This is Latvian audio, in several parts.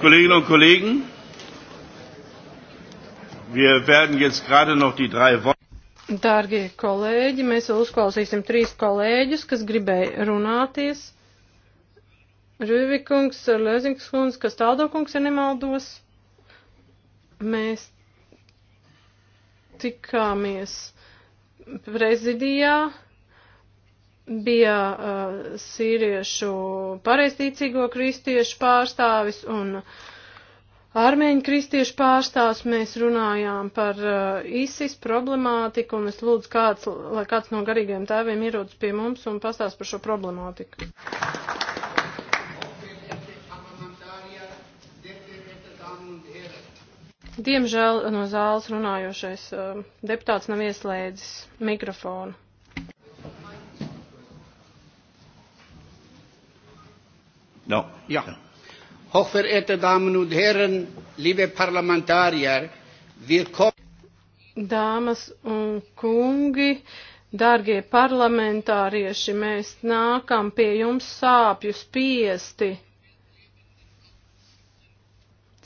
Kolleginnen und Kollegen, wir werden jetzt gerade noch die drei Worte. Dārgie kolēģi, mēs uzklausīsim trīs kolēģus, kas gribēja runāties. Rīvikungs, Lezingskungs, kas tādokungs, ja nemaldos. Mēs tikāmies prezidijā bija uh, sīriešu pareizticīgo kristiešu pārstāvis un armēņu kristiešu pārstāvis. Mēs runājām par uh, ISIS problemātiku un es lūdzu, kāds, lai kāds no garīgiem tēviem ierodas pie mums un pastāst par šo problemātiku. Diemžēl no zāles runājošais uh, deputāts nav ieslēdzis mikrofonu. No. Ja. Hochverehrte Damen und Herren, liebe Parlamentarier, willkommen. Dāmas un kungi, dārgie parlamentārieši, mēs nākam pie jums sāpju spiesti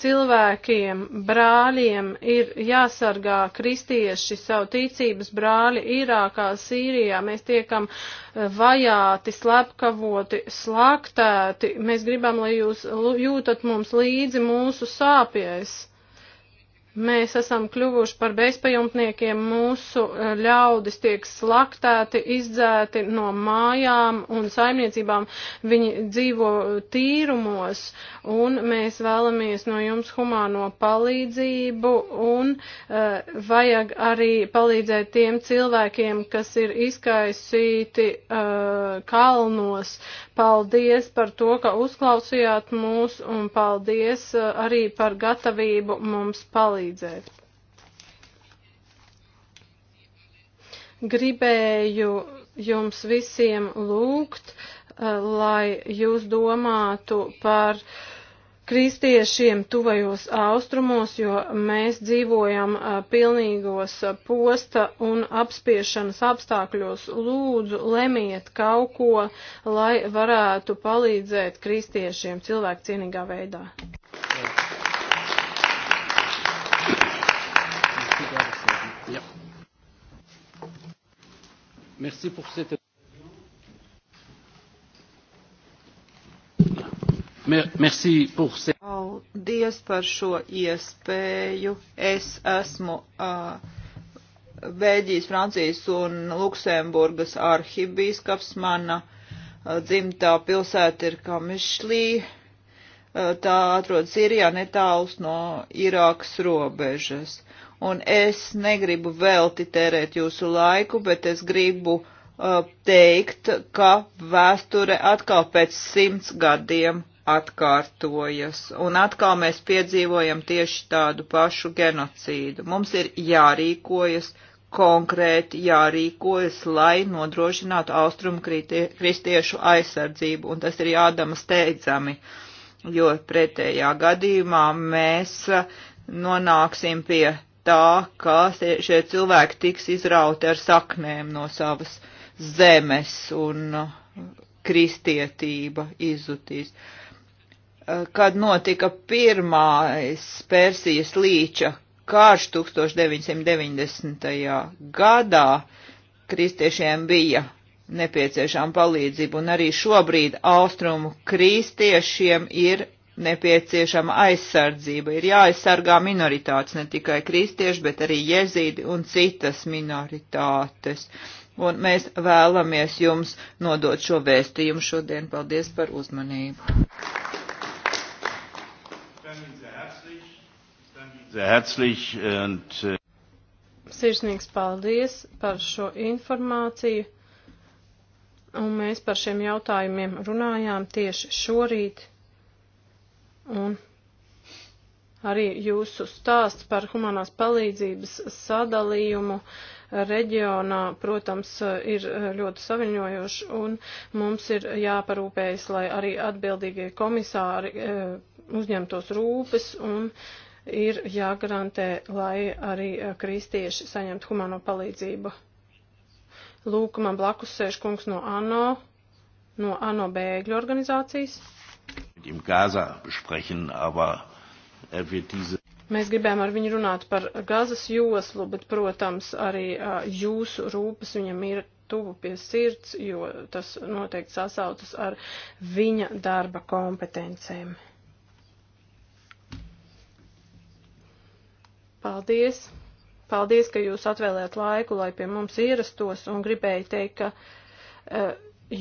cilvēkiem, brāļiem ir jāsargā kristieši, savu ticības brāļi Irākā, Sīrijā. Mēs tiekam eh, vajāti, slepkavoti, slaktēti. Mēs gribam, lai jūs jūtat mums līdzi mūsu sāpēs. Mēs esam kļuvuši par bezpajumtniekiem, mūsu e, ļaudis tiek slaktēti, izdzēti no mājām un saimniecībām, viņi dzīvo tīrumos, un mēs vēlamies no jums humāno palīdzību, un uh, vajag arī palīdzēt tiem cilvēkiem, kas ir izkaisīti uh, kalnos, Paldies par to, ka uzklausījāt mūs un paldies uh, arī par gatavību mums palīdzēt. Gribēju jums visiem lūgt, uh, lai jūs domātu par uh, kristiešiem tuvajos austrumos, jo mēs dzīvojam pilnīgos posta un apspiešanas apstākļos. Lūdzu, lemiet kaut ko, lai varētu palīdzēt kristiešiem cilvēku cienīgā veidā. Merci pour cette... Merci pour ces... Paldies par šo iespēju. Es esmu uh, Bēļģijas, Francijas un Luksemburgas arhibīskaps. Mana uh, dzimtā pilsēta ir Kamišlī. Uh, tā atrodas Sīrijā netāls no Irākas robežas. Un es negribu velti tērēt jūsu laiku, bet es gribu uh, teikt, ka vēsture atkal pēc simts gadiem atkārtojas, un atkal mēs piedzīvojam tieši tādu pašu genocīdu. Mums ir jārīkojas konkrēti, jārīkojas, lai nodrošinātu austrumu kristiešu aizsardzību, un tas ir jādama steidzami, jo pretējā gadījumā mēs nonāksim pie tā, ka šie cilvēki tiks izrauti ar saknēm no savas zemes un kristietība izutīs. Uh, Eh, kad notika pirmais Persijas līča karš 1990. gadā, kristiešiem bija nepieciešama palīdzība, un arī šobrīd austrumu kristiešiem ir nepieciešama aizsardzība. Ir jāaizsargā minoritātes, ne tikai kristieši, bet arī jezīdi un citas minoritātes. Un mēs vēlamies jums nodot šo vēstījumu šodien. Paldies par uzmanību! herzlich und äh, Sirsnīgs paldies par šo informāciju. Un mēs par šiem jautājumiem runājām tieši šorīt. Un arī jūsu stāsts par humanās palīdzības sadalījumu reģionā, protams, ir ļoti saviņojoši, un mums ir jāparūpējas, lai arī atbildīgie komisāri eh, uzņemtos rūpes un uh, ir jāgarantē, lai arī eh, kristieši saņemtu humano palīdzību. Lūk, man blakus sēž kungs no ANO, no ANO bēgļu organizācijas. Äh, Mēs gribējām ar viņu runāt par gazas joslu, bet, protams, arī eh, jūsu rūpes viņam ir tuvu pie sirds, jo tas noteikti sasautas ar viņa darba kompetencēm. Paldies! Paldies, ka jūs atvēlējāt laiku, lai pie mums ierastos un gribēju teikt, ka. Uh,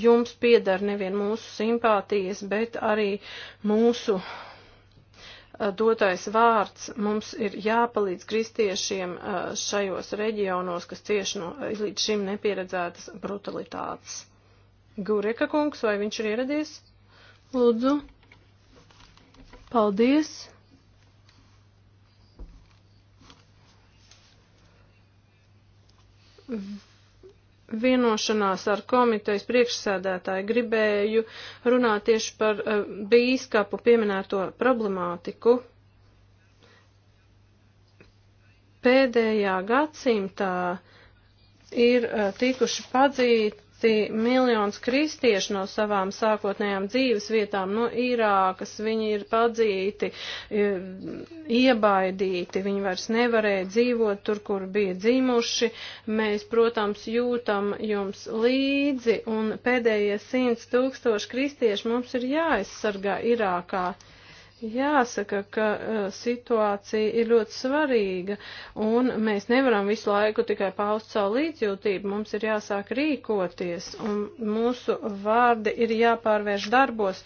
jums piedara nevien mūsu simpātijas, bet arī mūsu eh, dotais vārds. Mums ir jāpalīdz kristiešiem eh, šajos reģionos, kas cieši no līdz šim nepieredzētas brutalitātes. Gureka kungs, vai viņš ir ieradies? Lūdzu. Paldies. vienošanās ar komitejas priekšsēdētāju gribēju runāt tieši par eh, bīskapu pieminēto problemātiku. Pēdējā gadsimtā ir eh, tikuši padzīt, Parasti miljons kristiešu no savām sākotnējām dzīves vietām, no Irākas, viņi ir padzīti, e, iebaidīti, viņi vairs nevarēja dzīvot tur, kur bija dzimuši. Mēs, protams, jūtam jums līdzi, un pēdējie simts tūkstoši kristieši mums ir jāaizsargā Irākā. Jāsaka, ka uh, situācija ir ļoti svarīga, un mēs nevaram visu laiku tikai paust savu līdzjūtību, mums ir jāsāk rīkoties, un mūsu vārdi ir jāpārvērš darbos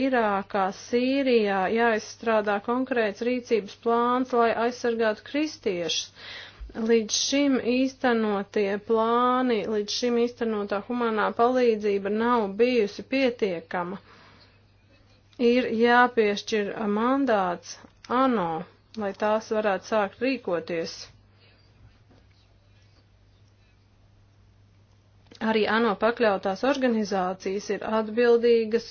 Irākā, Sīrijā, jāizstrādā konkrēts rīcības plāns, lai aizsargātu kristiešus. Līdz šim īstenotie plāni, līdz šim īstenotā humanā palīdzība nav bijusi pietiekama ir jāpiešķir mandāts ANO, lai tās varētu sākt rīkoties. Arī ANO pakļautās organizācijas ir atbildīgas,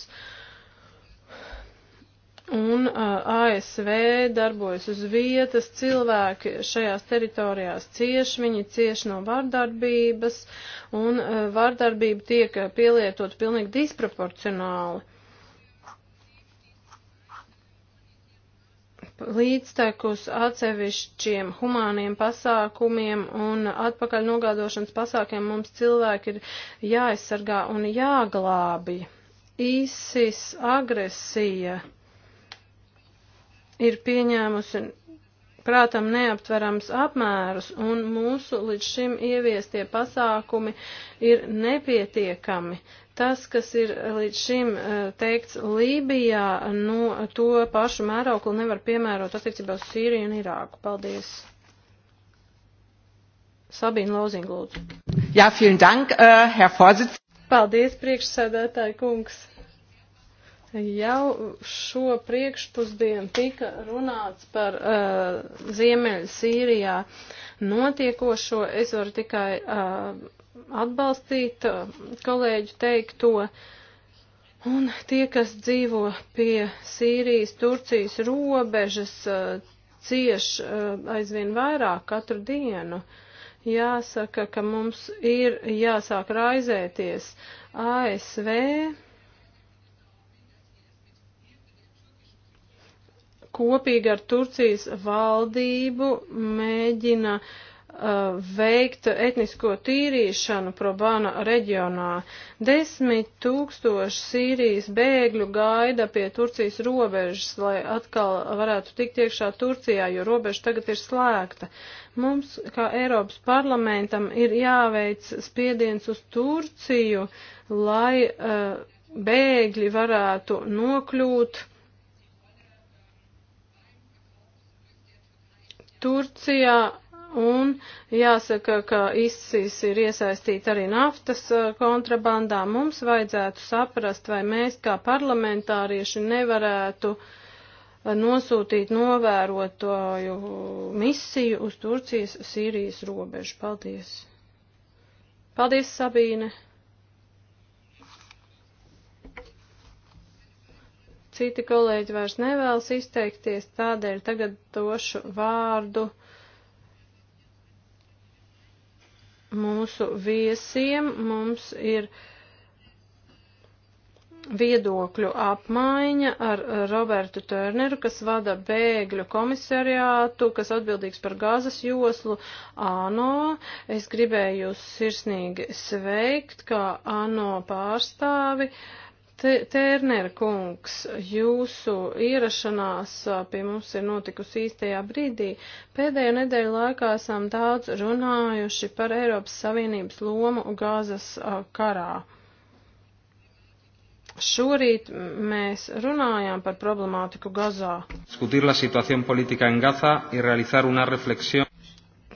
un uh, ASV darbojas uz vietas, cilvēki šajās teritorijās cieš, viņi cieš no vardarbības, un uh, vardarbība tiek pielietot pilnīgi disproporcionāli. līdztekus atsevišķiem humāniem pasākumiem un atpakaļ nogādošanas pasākiem mums cilvēki ir jāaizsargā un jāglābi. ISIS agresija ir pieņēmusi prātam neaptverams apmērus un mūsu līdz šim ieviestie pasākumi ir nepietiekami. Tas, kas ir eh, līdz šim eh, teikts Lībijā, nu, to pašu mērauklu nevar piemērot attiecībā uz Sīriju un Irāku. Paldies! Sabīna Lozing, lūdzu. Jā, vielen dank, uh, Herr Vorsitz. Paldies, priekšsēdētāji kungs. Jau šo priekšpusdienu tika runāts par uh, Ziemeļa Sīrijā notiekošo. Es varu tikai uh, atbalstīt eh, kolēģu teikto. Un tie, kas dzīvo pie Sīrijas, Turcijas robežas, eh, cieš eh, aizvien vairāk katru dienu. Jāsaka, ka mums ir jāsāk raizēties ASV. Kopīgi ar Turcijas valdību mēģina uh, Uh, veikt etnisko tīrīšanu Probana reģionā. Desmit tūkstoši Sīrijas bēgļu gaida pie Turcijas robežas, lai atkal varētu tikt iekšā Turcijā, jo robeža tagad ir slēgta. Mums, kā Eiropas parlamentam, ir jāveic spiediens uz Turciju, lai uh, bēgļi varētu nokļūt. Turcijā Un jāsaka, ka ISIS ir iesaistīta arī naftas uh, kontrabandā. Mums vajadzētu saprast, vai mēs kā parlamentārieši nevarētu uh, nosūtīt novērotāju misiju uz Turcijas Sīrijas robežu. Paldies! Paldies, Sabīne! Citi kolēģi vairs nevēlas izteikties, tādēļ tagad došu vārdu. mūsu viesiem. Mums ir viedokļu apmaiņa ar Robertu Tērneru, kas vada bēgļu komisariātu, kas atbildīgs par gāzes joslu ANO. Es gribēju jūs sirsnīgi sveikt, kā ANO pārstāvi. Uh, Tērnera kungs, jūsu ierašanās pie mums ir notikusi īstajā brīdī. Pēdējo nedēļu laikā esam daudz runājuši par Eiropas Savienības lomu gāzes karā. Šorīt mēs runājām par problemātiku Gazā. Gaza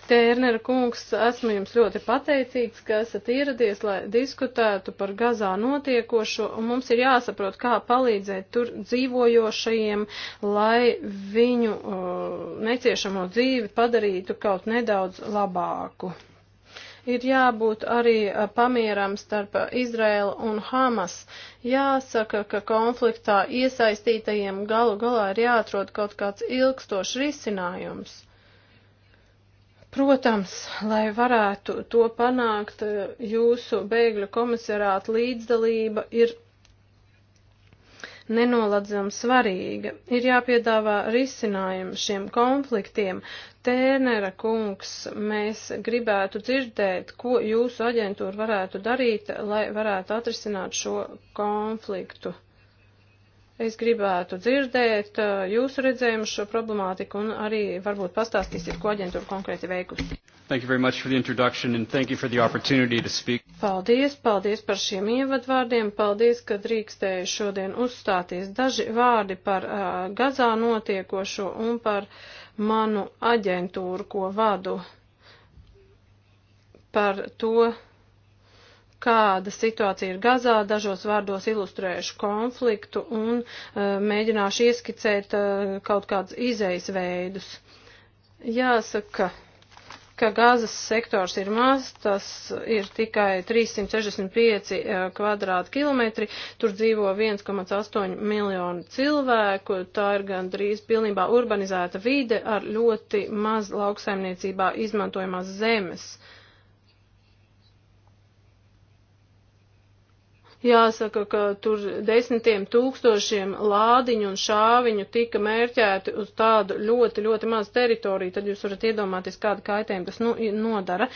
Tērnera kungs, esmu jums ļoti pateicīgs, ka esat ieradies, lai diskutētu par gazā notiekošo, un mums ir jāsaprot, kā palīdzēt tur dzīvojošajiem, lai viņu uh, neciešamo dzīvi padarītu kaut nedaudz labāku. Ir jābūt arī pamieram starp Izraēlu un Hamas. Jāsaka, ka konfliktā iesaistītajiem galu galā ir jāatrod kaut kāds ilgstošs risinājums Protams, lai varētu to panākt, jūsu bēgļu komisarāta līdzdalība ir nenoladzam svarīga. Ir jāpiedāvā risinājumi šiem konfliktiem. Tērnera kungs, mēs gribētu dzirdēt, ko jūsu aģentūra varētu darīt, lai varētu atrisināt šo konfliktu. Es gribētu dzirdēt uh, jūsu redzējumu šo problemātiku un arī varbūt pastāstīsiet, ko aģentūra konkrēti veikusi. Thank you very much for the introduction and thank you for the opportunity to speak. Paldies, paldies par šiem ievadvārdiem, paldies, ka drīkstēju šodien uzstāties daži vārdi par uh, Gazā notiekošo un par manu aģentūru, ko vadu par to, kāda situācija ir Gazā, dažos vārdos ilustrēšu konfliktu un e, mēģināšu ieskicēt e, kaut kādus izejas veidus. Jāsaka, ka gāzes sektors ir maz, tas ir tikai 365 e, kvadrātkilometri, tur dzīvo 1,8 miljonu cilvēku, tā ir gandrīz pilnībā urbanizēta vide ar ļoti maz lauksaimniecībā izmantojamās zemes. Uh, Jāsaka, ka tur desmitiem tūkstošiem lādiņu un šāviņu tika mērķēti uz tādu ļoti, ļoti mazu teritoriju, tad jūs varat iedomāties, kāda kaitējuma tas nu, nodara.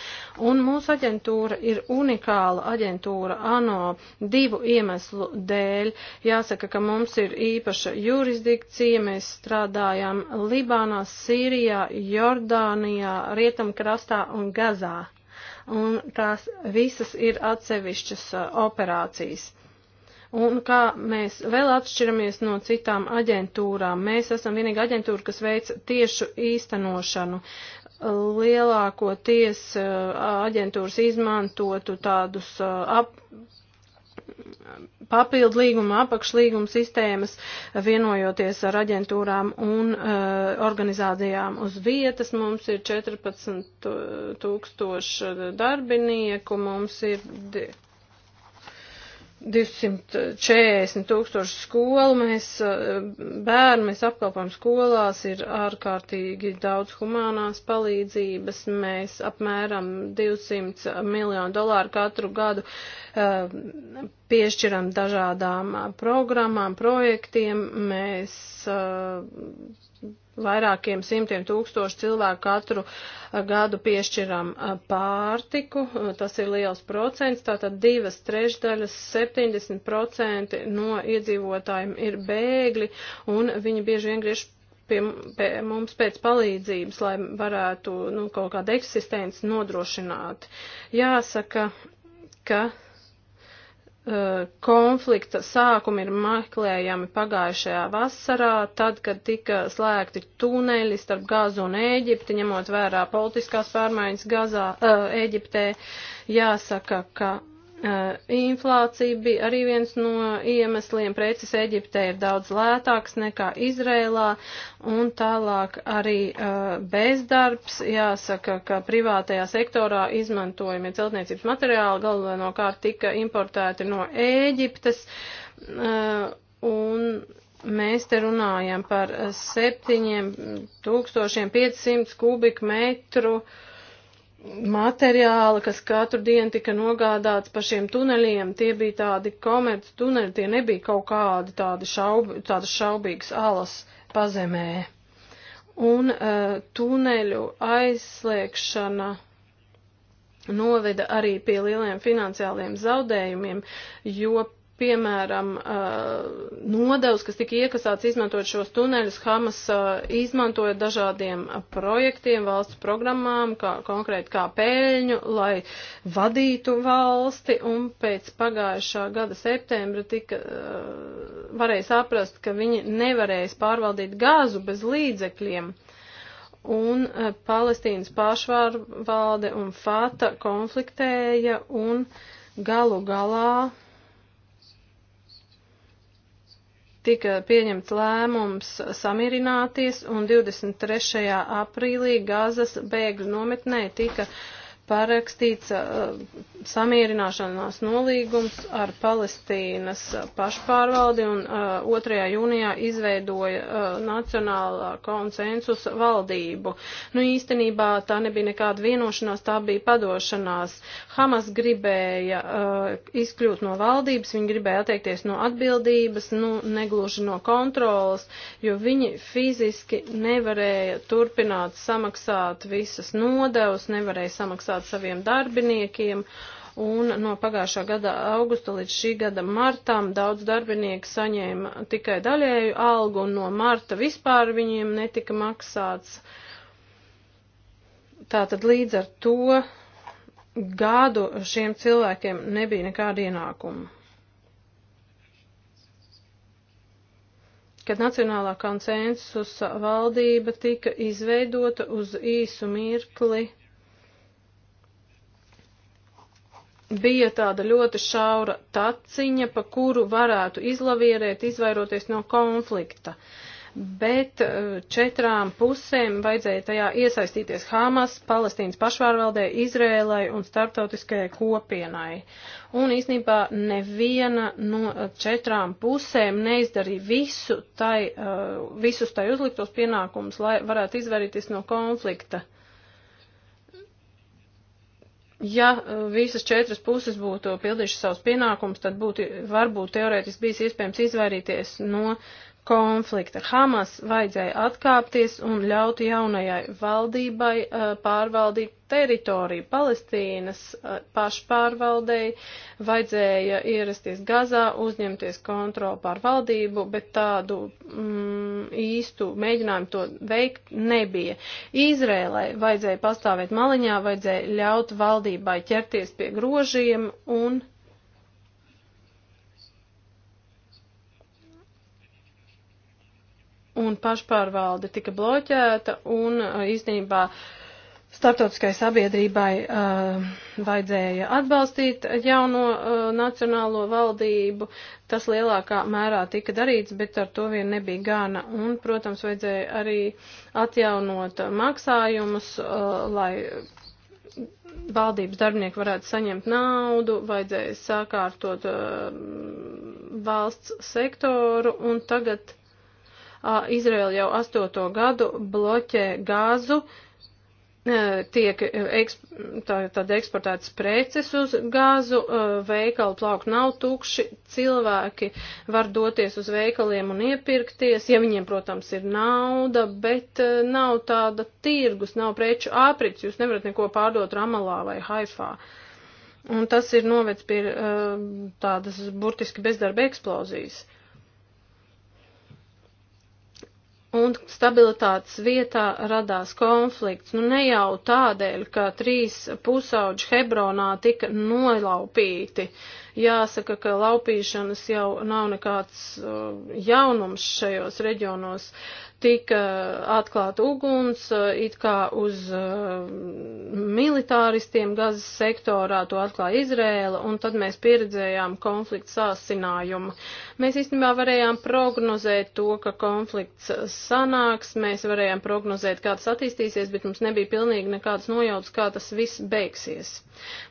Un mūsu aģentūra ir unikāla aģentūra ANO divu iemeslu dēļ. Jāsaka, ka mums ir īpaša jurisdikcija, mēs strādājam Libānā, Sīrijā, Jordānijā, Rietumkrastā un Gazā un tās visas ir atsevišķas operācijas. Un kā mēs vēl atšķiramies no citām aģentūrām, mēs esam vienīga aģentūra, kas veic tiešu īstenošanu. Lielākoties aģentūras izmantotu tādus ap, papildu līguma, apakšlīguma sistēmas, vienojoties ar aģentūrām un uh, organizācijām uz vietas. Mums ir 14 tūkstoši darbinieku, mums ir 240 tūkstoši skolu mēs, eh, bērnu mēs apkalpojam skolās, ir ārkārtīgi daudz humanās palīdzības, mēs apmēram 200 miljonu dolāru katru gadu uh, piešķiram dažādām programmām, projektiem, mēs uh, vairākiem simtiem tūkstošu cilvēku katru eh, gadu piešķiram eh, pārtiku, eh, tas ir liels procents, tātad divas trešdaļas, 70% no iedzīvotājiem ir bēgļi, un viņi bieži vien griež pie, pie mums pēc palīdzības, lai varētu, nu, kaut kādu eksistenci nodrošināt. Jāsaka, ka Eh, konflikta sākumi ir meklējami pagājušajā vasarā, tad, kad tika slēgti tuneļi starp Gāzu un Ēģipti, ņemot vērā politiskās pārmaiņas Gazā, eh, Ēģiptē, jāsaka, ka Inflācija bija arī viens no iemesliem. Preces Eģiptē ir daudz lētāks nekā Izrēlā, un tālāk arī bezdarbs. Jāsaka, ka privātajā sektorā izmantojamie celtniecības materiāli galvenokārt tika importēti no Eģiptes, un mēs te runājam par 7500 kubikmetru metru materiāli, kas katru dienu tika nogādāts pa šiem tuneļiem, tie bija tādi komerci tuneļi, tie nebija kaut kādi tādi šaub, tādas šaubīgas alas pazemē. Un uh, tuneļu aizslēgšana noveda arī pie lieliem finansiāliem zaudējumiem, jo piemēram, uh, nodevs, kas tika iekasēts izmantojot šos tuneļus, Hamas uh, izmantoja dažādiem uh, projektiem, valsts programmām, kā, konkrēti kā pēļņu, lai vadītu valsti, un pēc pagājušā gada septembra tika, varēja saprast, ka viņi nevarēs pārvaldīt gāzu bez līdzekļiem un Palestīnas pašvārvalde un Fata konfliktēja un galu galā tika pieņemts lēmums samierināties, un 23. aprīlī Gazas bēgļu nometnē tika uh, parakstīts uh, samierināšanās nolīgums ar Palestīnas pašpārvaldi un uh, 2. jūnijā izveidoja uh, Nacionālā konsensus valdību. Nu, īstenībā tā nebija nekāda vienošanās, tā bija padošanās. Hamas gribēja izkļūt no valdības, viņi gribēja atteikties no atbildības, nu, negluži no kontrolas, jo viņi fiziski nevarēja turpināt samaksāt visas nodevas, nevarēja samaksāt maksāt saviem darbiniekiem. Un no pagājušā gada augusta līdz šī gada martam daudz darbinieku saņēma tikai daļēju algu, un no marta vispār viņiem netika maksāts. Tātad līdz ar to gadu šiem cilvēkiem nebija nekāda ienākuma. kad Nacionālā konsensusa valdība tika izveidota uz īsu mirkli, bija tāda ļoti šaura taciņa, pa kuru varētu izlavierēt, izvairoties no konflikta. Bet eh, četrām pusēm vajadzēja tajā iesaistīties Hamas, Palestīnas pašvārvaldē, Izrēlai un starptautiskajai kopienai. Un īstenībā neviena no eh, četrām pusēm neizdarīja visu tai, eh, visus tai uzliktos pienākumus, lai varētu izvairīties no konflikta ja uh, visas četras puses būtu pildījušas savus pienākumus, tad būtu varbūt teorētiski bijis iespējams izvairīties no uh, konflikta. Hamas vajadzēja atkāpties un ļaut jaunajai valdībai uh, pārvaldīt teritoriju. Palestīnas uh, pašpārvaldei vajadzēja ierasties Gazā, uzņemties kontroli pār valdību, bet tādu mm, īstu mēģinājumu to veikt nebija. Izrēlai vajadzēja pastāvēt maliņā, vajadzēja ļaut valdībai ķerties pie grožiem un un pašpārvalde tika bloķēta un uh, īstenībā starptautiskai sabiedrībai uh, vajadzēja atbalstīt jauno uh, nacionālo valdību. Tas lielākā mērā tika darīts, bet ar to vien nebija gana. Un, protams, vajadzēja arī atjaunot maksājumus, uh, lai valdības darbinieki varētu saņemt naudu, vajadzēja sākārtot uh, valsts sektoru un tagad Izraela jau astoto gadu bloķē gāzu, e, tiek e, eks, tā, tad eksportētas preces uz gāzu, e, veikalu plaukti nav tukši, cilvēki var doties uz veikaliem un iepirkties, ja viņiem, protams, ir nauda, bet nav tāda tirgus, nav preču āprits, jūs nevarat neko pārdot Ramalā vai Haifā. Un tas ir novec pie tādas burtiski bezdarba eksplozijas. un stabilitātes vietā radās konflikts. Nu, ne jau tādēļ, ka trīs pusauģi Hebronā tika nolaupīti. Jāsaka, ka laupīšanas jau nav nekāds uh, jaunums šajos reģionos. Uh, tika atklāta uguns, eh, it kā uz eh, militāristiem gazas sektorā to atklāja Izrēla, un tad mēs pieredzējām konflikta sāsinājumu. Mēs īstenībā varējām prognozēt to, ka konflikts sanāks, mēs varējām prognozēt, kā tas attīstīsies, bet mums nebija pilnīgi nekādas nojautas, kā tas viss beigsies.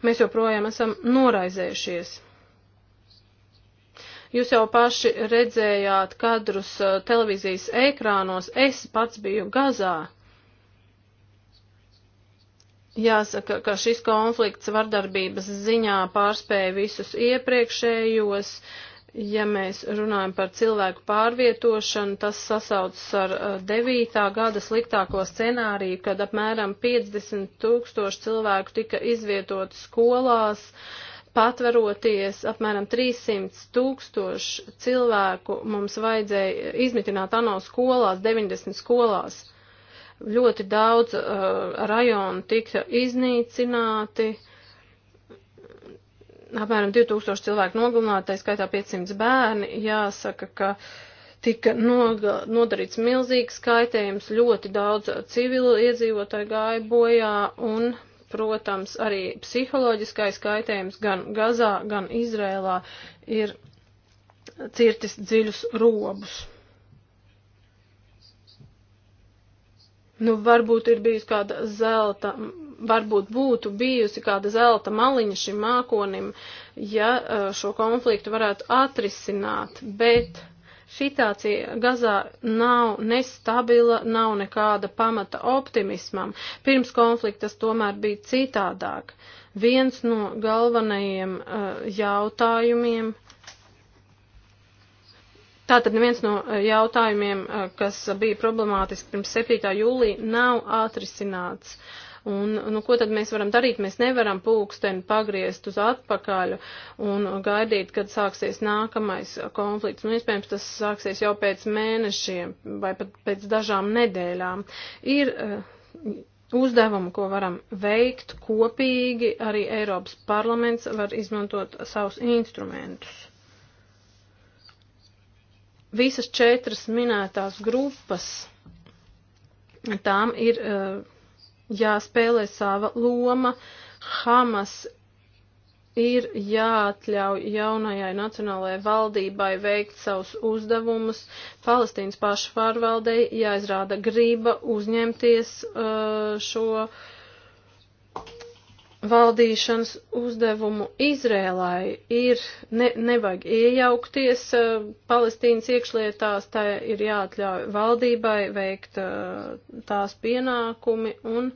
Mēs joprojām esam noraizējušies. Jūs jau paši redzējāt kadrus uh, televīzijas ekrānos. Es pats biju Gazā. Jāsaka, ka šis konflikts vardarbības ziņā pārspēja visus iepriekšējos. Ja mēs runājam par cilvēku pārvietošanu, tas sasaucas ar 9. Uh, gada sliktāko scenāriju, kad apmēram 50 tūkstoši cilvēku tika izvietoti skolās, uh, patveroties apmēram 300 tūkstošu cilvēku mums vajadzēja izmitināt ANO skolās, 90 skolās. Ļoti daudz uh, rajonu tika iznīcināti, apmēram 2000 cilvēku nogalināti, tā skaitā 500 bērni. Jāsaka, ka tika nodarīts milzīgs kaitējums, ļoti daudz civilu iedzīvotāju gāja bojā un protams, arī psiholoģiskais kaitējums gan Gazā, gan Izrēlā ir cirtis dziļus robus. Nu, varbūt ir bijusi kāda zelta, varbūt būtu bijusi kāda zelta maliņa šim mākonim, ja eh, šo konfliktu varētu atrisināt, bet Situācija Gazā nav nestabila, nav nekāda pamata optimismam. Pirms konfliktas tomēr bija citādāk. Viens no galvenajiem uh, jautājumiem. Tātad viens no eh, jautājumiem, eh, kas bija problemātiski pirms 7. jūlija, nav atrisināts. Uh, Un, nu, ko tad mēs varam darīt? Mēs nevaram pulksteni pagriezt uz atpakaļ un gaidīt, kad sāksies nākamais konflikts. Nu, iespējams, tas sāksies jau pēc mēnešiem vai pat pēc dažām nedēļām. Ir, eh, uzdevumu, ko varam veikt kopīgi, arī Eiropas parlaments var izmantot savus instrumentus. Visas četras minētās grupas, tām ir uh, jāspēlē sava loma. Hamas ir jāatļauj jaunajai nacionālajai valdībai veikt savus uzdevumus, Palestīnas pašvārvaldei jāizrāda grība uzņemties uh, šo valdīšanas uzdevumu Izrēlai ir, ne, nevajag iejaukties uh, Palestīnas iekšlietās, tā ir jāatļauj valdībai veikt uh, tās pienākumi un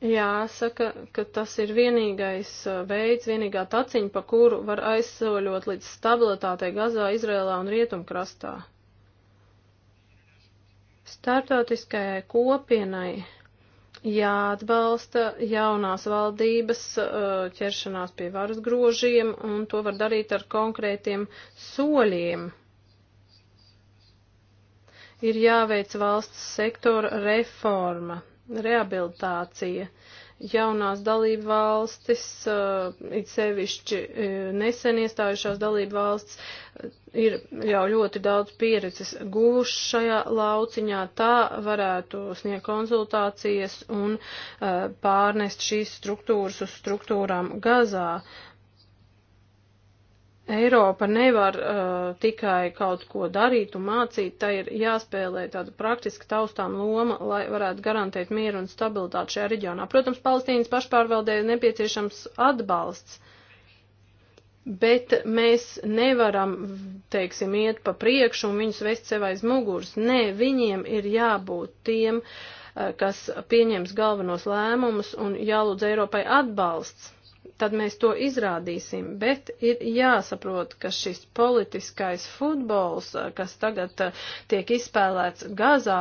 Jāsaka, ka tas ir vienīgais uh, veids, vienīgā taciņa, pa kuru var aizsoļot līdz stabilitātei Gazā, Izrēlā un Rietumkrastā. Startautiskajai kopienai jāatbalsta jaunās valdības uh, ķeršanās pie varas grožiem, un to var darīt ar konkrētiem soļiem ir jāveic valsts sektora reforma reabilitācija. Jaunās dalību valstis, uh, it sevišķi uh, nesen iestājušās dalību valstis, uh, ir jau ļoti daudz pieredzes guvuši šajā lauciņā. Tā varētu sniegt konsultācijas un pārnest šīs struktūras uz struktūrām Gazā. Eiropa nevar uh, tikai kaut ko darīt un mācīt, tai ir jāspēlē tāda praktiski taustām loma, lai varētu garantēt mieru un stabilitāti šajā reģionā. Protams, Palestīnas pašpārvaldē ir nepieciešams atbalsts, bet mēs nevaram, teiksim, iet pa priekšu un viņus vest sev aiz muguras. Nē, viņiem ir jābūt tiem, uh, kas pieņems galvenos lēmumus un jālūdz Eiropai atbalsts tad mēs to izrādīsim. Bet ir jāsaprot, ka šis politiskais futbols, eh, kas tagad eh, tiek izspēlēts Gazā,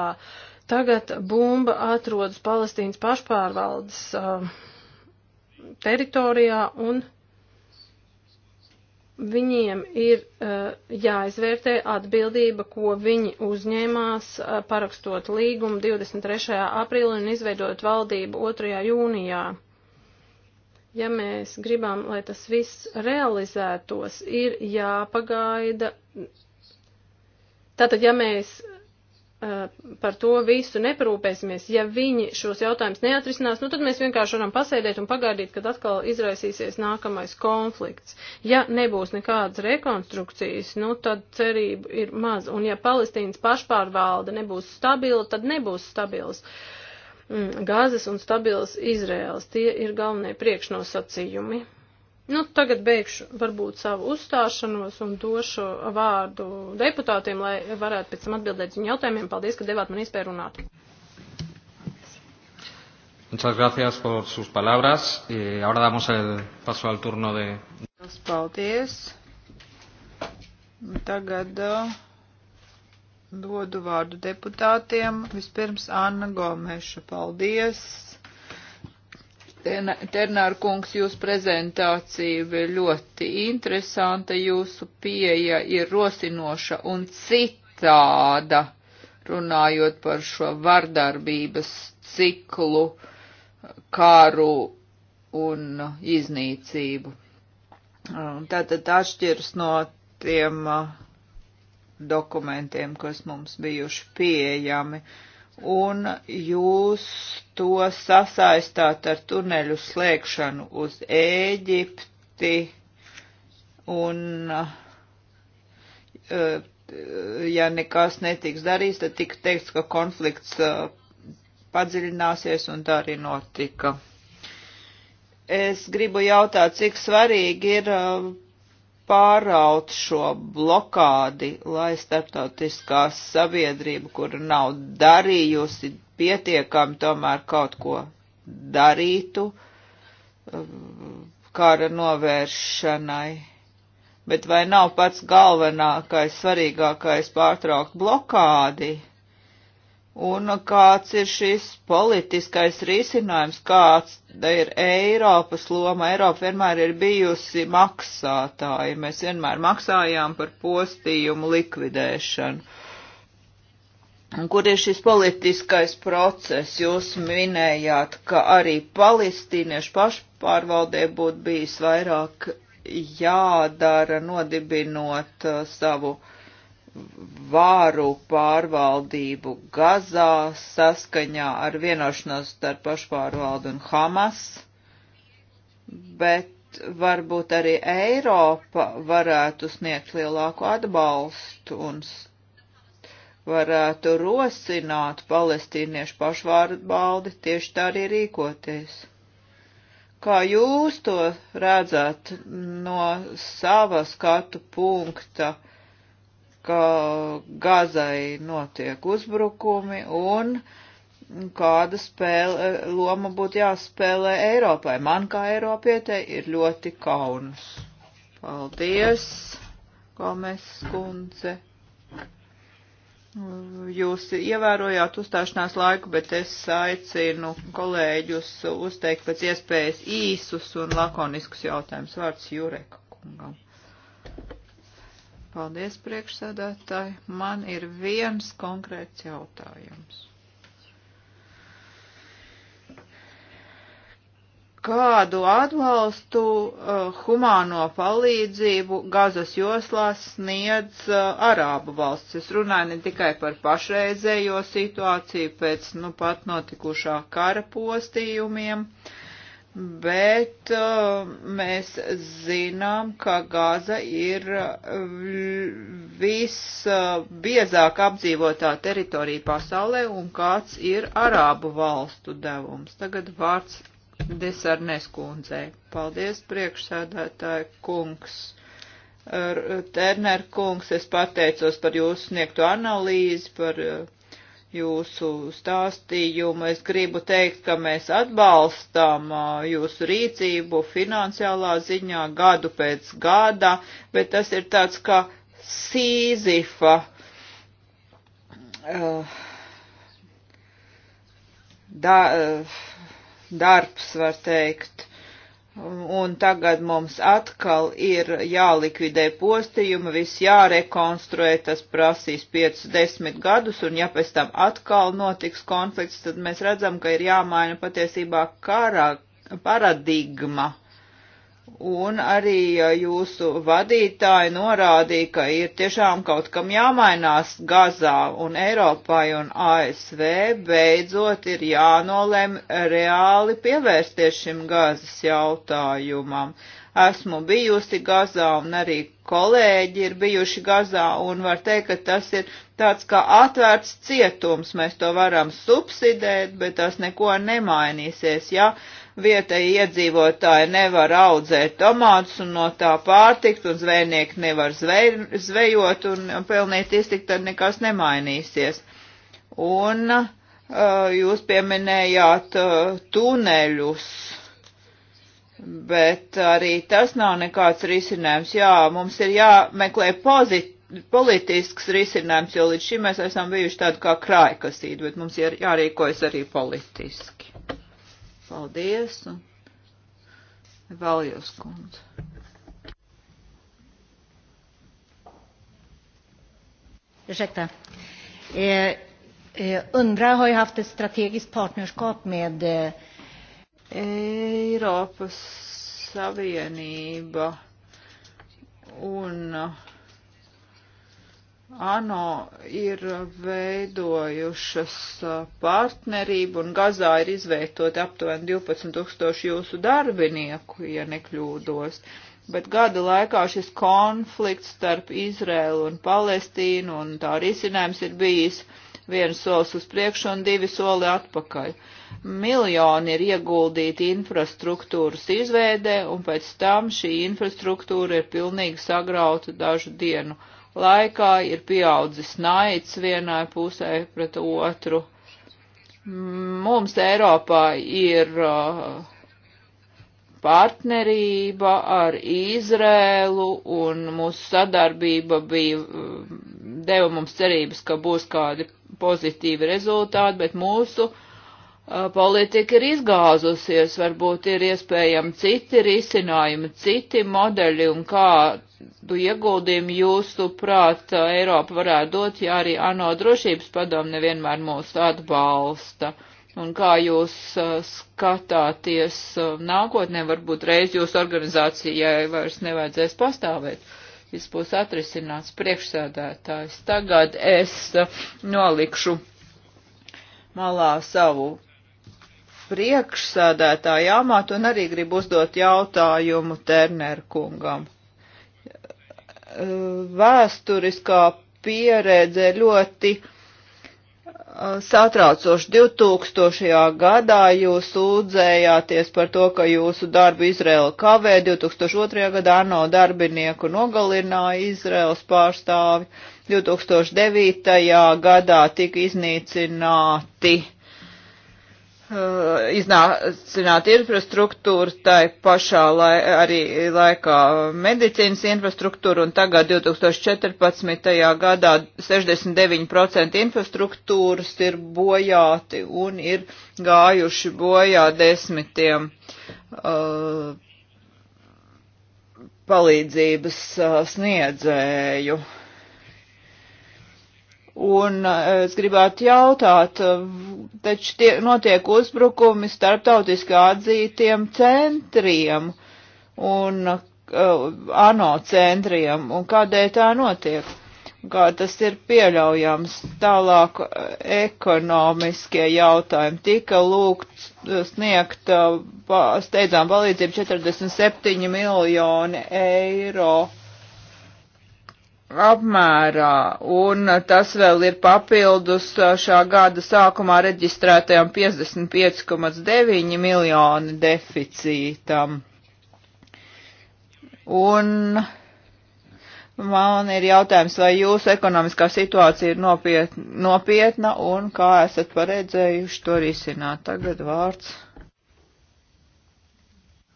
tagad bumba atrodas Palestīnas pašpārvaldes uh, teritorijā un viņiem ir uh, jāizvērtē atbildība, ko viņi uzņēmās uh, parakstot līgumu 23. aprīlī un izveidot valdību 2. jūnijā ja mēs gribam, lai tas viss realizētos, ir jāpagaida. Tātad, ja mēs uh, par to visu neparūpēsimies, ja viņi šos jautājumus neatrisinās, nu tad mēs vienkārši varam pasēdēt un pagaidīt, kad atkal izraisīsies nākamais konflikts. Ja nebūs nekādas rekonstrukcijas, nu tad cerība ir maz, un ja Palestīnas pašpārvalde nebūs stabila, tad nebūs stabils. Uh, Mm, Gāzes un stabilas Izraels. Tie ir galvenie priekšnosacījumi. Nu, tagad beigšu varbūt savu uzstāšanos un došu vārdu deputātiem, lai varētu pēc tam atbildēt viņu jautājumiem. Paldies, ka devāt man iespēju runāt. Muchas gracias por sus palabras. Eh, ahora damos el paso al turno de. Paldies. Tagad. Uh dodu vārdu deputātiem. Vispirms Anna Gomeša, paldies. Ternāra kungs, jūs prezentācija bija ļoti interesanta, jūsu pieeja ir rosinoša un citāda, runājot par šo vardarbības ciklu, kāru un iznīcību. Tātad atšķirs no tiem uh, dokumentiem, kas mums bijuši pieejami, un jūs to sasaistāt ar tuneļu slēgšanu uz Ēģipti, un eh, ja nekas netiks darīts, tad tika teikts, ka konflikts eh, padziļināsies, un tā arī notika. Es gribu jautāt, cik svarīgi ir eh, pāraut šo blokādi, lai starptautiskā sabiedrība, kur nav darījusi pietiekami, tomēr kaut ko darītu eh, kara novēršanai. Bet vai nav pats galvenākais, svarīgākais pārtraukt blokādi? Un kāds ir šis politiskais risinājums, kāds ir Eiropas loma? Eiropa vienmēr ir bijusi maksātāji, mēs vienmēr maksājām par postījumu likvidēšanu. Un kur ir šis politiskais process? Jūs minējāt, ka arī palestīniešu pašpārvaldē būtu bijis vairāk jādara nodibinot uh, savu uh, vāru pārvaldību Gazā saskaņā ar vienošanos starp pašpārvaldu un Hamas, bet varbūt arī Eiropa varētu sniegt lielāku atbalstu un varētu rosināt palestīniešu pašvārdu tieši tā arī rīkoties. Kā jūs to redzat no sava skatu punkta? ka Gazai notiek uzbrukumi un kāda spēle, loma būtu jāspēlē Eiropai. Man kā Eiropietei ir ļoti kauns. Paldies, Gomes kundze. Jūs ievērojāt uzstāšanās laiku, bet es aicinu kolēģus uzteikt pēc iespējas īsus un lakoniskus jautājumus. Vārds Jureka kungam. Paldies, priekšsēdētāji. Man ir viens konkrēts jautājums. Kādu atbalstu uh, humāno palīdzību Gazas joslā sniedz uh, Arābu valsts? Es runāju ne tikai par pašreizējo situāciju pēc, nu, pat notikušā kara postījumiem. Uh, bet uh, mēs zinām, ka Gaza ir uh, visbiezāk uh, apdzīvotā teritorija pasaulē un kāds ir Arābu valstu devums. Tagad vārds Desarnes kundzei. Paldies, priekšsēdētāji kungs. Terner kungs, es pateicos par jūsu sniegto analīzi, par uh, jūsu stāstījumu. Es gribu teikt, ka mēs atbalstām jūsu rīcību finansiālā ziņā gadu pēc gada, bet tas ir tāds kā sīzifa uh, da, uh, darbs, var teikt un tagad mums atkal ir jālikvidē postījumi, viss jārekonstruē, tas prasīs 5-10 gadus, un ja pēc tam atkal notiks konflikts, tad mēs redzam, ka ir jāmaina patiesībā karā paradigma. Uh, Un arī jūsu vadītāji norādīja, ka ir tiešām kaut kam jāmainās Gazā un Eiropai un ASV beidzot ir jānolem reāli pievērsties šim Gazas jautājumam. Esmu bijusi Gazā un arī kolēģi ir bijuši Gazā un var teikt, ka tas ir tāds kā atvērts cietums. Mēs to varam subsidēt, bet tas neko nemainīsies, jā. Ja? vietēji iedzīvotāji nevar audzēt tomātus un no tā pārtikt, un zvejnieki nevar zvej, zvejot un pelnīt iztikt, tad nekas nemainīsies. Un uh, jūs pieminējāt uh, tuneļus, bet arī tas nav nekāds risinājums. Jā, mums ir jāmeklē pozit, politisks risinājums, jo līdz šim mēs esam bijuši tādi kā krājkasīdi, bet mums ir jārīkojas arī politiski. Paldies un vēl jūs, kundze. Ursäkta. Eh, eh, UNRWA har ju haft ett strategiskt partnerskap med eh... Eiropas Savienība un ANO ir veidojušas uh, partnerību un Gazā ir izveidot aptuveni 12 tūkstoši jūsu darbinieku, ja nekļūdos. Bet gada laikā šis konflikts starp Izrēlu un Palestīnu un tā risinājums ir bijis viens solis uz priekšu un divi soli atpakaļ. Miljoni ir ieguldīti infrastruktūras izveidē un pēc tam šī infrastruktūra ir pilnīgi sagrauta dažu dienu laikā ir pieaudzis naids vienai pusē pret otru. Mums Eiropā ir uh, partnerība ar Izrēlu un mūsu sadarbība bija, uh, deva mums cerības, ka būs kādi pozitīvi rezultāti, bet mūsu uh, Uh, politika ir izgāzusies, varbūt ir iespējami citi risinājumi, citi modeļi un kādu ieguldījumu jūsu prāt uh, Eiropa varētu dot, ja arī ANO drošības padomu nevienmēr mūs atbalsta. Un kā jūs uh, skatāties nākotnē, varbūt reiz jūsu organizācijai vairs nevajadzēs pastāvēt. Viss būs atrisināts priekšsēdētājs. Tagad es nolikšu malā savu priekšsēdētāju amatu un arī gribu uzdot jautājumu Ternerkungam. Vēsturiskā pieredze ļoti uh, satraucoši 2000. gadā jūs sūdzējāties par to, ka jūsu darbu Izraela kavē, 2002. gadā no darbinieku nogalināja Izraels pārstāvi, 2009. gadā tika iznīcināti Eh, iznācināt infrastruktūru, tai pašā lai, arī laikā medicīnas infrastruktūru, un tagad 2014. gadā 69% infrastruktūras ir bojāti un ir gājuši bojā desmitiem uh, palīdzības uh, sniedzēju. Uh, Un eh, es gribētu jautāt, eh, taču tie, notiek uzbrukumi starptautiski atzītiem centriem un uh, ANO centriem, un kādēļ tā notiek? Kā tas ir pieļaujams? Tālāk ekonomiskie jautājumi. Tika lūgts sniegt uh, steidzām palīdzību 47 miljoni eiro apmērā, un tas vēl ir papildus šā gada sākumā reģistrētajam 55,9 miljoni deficītam. Un man ir jautājums, vai jūsu ekonomiskā situācija ir nopietna, nopietna un kā esat paredzējuši to risināt. Tagad vārds.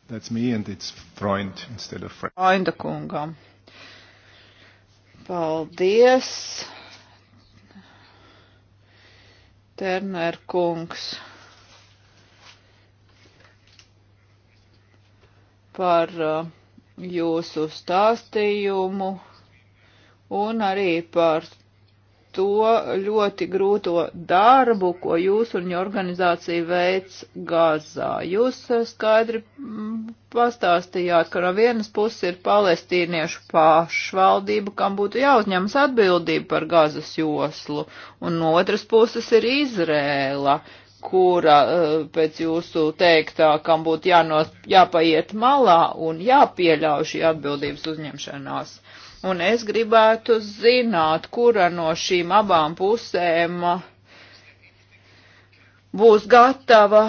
That's me and it's Freund instead of Freund. Freunda kungam. Paldies, Terner kungs, par uh, jūsu stāstījumu un arī par to ļoti grūto darbu, ko jūs un viņa organizācija veic Gazā. Jūs eh, skaidri mm, pastāstījāt, ka no vienas puses ir palestīniešu pašvaldība, kam būtu jāuzņemas atbildība par Gazas joslu, un no otras puses ir Izrēla, kura eh, pēc jūsu teiktā, kam būtu jānos, jāpaiet malā un jāpieļauj šī atbildības uzņemšanās. Un es gribētu zināt, kura no šīm abām pusēm uh, būs gatava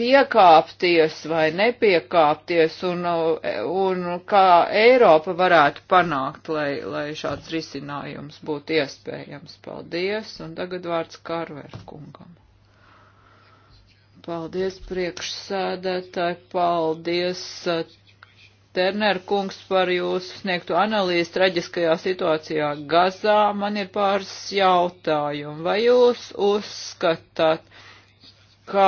piekāpties vai nepiekāpties un, uh, un kā Eiropa varētu panākt, lai, lai šāds risinājums būtu iespējams. Paldies, un tagad vārds Karverkungam. Paldies priekšsēdētāji, paldies uh, Terner kungs par jūsu sniegtu analīzi traģiskajā situācijā Gazā. Man ir pāris jautājumu. Vai jūs uzskatāt, ka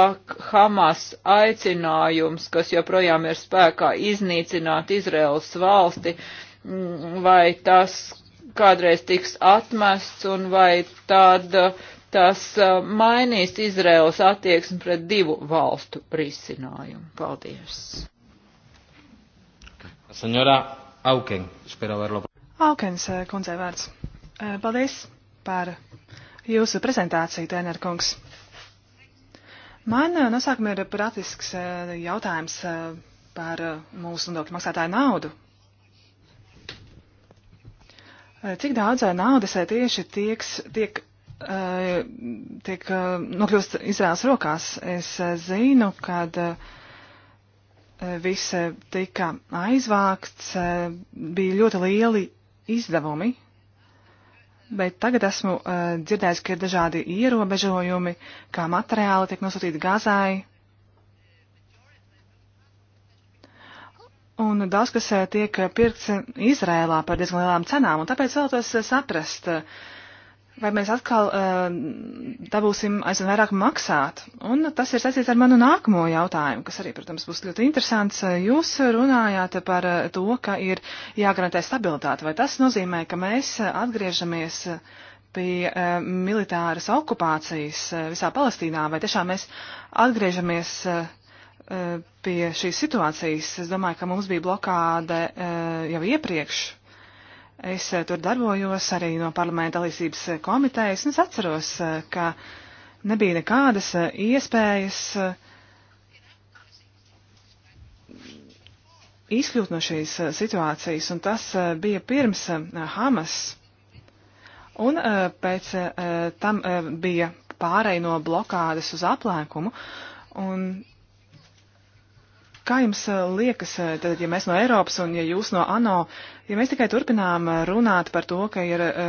Hamas aicinājums, kas joprojām ir spēkā iznīcināt Izraels valsti, mm, vai tas kādreiz tiks atmests un vai tāda uh, tas uh, mainīs Izraels attieksmi pret divu valstu risinājumu? Paldies! Senjora Auken, spēra verlo. Aukens eh, kundzei vārds. Eh, paldies par jūsu prezentāciju, Tēner kungs. Man eh, nosākumā ir pratisks jautājums par mūsu nodokļu maksātāju naudu. Cik daudz naudas tieši tieks, tiek, tiek nokļūst Izraels rokās? Es zinu, kad uh, Eh, viss eh, tika aizvākts, eh, bija ļoti lieli izdevumi, bet tagad esmu dzirdējis, ka ir dažādi ierobežojumi, kā materiāli tiek nosūtīti Gazai. Un daudz kas tiek pirkts Izrēlā par diezgan lielām cenām, un tāpēc vēlētos saprast, uh, vai mēs atkal uh, dabūsim aizvien vairāk maksāt. Un tas ir saistīts ar manu nākamo jautājumu, kas arī, protams, būs ļoti interesants. Jūs runājāt par eh, to, ka ir jāgarantē stabilitāte. Vai tas nozīmē, ka mēs atgriežamies eh, pie uh, militāras okupācijas uh, visā Palestīnā, vai tiešām mēs atgriežamies uh, pie šīs situācijas? Es domāju, ka mums bija blokāde uh, jau iepriekš. Uh, Es eh, tur darbojos arī no parlamenta dalīsības eh, komitejas, un es atceros, eh, ka nebija nekādas iespējas izkļūt no šīs situācijas, un tas bija pirms Hamas. Un pēc tam bija pārēj no blokādes uz aplēkumu, un Kā jums liekas, tad, ja mēs no Eiropas un ja jūs no ANO Ja mēs tikai turpinām runāt par to, ka ir eh,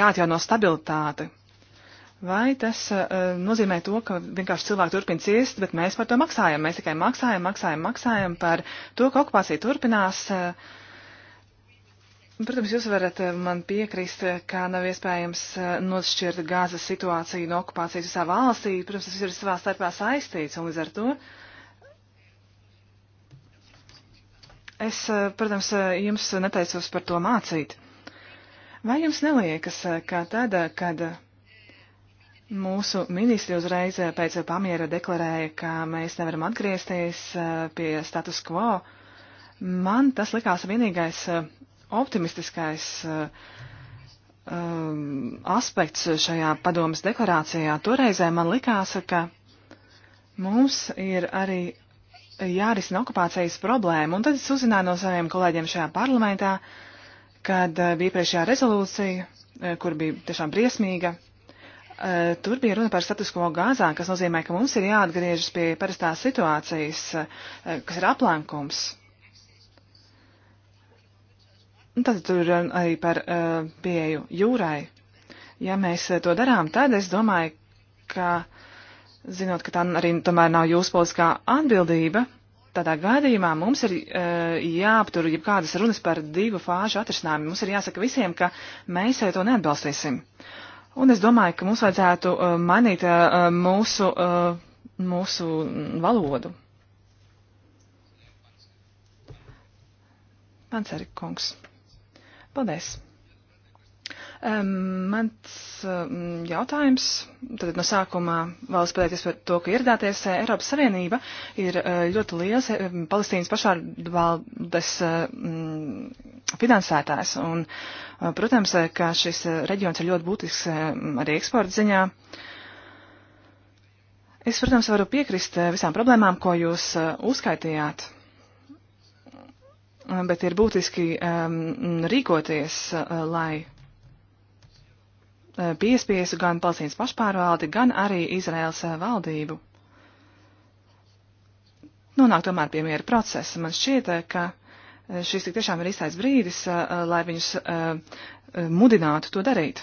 jāatjauno stabilitāte, vai tas eh, nozīmē to, ka vienkārši cilvēki turpina ciest, bet mēs par to maksājam? Mēs tikai maksājam, maksājam, maksājam par to, ka okupācija turpinās. Eh. Protams, jūs varat man piekrist, ka nav iespējams nošķirt gāzes situāciju no okupācijas visā valstī. Protams, tas ir savā starpā saistīts un līdz ar to. Uh, Es, eh, protams, eh, jums neteicos par to mācīt. Vai jums neliekas, eh, ka tad, kad mūsu ministri uzreiz pēc pamiera deklarēja, ka mēs nevaram atgriezties pie status quo, man tas likās vienīgais optimistiskais aspekts šajā padomas deklarācijā. Toreizē man likās, ka mums ir arī jārisina okupācijas problēma, un tad es uzzināju no saviem kolēģiem šajā parlamentā, kad eh, bija priekšējā rezolūcija, eh, kur bija tiešām briesmīga. Eh, tur bija runa par status quo gāzā, kas nozīmē, ka mums ir jāatgriežas pie parastās situācijas, kas ir aplēkums. Tad tur arī par pieju jūrai. Ja mēs to darām, tad es domāju, ka uh, zinot, ka tā arī tomēr nav jūsu politiskā atbildība, tādā gadījumā mums ir uh, jāaptur jebkādas runas par divu fāžu atrisinājumu. Mums ir jāsaka visiem, ka mēs to neatbalstīsim. Un es domāju, ka mums vajadzētu uh, mainīt uh, mūsu, uh, mūsu valodu. Panceri kungs. Paldies! Mans jautājums, tad no sākumā vēlas pateikties par to, ka ieradāties. Eiropas Savienība ir eh, ļoti liels Palestīnas pašvārdas finansētājs. Un, eh, protams, ka šis reģions ir ļoti būtisks arī eksporta ziņā. Es, protams, varu piekrist eh, visām problēmām, ko jūs uzskaitījāt bet ir būtiski um, rīkoties, uh, lai Eh, piespiesu gan Palestīnas pašpārvaldi, gan arī Izraels eh, valdību. Nonāk tomēr pie miera procesa. Man šķiet, eh, ka šis tik tiešām ir īstais brīdis, lai viņus mudinātu to darīt.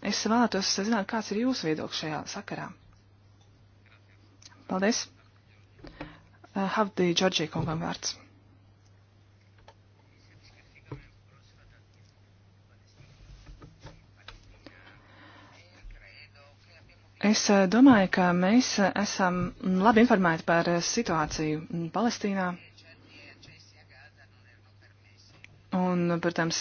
Es vēlētos zināt, kāds ir jūsu viedoklis šajā sakarā. Paldies! Havdī Džordžī kungam vārds. Es eh, domāju, ka mēs eh, esam labi informēti par eh, situāciju Palestīnā. Un, protams,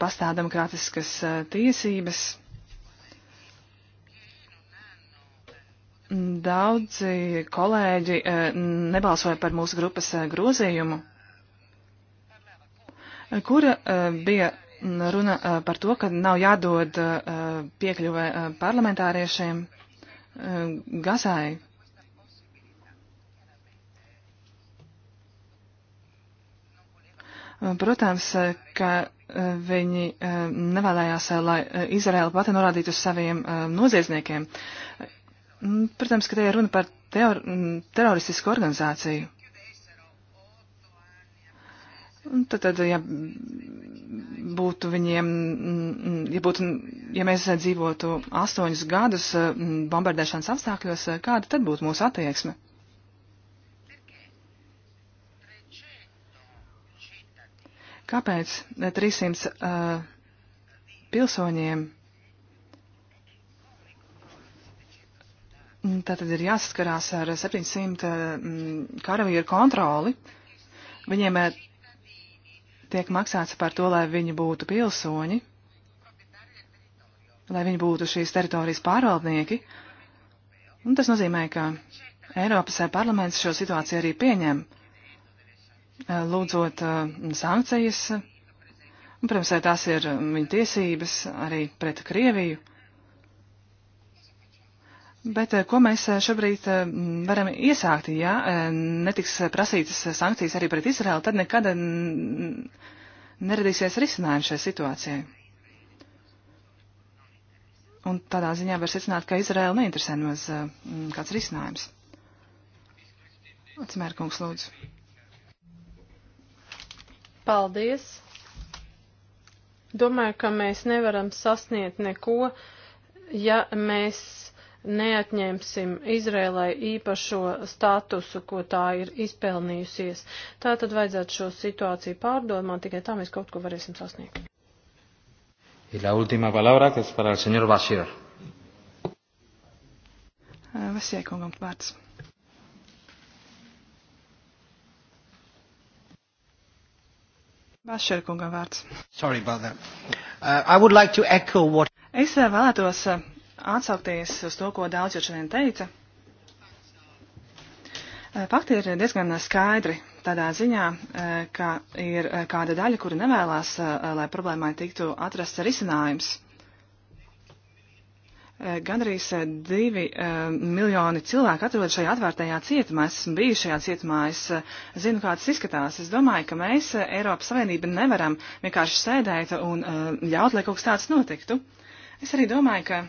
pastāv demokrātiskas tiesības. Daudzi kolēģi nebalsoja par mūsu grupas grozījumu, kura bija runa par to, ka nav jādod piekļuve parlamentāriešiem gazai. Protams, ka viņi nevēlējās, lai Izraela pati norādītu uz saviem noziedzniekiem. Protams, ka te ir runa par teror teroristisku organizāciju. Tad, tad, ja būtu viņiem, mm, ja, būtu, ja mēs dzīvotu astoņus gadus mm, bombardēšanas apstākļos, kāda tad būtu mūsu attieksme? Kāpēc 300 uh, pilsoņiem tātad ir jāsaskarās ar 700 uh, mm, karavīru kontroli? Viņiem uh, tiek maksāts par to, lai viņi būtu pilsoņi, lai viņi būtu šīs teritorijas pārvaldnieki. Un tas nozīmē, ka Eiropas parlaments šo situāciju arī pieņem, eh, lūdzot eh, sankcijas. Un, protams, eh, tās ir mm, viņa tiesības arī pret Krieviju. Bet eh, ko mēs eh, šobrīd eh, varam iesākt, ja netiks prasītas sankcijas arī pret Izraelu, tad nekad neradīsies risinājums šai situācijai. Un tādā ziņā var secināt, ka Izraela neinteresē maz kāds risinājums. Atsimērkungs, lūdzu. Paldies. Domāju, ka mēs nevaram sasniegt neko, ja mēs neatņemsim Izrēlai īpašo statusu, ko tā ir izpelnījusies. Tā tad vajadzētu šo situāciju pārdomāt, tikai tā mēs kaut ko varēsim sasniegt. Y la última palabra, que es para el señor Bashir. Vasie eh, kungam vārds. Bašer kungam vārds. Sorry about that. Uh, I would like to echo what... Es eh, vēlētos eh, atsaukties uz to, ko daudz jau šodien teica. Eh, fakti ir diezgan skaidri tādā ziņā, eh, ka ir eh, kāda daļa, kura nevēlas, lai problēmai tiktu atrasts risinājums. Gandrīz divi miljoni cilvēku atrodas šajā atvērtajā cietumā. Es esmu bijis šajā cietumā, es zinu, kā tas izskatās. Es domāju, ka mēs, Eiropas Savienība, nevaram vienkārši sēdēt un ļaut, lai kaut kas tāds notiktu. Es arī domāju, ka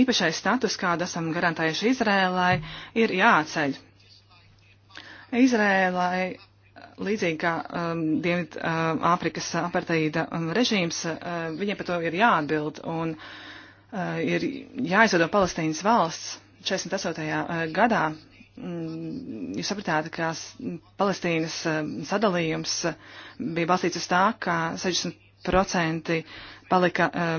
īpašais status, kādu esam garantējuši Izrēlai, ir jāceļ. Izrēlai, līdzīgi kā um, Dienvid um, Āfrikas aparteīda um, režīms, uh, viņiem par to ir jāatbild un uh, ir jāizveido Palestīnas valsts 48. Uh, gadā. Mm, jūs sapratāt, ka Palestīnas uh, sadalījums bija balstīts uz tā, ka 60% palika uh,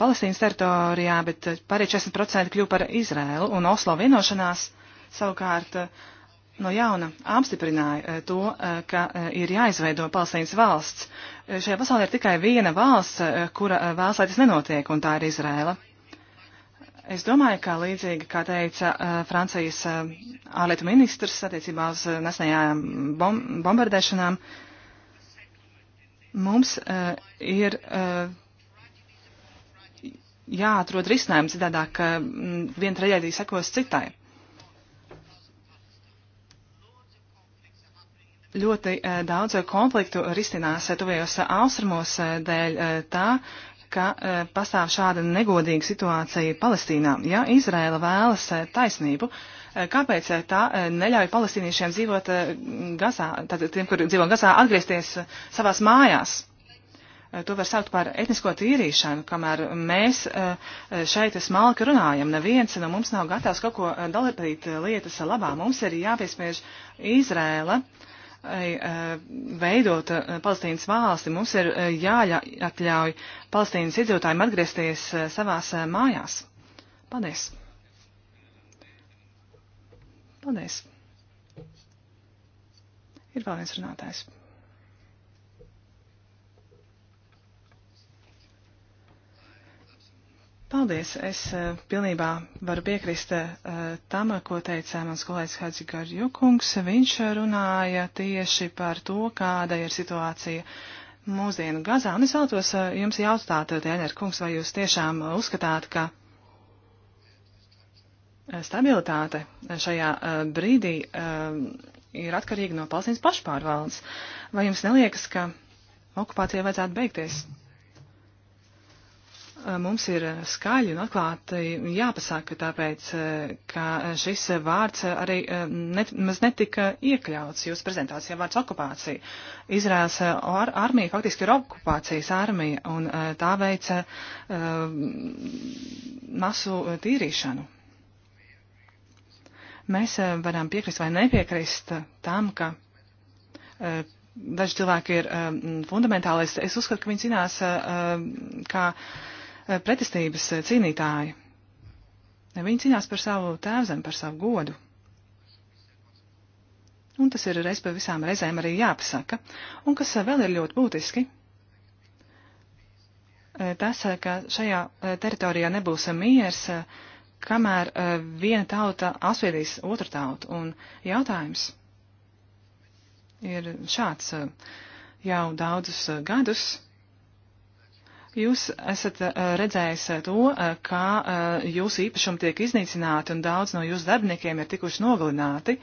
Palestīnas teritorijā, bet e, pārējie 40% kļuva par Izrēlu, un Oslo vienošanās savukārt uh, no jauna apstiprināja uh, to, uh, ka uh, ir jāizveido Palestīnas valsts. Uh, šajā pasaulē ir tikai viena valsts, uh, kura uh, vēlas, lai tas nenotiek, un tā ir Izrēla. Es domāju, ka līdzīgi, kā teica uh, Francijas uh, ārlietu ministrs attiecībā uz uh, nesenajām bom bombardēšanām, mums uh, ir. Uh, jāatrod risinājums, citādāk mm, viena traģēdija sekos citai. Ļoti eh, daudz konfliktu risinās eh, tuvējos eh, austrumos dēļ tā, ka pastāv šāda negodīga situācija Palestīnā. Ja Izraela vēlas taisnību, kāpēc tā neļauj palestīniešiem dzīvot Gazā, tātad tiem, kur dzīvo Gazā, atgriezties savās mājās? Eh, to var saukt par etnisko tīrīšanu, kamēr mēs eh, šeit smalki runājam. Neviens no mums nav gatavs kaut ko eh, darīt lietas labā. Mums ir jāpiespiež Izrēla veidot Palestīnas valsti. Mums ir jāatļauj Palestīnas iedzīvotājiem atgriezties savās mājās. Paldies! Paldies! Ir vēl viens runātājs. Paldies! Es eh, pilnībā varu piekrist eh, tam, ko teica mans kolēģis Hadžigar Jukungs. Viņš runāja tieši par to, kāda ir situācija mūsdienu Gazā. Un es vēlētos eh, jums jautāt, Tēner kungs, vai jūs tiešām uzskatāt, ka stabilitāte šajā brīdī ir atkarīga no Palestīnas pašpārvaldes? Vai jums neliekas, ka okupācija vajadzētu beigties? Eh, mums ir eh, skaļi un atklāti jāpasaka, tāpēc, eh, ka šis vārds arī nemaz netika iekļauts jūsu prezentācijā vārds okupācija. Izrēls ar, armija faktiski ir okupācijas armija un tā veica masu tīrīšanu. Mēs varam piekrist vai nepiekrist tam, ka daži cilvēki ir fundamentālisti. Es uzskatu, ka viņi zinās, kā Eh, pretestības eh, cīnītāji. Eh, viņi cīnās par savu tēvzemi, par savu godu. Un tas ir reiz pa visām reizēm arī jāpasaka. Un kas vēl ir ļoti būtiski, tas, ka šajā teritorijā nebūs miers, kamēr viena tauta asviedīs otru tautu. Un jautājums ir šāds jau daudzus gadus Jūs esat eh, redzējis to, eh, kā eh, jūsu īpašumi tiek iznīcināti un daudz no jūsu darbiniekiem ir tikuši nogalināti.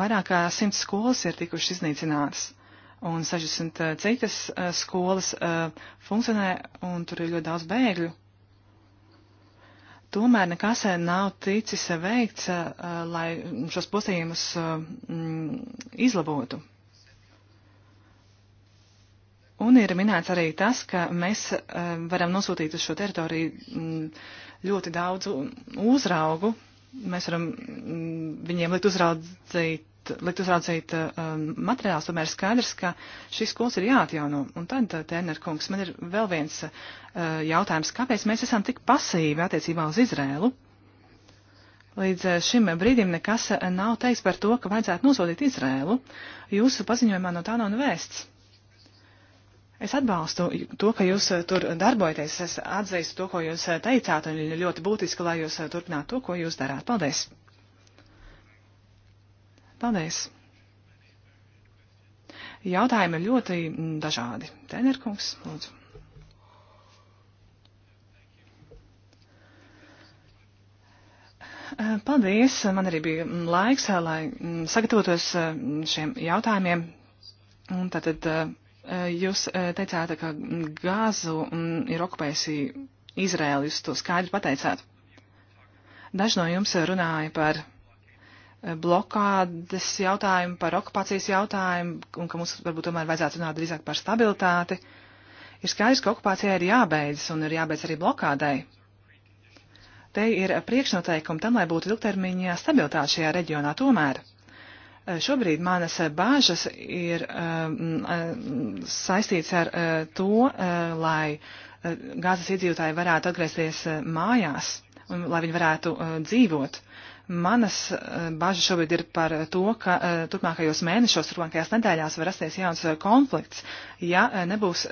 Vairāk kā simts skolas ir tikušas iznīcinātas un 60 citas skolas funkcionē un tur ir ļoti daudz bēgļu. Tomēr nekas nav ticis veikts, lai šos postījumus izlabotu. Un ir minēts arī tas, ka mēs eh, varam nosūtīt uz šo teritoriju mm, ļoti daudz uzraugu. Mēs varam mm, viņiem likt uzraudzīt likt uzraudzīt um, materiāls, tomēr skaidrs, ka šis skolas ir jāatjauno. Un tad, eh, Tērner kungs, man ir vēl viens uh, jautājums. Kāpēc mēs esam tik pasīvi attiecībā uz Izrēlu? Līdz šim brīdim nekas nav teiks par to, ka vajadzētu nosodīt Izrēlu. Jūsu paziņojumā no tā nav vēsts. Es atbalstu to, ka jūs eh, tur darbojaties. Es atzīstu to, ko jūs eh, teicāt, un ļoti būtiski, lai jūs eh, turpinātu to, ko jūs darāt. Paldies! Paldies! Jautājumi ir ļoti mm, dažādi. Tenerkungs, lūdzu. Paldies! Man arī bija mm, laiks, lai mm, sagatavotos šiem jautājumiem. Un tātad Jūs eh, teicāt, ka gāzu mm, ir okupējusi Izraēla, jūs to skaidri pateicāt. Daži no jums runāja par eh, blokādes jautājumu, par okupācijas jautājumu, un ka mums varbūt tomēr vajadzētu runāt drīzāk par stabilitāti. Ir skaidrs, ka okupācijai ir jābeidzas, un ir jābeidz arī blokādai. Te ir priekšnoteikumi tam, lai būtu ilgtermiņā stabilitāte šajā reģionā tomēr. Eh, šobrīd manas eh, bāžas ir eh, saistīts ar to, lai gāzes iedzīvotāji varētu atgriezties mājās un lai viņi varētu dzīvot. Manas bažas šobrīd ir par to, ka turpmākajos mēnešos, turpmākajās nedēļās var rasties jauns konflikts, ja nebūs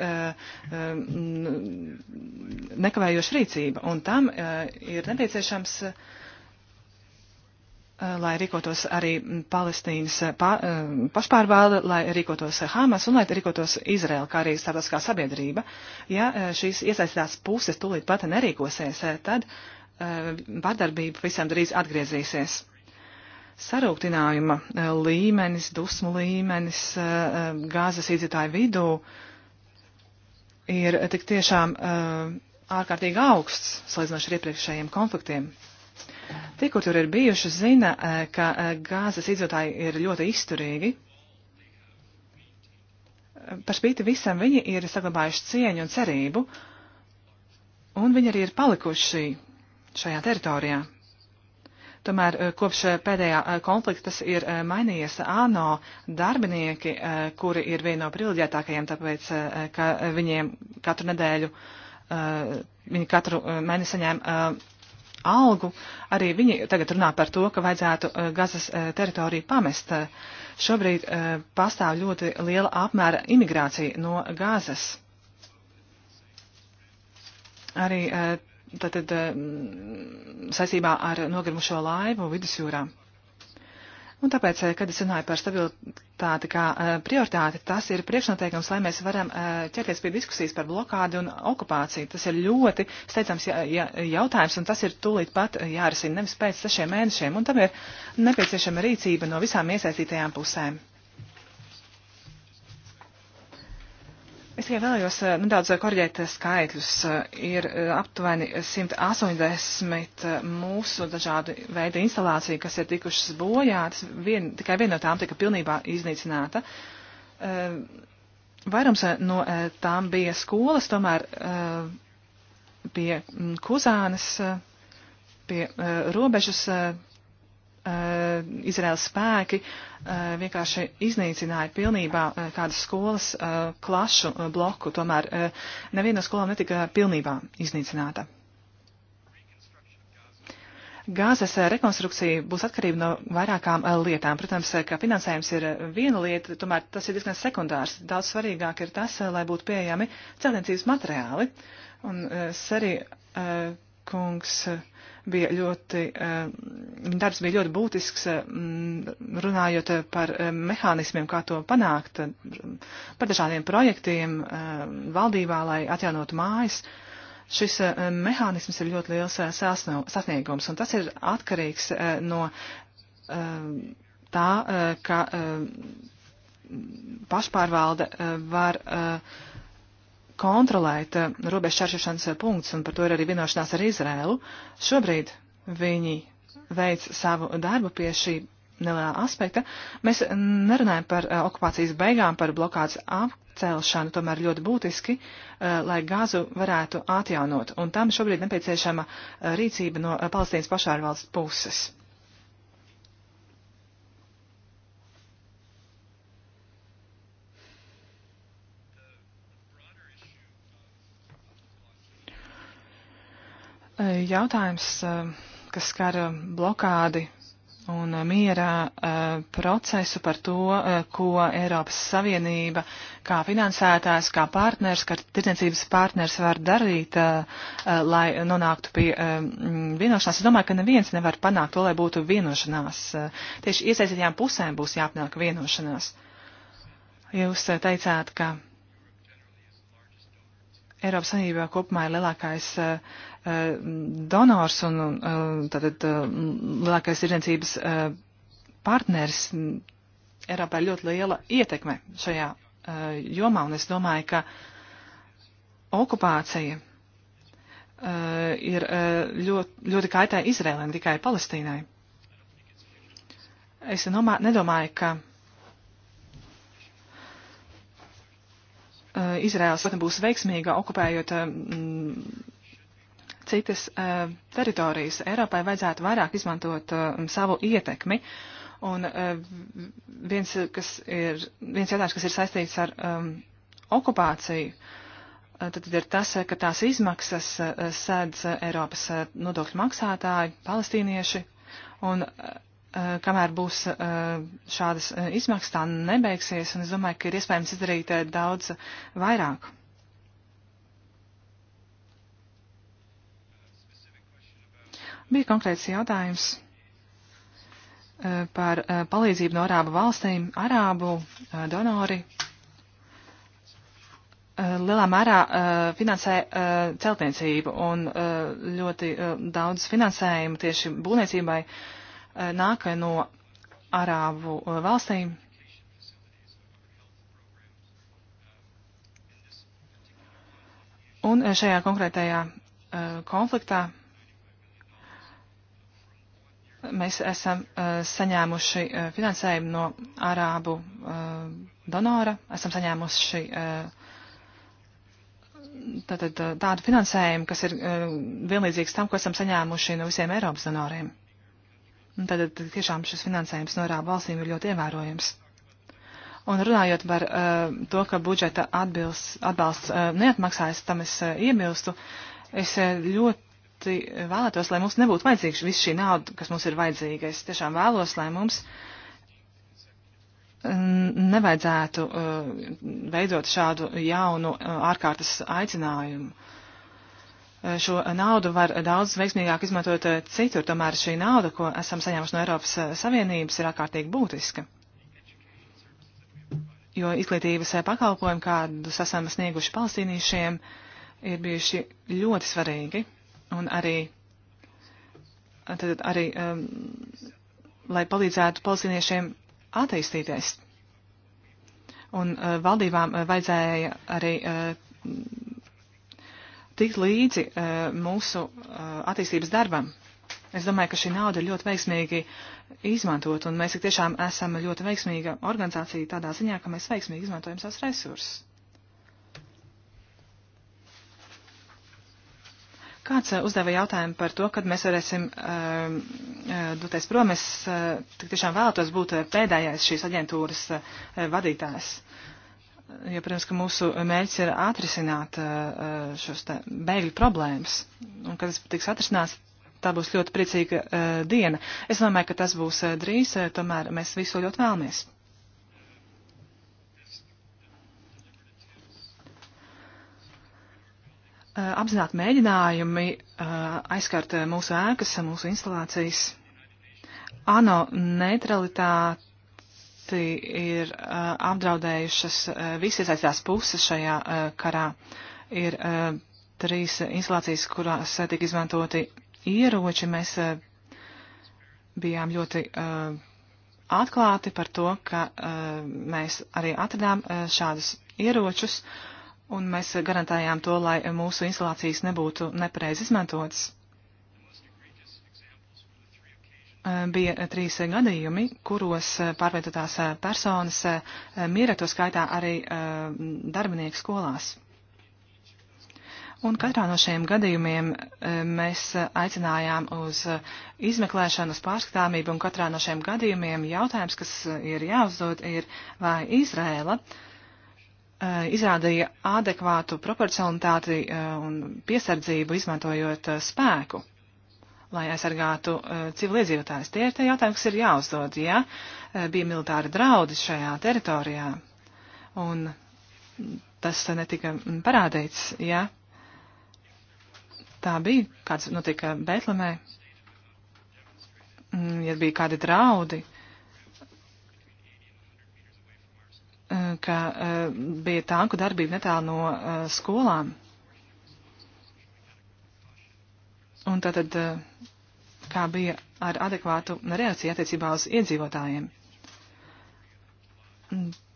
nekavējoša rīcība. Un tam ir nepieciešams Eh, lai rīkotos arī Palestīnas eh, pa, eh, pašpārvalde, lai rīkotos Hamas un lai rīkotos Izraela, kā arī starptautiskā sabiedrība. Ja šīs iesaistītās puses tūlīt pat nerīkosies, tad vardarbība visam drīz atgriezīsies. Sarūktinājuma līmenis, dusmu līmenis gāzes iedzītāju vidū ir tik tiešām ārkārtīgi augsts, salīdzinot ar iepriekšējiem konfliktiem. Tie, kur tur ir bijuši, zina, e, ka e, gāzes izdzīvotāji ir ļoti izturīgi. Par spīti visam viņi ir saglabājuši cieņu un cerību, un viņi arī ir palikuši šajā teritorijā. Tomēr e, kopš pēdējā konflikta tas ir mainījies ANO darbinieki, kuri ir viena no privileģētākajiem, tāpēc, ka viņiem katru nedēļu, viņi katru mēnesi saņēma algu, arī viņi tagad runā par to, ka vajadzētu eh, Gazas eh, teritoriju pamest. Eh, šobrīd pastāv ļoti liela apmēra imigrācija no Gazas. Arī tātad saistībā ar nogrimušo laivu vidusjūrā. Un tāpēc, eh, kad es runāju par stabilitāti kā eh, prioritāti, tas ir priekšnoteikums, lai mēs varam eh, ķerties pie diskusijas par blokādi un okupāciju. Tas ir ļoti steidzams jautājums, un tas ir tūlīt pat jārisina nevis pēc sešiem mēnešiem, un tam ir nepieciešama rīcība no visām iesaistītajām pusēm. Es tikai vēlējos eh, nedaudz eh, korģēt eh, skaitļus. Ir aptuveni 180 mūsu dažādu veidu instalāciju, kas ir tikušas bojātas. Vien, tikai viena no tām tika pilnībā iznīcināta. Vairums no tām bija skolas, tomēr pie mm, Kuzānas, pie robežas Eh, Izraels spēki eh, vienkārši iznīcināja pilnībā eh, kādas skolas klašu bloku, tomēr neviena skolā netika pilnībā iznīcināta. Gāzes rekonstrukcija būs atkarība no vairākām lietām. Protams, ka finansējums ir viena lieta, tomēr tas ir diezgan sekundārs. Daudz svarīgāk ir tas, lai būtu pieejami celtniecības materiāli. Un es arī, kungs, uh, bija ļoti, viņa eh, darbs bija ļoti būtisks, eh, runājot eh, par mehānismiem, kā to panākt, par dažādiem projektiem valdībā, lai atjaunotu mājas. Šis mehānisms ir ļoti liels sasniegums, un tas ir atkarīgs no tā, ka pašpārvalde var uh, kontrolēt eh, robežu šķēršošanas eh, punktus, un par to ir arī vienošanās ar Izrēlu. Šobrīd viņi veic savu darbu pie šī nelielā aspekta. Mēs nerunājam par eh, okupācijas beigām, par blokādes apcelšanu, tomēr ļoti būtiski, lai gāzu varētu atjaunot, un tam šobrīd nepieciešama rīcība no Palestīnas pašārvalsts puses. Jautājums, eh, kas skar eh, blokādi un eh, miera procesu par to, ko Eiropas Savienība kā finansētājs, kā partners, kā tirdzniecības partners var darīt, lai nonāktu pie vienošanās. Es domāju, ka neviens nevar panākt to, lai būtu vienošanās. Tieši iesaistītajām pusēm būs jāpanāk vienošanās. Jūs teicāt, ka Eiropas Savienībā kopumā ir lielākais uh, donors un uh, tātad uh, lielākais tirdzniecības uh, partners. Eiropā ir ļoti liela ietekme šajā uh, jomā, un es domāju, ka okupācija uh, ir uh, ļoti, ļoti kaitē Izrēlē, ne tikai Palestīnai. Es nomā, nedomāju, ka Eh, Izraels nebūs veiksmīga okupējot eh, mm, citas eh, teritorijas. Eiropai vajadzētu vairāk izmantot savu ietekmi. Un viens, kas ir, viens jautājums, kas ir saistīts ar um, okupāciju, tad ir tas, ka tās izmaksas sēdz Eiropas nodokļu maksātāji, palestīnieši, un Eh, kamēr būs eh, šādas eh, izmaksas, tā nebeigsies, un es domāju, ka ir iespējams izdarīt daudz vairāk. Bija konkrēts jautājums par palīdzību no arābu valstīm. Arābu donori lielā mērā finansē celtniecību un ļoti daudz finansējumu tieši būvniecībai Eh, nāk no arābu eh, valstīm. Un eh, šajā konkrētajā konfliktā mēs esam saņēmuši finansējumu no arābu donora, esam saņēmuši tātad, tādu finansējumu, kas ir vienlīdzīgs tam, ko esam saņēmuši no visiem Eiropas donoriem. Un tad tiešām šis finansējums no arābu valstīm ir ļoti ievērojams. Un runājot par uh, to, ka budžeta atbils, atbalsts uh, neatmaksājas, tam es uh, iebilstu, es uh, ļoti vēlētos, lai mums nebūtu vajadzīgs viss šī nauda, kas mums ir vajadzīga. Es tiešām vēlos, lai mums nevajadzētu uh, veidot šādu jaunu uh, ārkārtas aicinājumu. Uh, Eh, šo naudu var daudz veiksmīgāk izmantot eh, citur, tomēr šī nauda, ko esam saņēmuši no Eiropas eh, Savienības, ir ārkārtīgi būtiska. Jo izglītības pakalpojumi, kādus esam snieguši palestīniešiem, ir bijuši ļoti svarīgi. Un arī, tad, arī um, lai palīdzētu palestīniešiem attīstīties. Un uh, valdībām vajadzēja arī uh, tikt līdzi eh, mūsu eh, attīstības darbam. Es domāju, ka šī nauda ir ļoti veiksmīgi izmantot, un mēs tiešām esam ļoti veiksmīga organizācija tādā ziņā, ka mēs veiksmīgi izmantojam savus resursus. Kāds eh, uzdeva jautājumu par to, kad mēs varēsim uh, doties prom. Es uh, tiešām vēlētos būt pēdējais šīs aģentūras uh, vadītājs. Uh, Jo, protams, ka mūsu mērķis ir atrisināt uh, uh, šos bēgļu problēmas. Un, kad tas tiks atrisināts, tā būs ļoti priecīga uh, diena. Es domāju, ka tas būs drīz, tomēr mēs visu ļoti vēlamies. apzināti mēģinājumi aizskart mūsu ēkas, mūsu instalācijas. ANO neutralitāte noteikti ir apdraudējušas visi iesaistās puses šajā karā. Ir trīs instalācijas, kurās tika izmantoti ieroči. Mēs bijām ļoti atklāti par to, ka mēs arī atradām šādus ieročus, un mēs garantējām to, lai mūsu instalācijas nebūtu nepareiz izmantotas. bija trīs gadījumi, kuros eh, pārvietotās eh, personas eh, mira, to skaitā arī darbinieki skolās. Un katrā no šiem gadījumiem mēs aicinājām uz izmeklēšanu, uz pārskatāmību, un katrā no šiem gadījumiem jautājums, kas ir jāuzdod, ir, vai Izrēla izrādīja adekvātu proporcionalitāti un piesardzību, izmantojot spēku lai aizsargātu uh, eh, civiliedzīvotājus. Tie ir tie jautājumi, kas ir jāuzdod, ja uh, bija militāri draudi šajā teritorijā. Un tas uh, netika mm, parādīts, ja tā bija, kāds notika nu, Betlemē, mm, ja bija kādi draudi, eh, ka bija tanku darbība netālu no skolām. Un tātad, eh, kā bija ar adekvātu reakciju attiecībā uz iedzīvotājiem?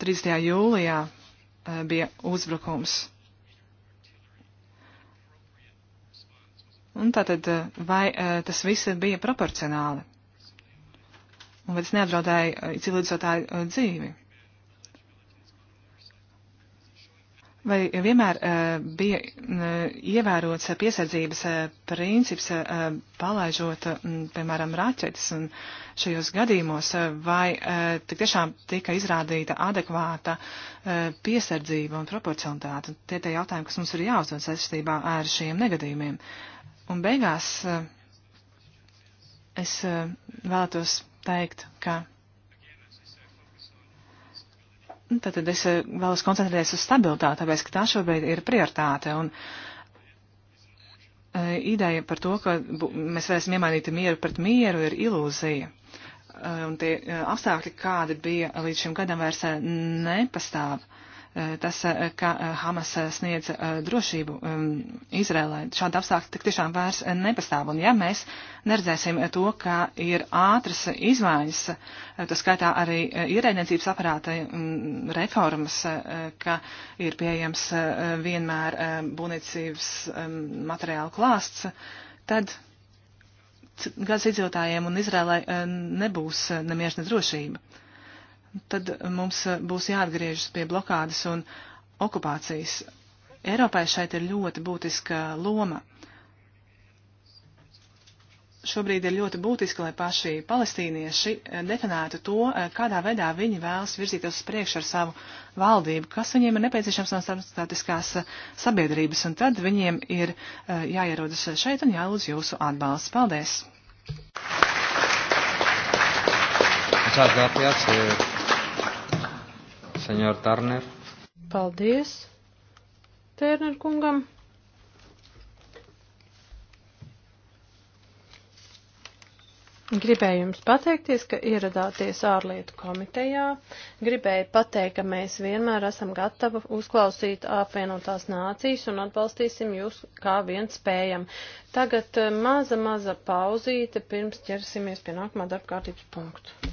30. jūlijā eh, bija uzbrukums. Un tātad, eh, vai tas viss bija proporcionāli? Un vai tas neapdraudēja civilizotāju dzīvi? Vai vienmēr eh, bija eh, ievērots piesardzības eh, princips, palaižot, mm, piemēram, raķetes un šajos gadījumos, vai tik tiešām tika izrādīta adekvāta piesardzība un proporcionalitāte? Tie tie jautājumi, kas mums ir jāuzdod saistībā ar šiem negadījumiem. Un beigās es vēlētos teikt, ka Tātad nu, es eh, vēlos koncentrēties uz stabilitāti, tāpēc, ka tā šobrīd ir prioritāte. Un eh, ideja par to, ka mēs varēsim iemainīt mieru pret mieru, ir ilūzija. Eh, un tie apstākļi, kādi bija līdz šim gadam, vairs nepastāv tas, eh, ka eh, Hamas eh, sniedz drošību ehm, Izrēlē. Šāda apstākļa tik tiešām vairs nepastāv. Un ja mēs neredzēsim to, ka ir ātras izmaiņas, tas skaitā arī ierēdniecības aparāta ehm, reformas, ka ir pieejams vienmēr ehm, būvniecības materiālu klāsts, tad gaz iedzīvotājiem un Izrēlē nebūs nemieris nedrošība. drošība tad mums eh, būs jāatgriežas pie blokādes un okupācijas. Eiropai šeit ir ļoti būtiska loma. Šobrīd ir ļoti būtiski, lai paši palestīnieši eh, definētu to, eh, kādā veidā viņi vēlas virzīties uz priekšu ar savu valdību, kas viņiem ir nepieciešams no starptautiskās sabiedrības, un tad viņiem ir jāierodas šeit un jālūdz jūsu atbalsts. Paldies! Muchas gracias. Eh, senjor Turner. Paldies, Tērner kungam. Gribēju jums pateikties, ka ieradāties ārlietu komitejā. Gribēju pateikt, ka mēs vienmēr esam gatavi uzklausīt apvienotās nācijas un atbalstīsim jūs kā vien spējam. Tagad eh, maza, maza pauzīte pirms ķersimies pie nākamā darbkārtības punktu.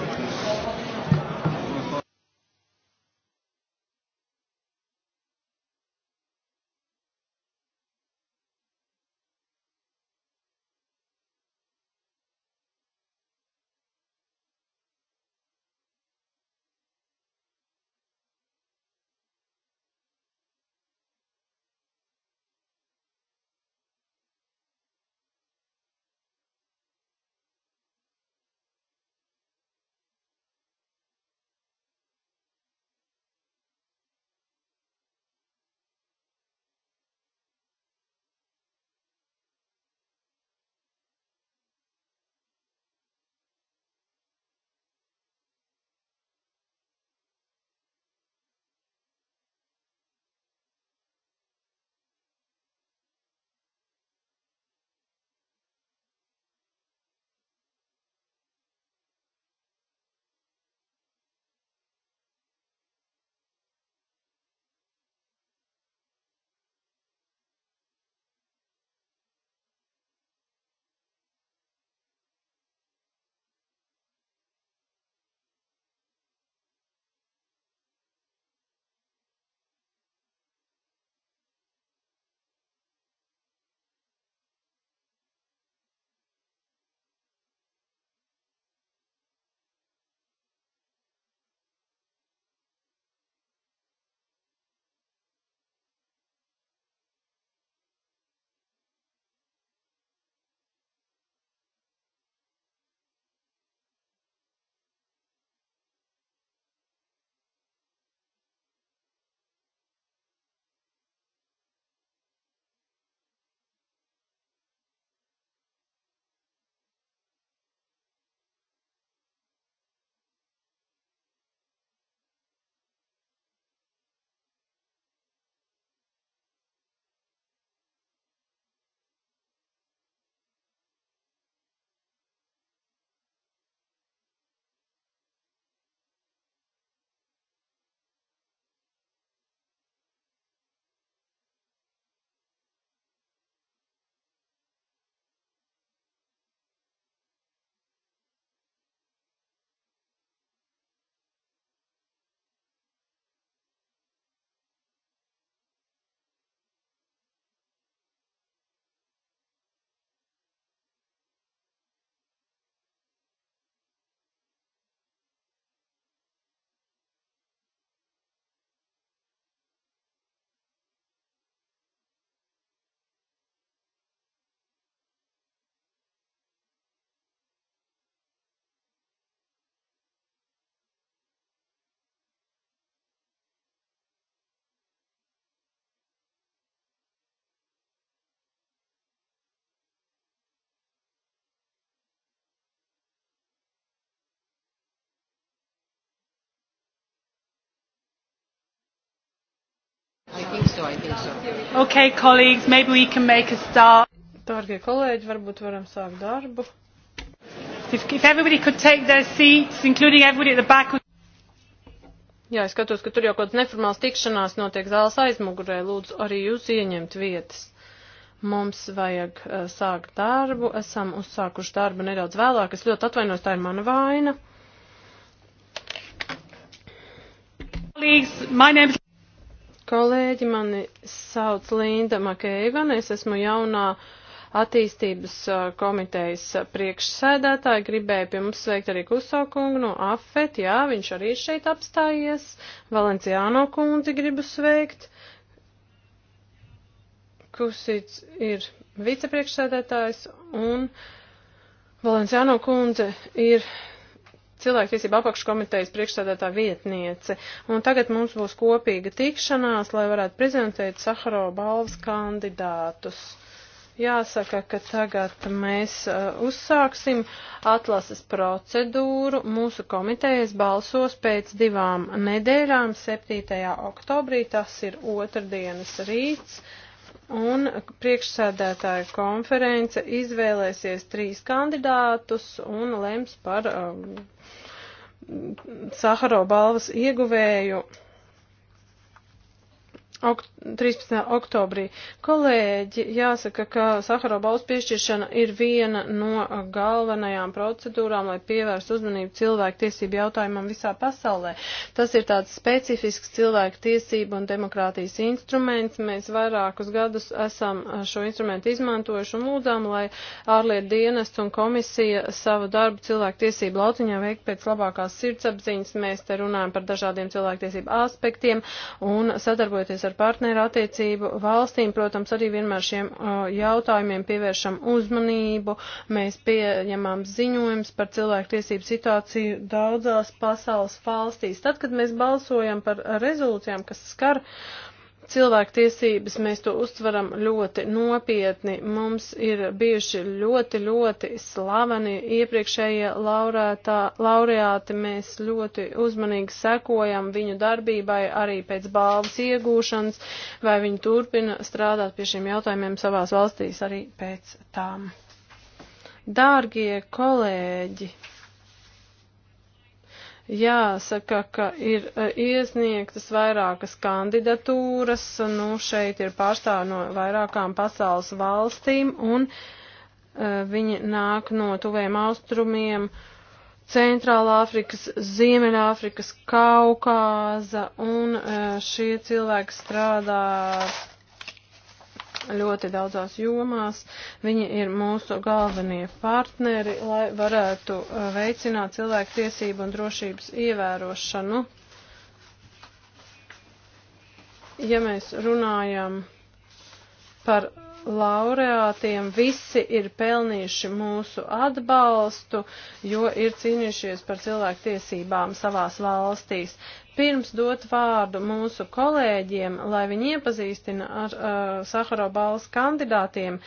I think so, I think so. Okay, colleagues, maybe we can make a start. Dārgie kolēģi, varbūt varam sākt darbu. If, if everybody could take their seats, including everybody at the back. Jā, es skatos, ka tur jau kaut kāds neformāls tikšanās notiek zāles aizmugurē. Lūdzu, arī jūs ieņemt vietas. Mums vajag uh, sākt darbu. Esam uzsākuši darbu nedaudz vēlāk. Es ļoti atvainos, tā ir mana vaina. Colleagues, my name is kolēģi, mani sauc Linda Makeivana, es esmu jaunā attīstības komitejas priekšsēdētāja, gribēju pie mums sveikt arī Kusaukungu no AFET, jā, viņš arī šeit apstājies, Valenciāno kundzi gribu sveikt, Kusits ir vicepriekšsēdētājs un Valenciāno kundze ir cilvēktiesība apakškomitejas priekšstādātā vietniece. Un tagad mums būs kopīga tikšanās, lai varētu prezentēt Saharo balvas kandidātus. Jāsaka, ka tagad mēs uh, uzsāksim atlases procedūru. Mūsu komitejas balsos pēc divām nedēļām, 7. oktobrī, tas ir otrdienas rīts. Uh, Un priekšsēdētāja konference izvēlēsies trīs kandidātus un lems par um, Saharo balvas ieguvēju Ok 13. oktobrī. Kolēģi, jāsaka, ka Sakaro balvas piešķiršana ir viena no galvenajām procedūrām, lai pievērst uzmanību cilvēku tiesību jautājumam visā pasaulē. Tas ir tāds specifisks cilvēku tiesību un demokrātijas instruments. Mēs vairākus gadus esam šo instrumentu izmantojuši un lūdzām, lai ārlietu dienestu un komisija savu darbu cilvēku tiesību lautiņā veiktu pēc labākās sirdsapziņas. Mēs te runājam par dažādiem cilvēku tiesību aspektiem un sadarbojoties ar ar partneru attiecību valstīm, protams, arī vienmēr šiem jautājumiem pievēršam uzmanību. Mēs pieņemam ziņojums par cilvēktiesību situāciju daudzās pasaules valstīs. Tad, kad mēs balsojam par rezolūcijām, kas skar uh, cilvēktiesības mēs to uztveram ļoti nopietni. Mums ir bijuši ļoti, ļoti slaveni iepriekšējie laurētā, laureāti. Mēs ļoti uzmanīgi sekojam viņu darbībai arī pēc balvas iegūšanas, vai viņi turpina strādāt pie šiem jautājumiem savās valstīs arī pēc tām. Dārgie kolēģi! Jāsaka, ka ir e, iesniegtas vairākas kandidatūras, nu šeit ir pārstāvi no vairākām pasaules valstīm, un uh, viņi nāk no tuviem austrumiem, Centrāla Afrikas, Ziemeļa Afrikas, Kaukāza, un uh, šie cilvēki strādā ļoti daudzās jomās. Viņi ir mūsu galvenie partneri, lai varētu uh, veicināt cilvēku tiesību un drošības ievērošanu. Ja mēs runājam par laureātiem, visi ir pelnījuši mūsu atbalstu, jo ir cīnījušies par cilvēku tiesībām savās valstīs. Pirms dot vārdu mūsu kolēģiem, lai viņi iepazīstina ar uh, Sahara balvas kandidātiem,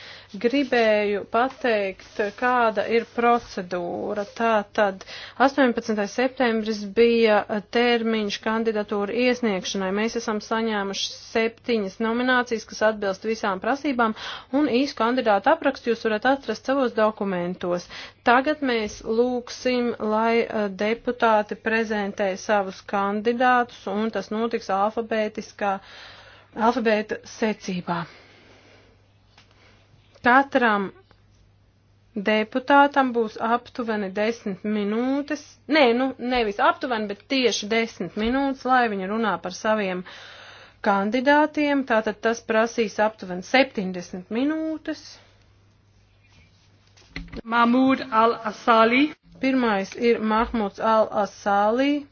gribēju pateikt, kāda ir procedūra. Tā tad 18. septembris bija termiņš kandidatūra iesniegšanai. Mēs esam saņēmuši septiņas nominācijas, kas atbilst visām prasībām, un īsu kandidātu aprakstu jūs varat atrast savos dokumentos. Tagad mēs lūksim, lai uh, deputāti prezentē savus kandidātus kandidātus, un tas notiks alfabētiskā, alfabēta secībā. Katram deputātam būs aptuveni 10 minūtes, nē, nu, nevis aptuveni, bet tieši 10 minūtes, lai viņi runā par saviem kandidātiem, tātad tas prasīs aptuveni 70 minūtes. Mahmud al-Asali. Pirmais ir Mahmuds al-Asali,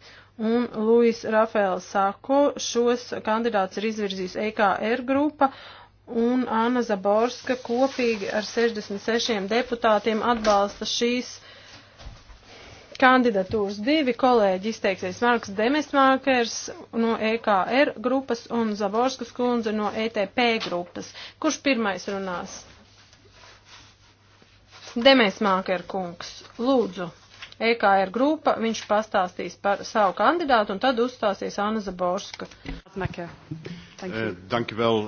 un Luis Rafaels Sako. Šos kandidātus ir izvirzījusi EKR grupa un Anna Zaborska kopīgi ar 66 deputātiem atbalsta šīs kandidatūras. Divi kolēģi izteiksies Marks Demesmākers no EKR grupas un Zaborskas kundze no ETP grupas. Kurš pirmais runās? Demesmāker kungs, lūdzu. EKR grupa, viņš pastāstīs par savu kandidātu un tad uzstāsies Anna Zaborska. Danki vēl,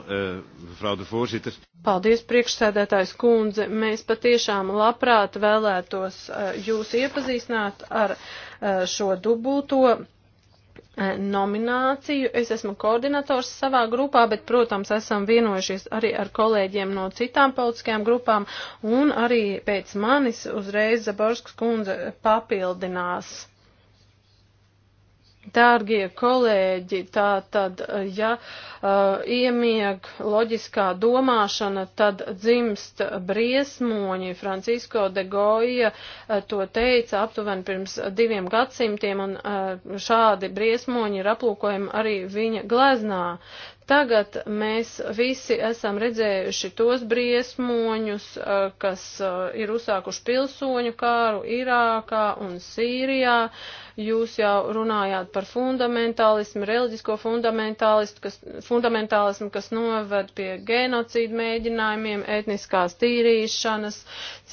frau de voorzitter. Paldies, priekšsēdētājs kundze. Mēs patiešām labprāt vēlētos eh, jūs iepazīstināt ar eh, šo dubulto E, nomināciju. Es esmu koordinators savā grupā, bet, protams, esam vienojušies arī ar kolēģiem no citām politiskajām grupām, un arī pēc manis uzreiz Zaborskas kundze papildinās. Dārgie kolēģi, tā tad, ja uh, iemieg loģiskā domāšana, tad dzimst briesmoņi. Francisko de Goja uh, to teica aptuveni pirms diviem gadsimtiem, un uh, šādi briesmoņi ir aplūkojami arī viņa gleznā. Tagad mēs visi esam redzējuši tos briesmoņus, eh, kas eh, ir uzsākuši pilsoņu kāru Irākā un Sīrijā. Jūs jau runājāt par fundamentālismu, reliģisko kas, fundamentālismu, kas noved pie genocīdu mēģinājumiem, etniskās tīrīšanas.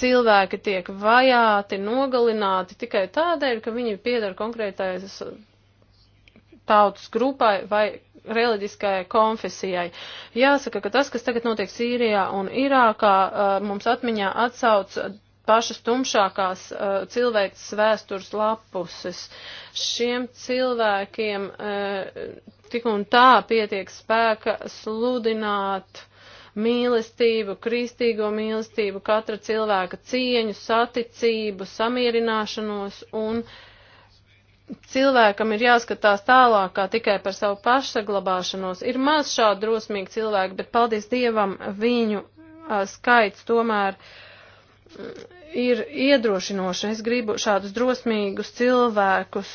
Cilvēki tiek vajāti, nogalināti tikai tādēļ, ka viņi piedara konkrētais tautas grupai vai reliģiskajai konfesijai. Jāsaka, ka tas, kas tagad notiek Sīrijā un Irākā, eh, mums atmiņā atsauc pašas tumšākās uh, cilvēks vēstures lapuses. Šiem cilvēkiem uh, tik un tā pietiek spēka sludināt mīlestību, kristīgo mīlestību, katra cilvēka cieņu, saticību, samierināšanos un uh, cilvēkam ir jāskatās tālāk kā tikai par savu pašsaglabāšanos. Ir maz šādi drosmīgi cilvēki, bet paldies Dievam viņu uh, skaits tomēr mm, ir iedrošinoši. Es gribu šādus drosmīgus cilvēkus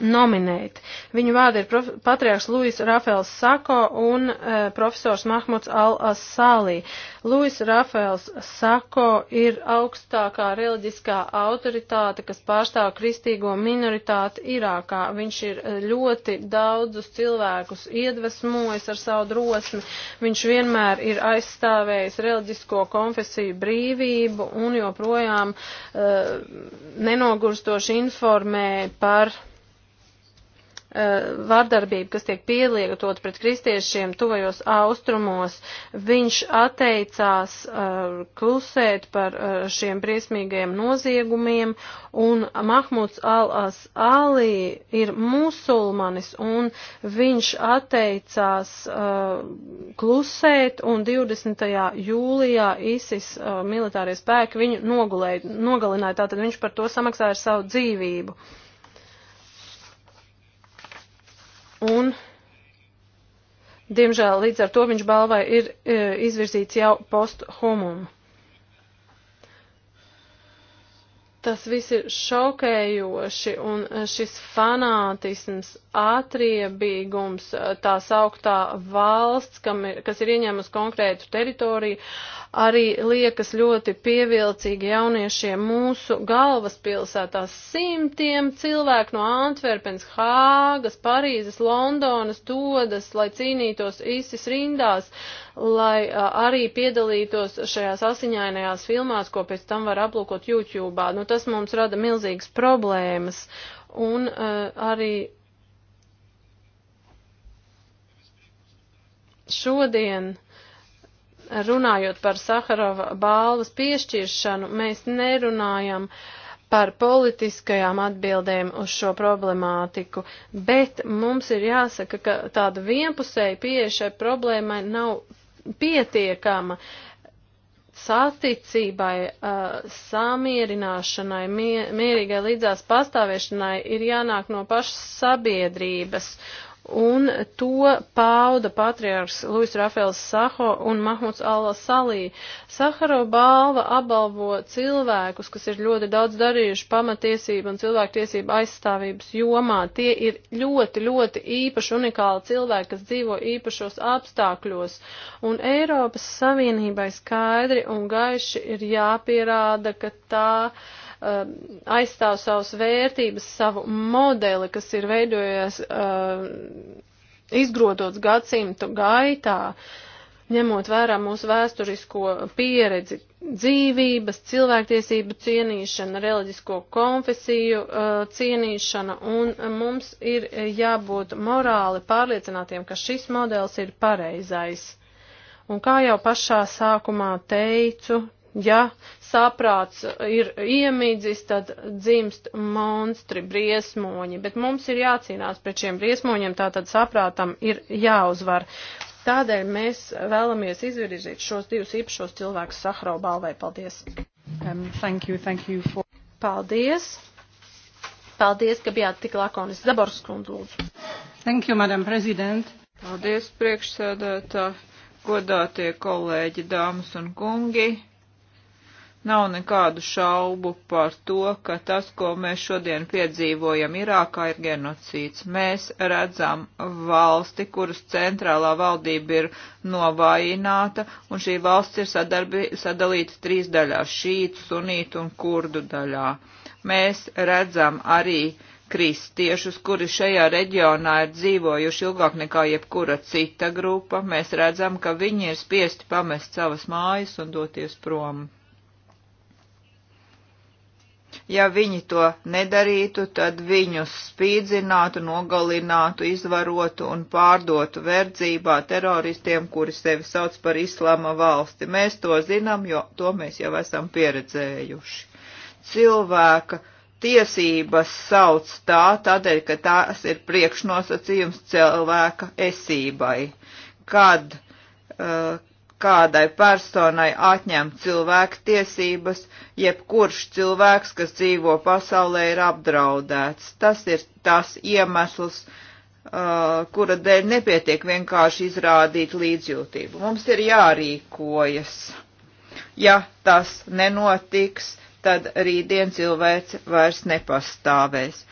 nominēt. Viņu vārdi ir patriārs Luis Rafels Sako un e, profesors Mahmuds Al-Asali. Luis Rafels Sako ir augstākā reliģiskā autoritāte, kas pārstāv kristīgo minoritāti Irākā. Viņš ir eh, ļoti daudzus cilvēkus iedvesmojis ar savu drosmi. Viņš vienmēr ir aizstāvējis reliģisko konfesiju brīvību un joprojām e, nenogurstoši informē par Eh, vardarbību, kas tiek pielietot pret kristiešiem tuvajos austrumos. Viņš atteicās eh, klusēt par eh, šiem briesmīgajiem noziegumiem, un Mahmuds Al-As Ali ir musulmanis, un viņš atteicās klusēt, un 20. jūlijā ISIS militārie spēki viņu nogulēja, nogalināja, tātad viņš par to samaksāja ar savu dzīvību. un, diemžēl, līdz ar to viņš balvai ir e, izvirzīts jau post homum. Tas viss ir šokējoši, un e, šis fanātisms, atriebīgums, e, tā sauktā valsts, ir, kas ir ieņēmusi konkrētu teritoriju, arī liekas ļoti pievilcīgi jauniešiem mūsu galvaspilsētās. Simtiem cilvēku no Antverpens, Hāgas, Parīzes, Londonas dodas, lai cīnītos īstis rindās, lai e, arī piedalītos šajās asiņainajās filmās, ko pēc tam var aplūkot YouTube. Nu, tas mums rada milzīgas problēmas. Un uh, arī šodien runājot par Saharova balvas piešķiršanu, mēs nerunājam par politiskajām atbildēm uz šo problemātiku, bet mums ir jāsaka, ka tāda vienpusēja pieeja šai problēmai nav pietiekama. Uh, saticībai, uh, samierināšanai, mie mierīgai līdzās pastāvēšanai ir jānāk no pašas sabiedrības un to pauda patriārs Luis Rafēls Saho un Mahmuds Alla Salī. Saharo balva apbalvo cilvēkus, kas ir ļoti daudz darījuši pamatiesību un cilvēktiesību aizstāvības jomā. Tie ir ļoti, ļoti īpaši unikāli cilvēki, kas dzīvo īpašos apstākļos, un Eiropas Savienībai skaidri un gaiši ir jāpierāda, ka tā Um, aizstāv savas vērtības, savu modeli, kas ir veidojies um, izgrotots gadsimtu gaitā, ņemot vērā mūsu vēsturisko pieredzi, dzīvības, cilvēktiesību cienīšana, reliģisko konfesiju uh, cienīšana, un mums ir jābūt morāli pārliecinātiem, ka šis modelis ir pareizais. Un kā jau pašā sākumā teicu, ja saprāts ir iemidzis, tad dzimst monstri, briesmoņi, bet mums ir jācīnās pret šiem briesmoņiem, tātad saprātam ir jāuzvar. Tādēļ mēs vēlamies izvirzīt šos divus īpašos cilvēkus Sahara balvai. Paldies! Um, thank you, thank you for... Paldies! Paldies, ka bijāt tik lakonis. Zaborskundz, lūdzu. Thank you, madam president. Paldies, priekšsēdētā, godātie kolēģi, dāmas un kungi. Nav nekādu šaubu par to, ka tas, ko mēs šodien piedzīvojam Irākā, ir genocīds. Mēs redzam valsti, kuras centrālā valdība ir novājināta, un šī valsts ir sadarbi, sadalīta trīs daļās - šītu, sunītu un kurdu daļā. Mēs redzam arī kristiešus, kuri šajā reģionā ir dzīvojuši ilgāk nekā jebkura cita grupa. Mēs redzam, ka viņi ir spiesti pamest savas mājas un doties prom Ja viņi to nedarītu, tad viņus spīdzinātu, nogalinātu, izvarotu un pārdotu verdzībā teroristiem, kuri sevi sauc par islāma valsti. Mēs to zinām, jo to mēs jau esam pieredzējuši. Cilvēka tiesības sauc tā, tādēļ, ka tās ir priekšnosacījums cilvēka esībai. Kad uh, kādai personai atņemt cilvēku tiesības, jebkurš cilvēks, kas dzīvo pasaulē, ir apdraudēts. Tas ir tas iemesls, uh, kura dēļ nepietiek vienkārši izrādīt līdzjūtību. Mums ir jārīkojas. Ja tas nenotiks, tad rītdien cilvēks vairs nepastāvēs.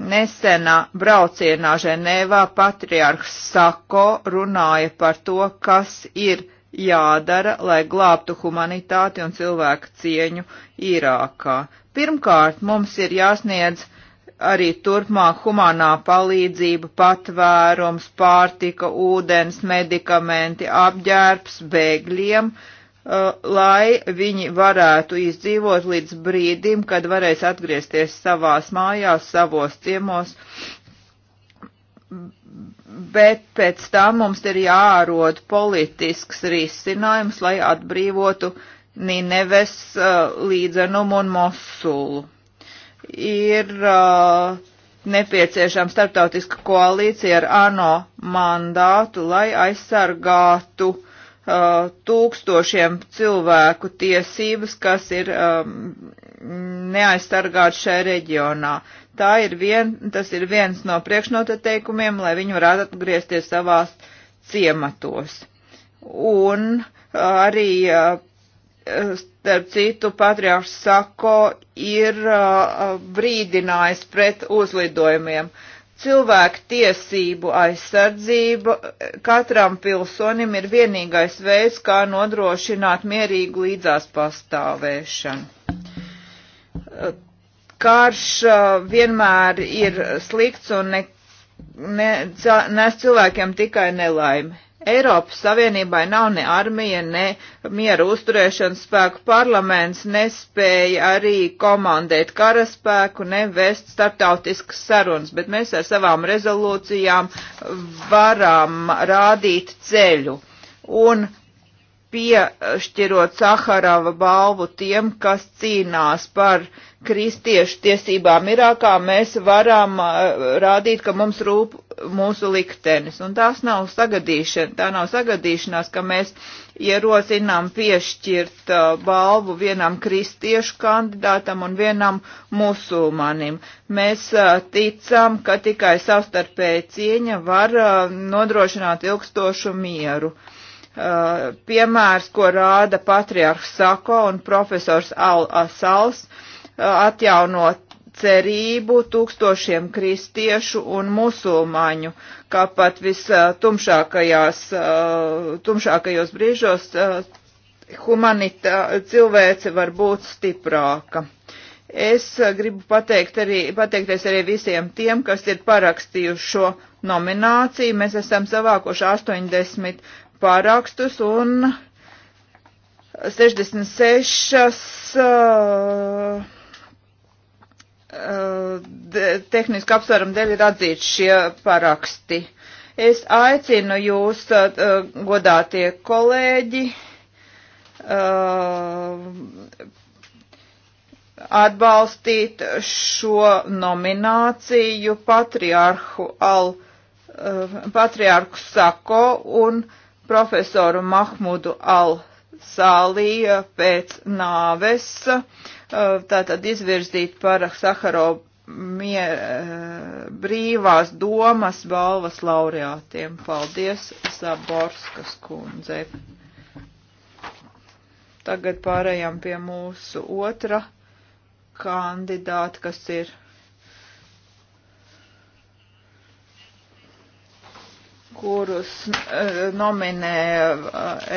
Nesenā braucienā Ženēvā patriarhs Sako runāja par to, kas ir jādara, lai glābtu humanitāti un cilvēku cieņu Irākā. Pirmkārt, mums ir jāsniedz arī turpmāk humanā palīdzība, patvērums, pārtika, ūdens, medikamenti, apģērbs bēgļiem, uh, lai viņi varētu izdzīvot līdz brīdim, kad varēs atgriezties savās mājās, savos ciemos bet pēc tam mums ir jārod politisks risinājums, lai atbrīvotu Nineves uh, līdzenumu un Mosulu. Ir uh, nepieciešama starptautiska koalīcija ar ANO mandātu, lai aizsargātu uh, tūkstošiem cilvēku tiesības, kas ir um, neaizsargāti šajā reģionā. Tā ir vien, tas ir viens no priekšnoteikumiem, lai viņi varētu atgriezties savās ciematos. Un arī starp citu, patriāršs Sako ir uh, brīdinājis pret uzlidojumiem. Cilvēku tiesību aizsardzība katram pilsonim ir vienīgais veids, kā nodrošināt mierīgu līdzās pastāvēšanu karš uh, vienmēr ir slikts un ne, ne, nes cilvēkiem tikai nelaimi. Eiropas Savienībai nav ne armija, ne miera uzturēšanas spēku. Parlaments nespēja arī komandēt karaspēku, ne vest startautiskas sarunas, bet mēs ar savām rezolūcijām varam rādīt ceļu. Un piešķirot Saharava balvu tiem, kas cīnās par uh, kristiešu tiesībām Irākā, mēs varam uh, rādīt, ka mums rūp mūsu liktenis. Un tās nav sagadīšana, tā nav sagadīšanās, ka mēs ierosinām piešķirt uh, balvu vienam kristiešu kandidātam un vienam musulmanim. Mēs uh, ticam, ka tikai savstarpēja cieņa var nodrošināt ilgstošu mieru. Piemērs, ko rāda patriarhs Sako un profesors Al-Asals, Al atjaunot cerību tūkstošiem kristiešu un musulmaņu, kā pat vistumšākajās, eh, tumšākajos brīžos eh, humanitā cilvēce var būt stiprāka. Es gribu pateikt arī, pateikties arī visiem tiem, kas ir parakstījuši šo nomināciju. Mēs esam savākoši 80 pārakstus un 66 uh, Eh, tehniski apsvērumu dēļ ir atzīti šie paraksti. Es aicinu jūs, eh, godātie kolēģi, eh, atbalstīt šo nomināciju patriārhu Al, patriārku Sako un profesoru Mahmudu Al Sālija pēc nāves. Uh, Eh, tātad izvirzīt par Saharo mie, eh, brīvās domas balvas laureātiem. Paldies Zaborskas kundzei. Tagad pārējām pie mūsu otra kandidāta, kas ir kurus eh, nominē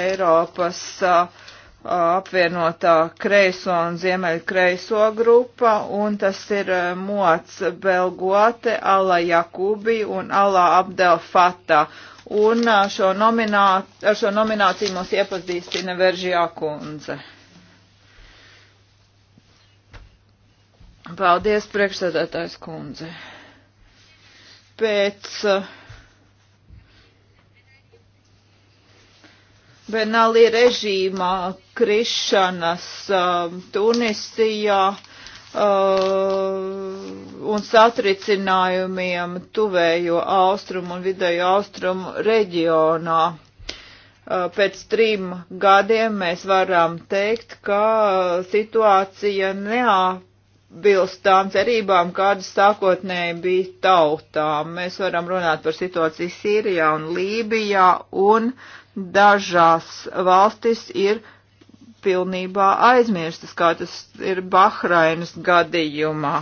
Eiropas uh, apvienotā kreiso un ziemeļu kreiso grupa, un tas ir eh, mots Belgote, Ala Jakubi un Ala Abdel Fata. Un eh, šo nominā, ar šo nomināciju mūs iepazīstina Veržijā kundze. Paldies, priekšsēdētājs kundze. Pēc uh, Benali režīmā krišanas um, Tunisijā um, un satricinājumiem tuvējo austrumu un vidējo austrumu reģionā. Uh, pēc trim gadiem mēs varam teikt, ka uh, situācija neabilst tām cerībām, kādas sākotnēji bija tautām. Mēs varam runāt par situāciju Sīrijā un Lībijā un uh, dažās valstis ir pilnībā aizmirstas, kā tas ir Bahrainas gadījumā.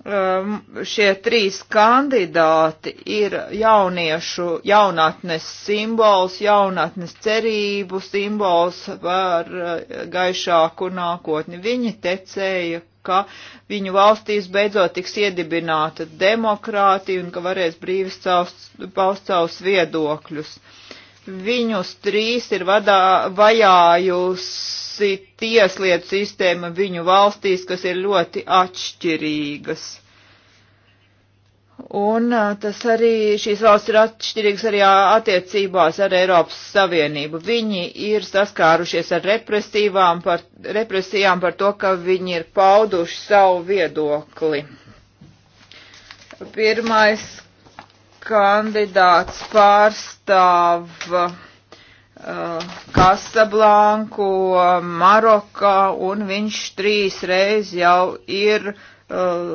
Um, šie trīs kandidāti ir jauniešu jaunatnes simbols, jaunatnes cerību simbols par eh, gaišāku nākotni. Viņi tecēja, ka viņu valstīs beidzot tiks iedibināta demokrātija un ka varēs brīvi paust savus viedokļus. Uh, Viņus trīs ir vadā, vajājusi tieslietu sistēma viņu valstīs, kas ir ļoti atšķirīgas. Un tas arī, šīs valsts ir atšķirīgas arī attiecībās ar Eiropas Savienību. Viņi ir saskārušies ar represīvām par, represijām par to, ka viņi ir pauduši savu viedokli. Pirmais kandidāts pārstāv Kasablanku, uh, Marokā, un viņš trīs reiz jau ir uh,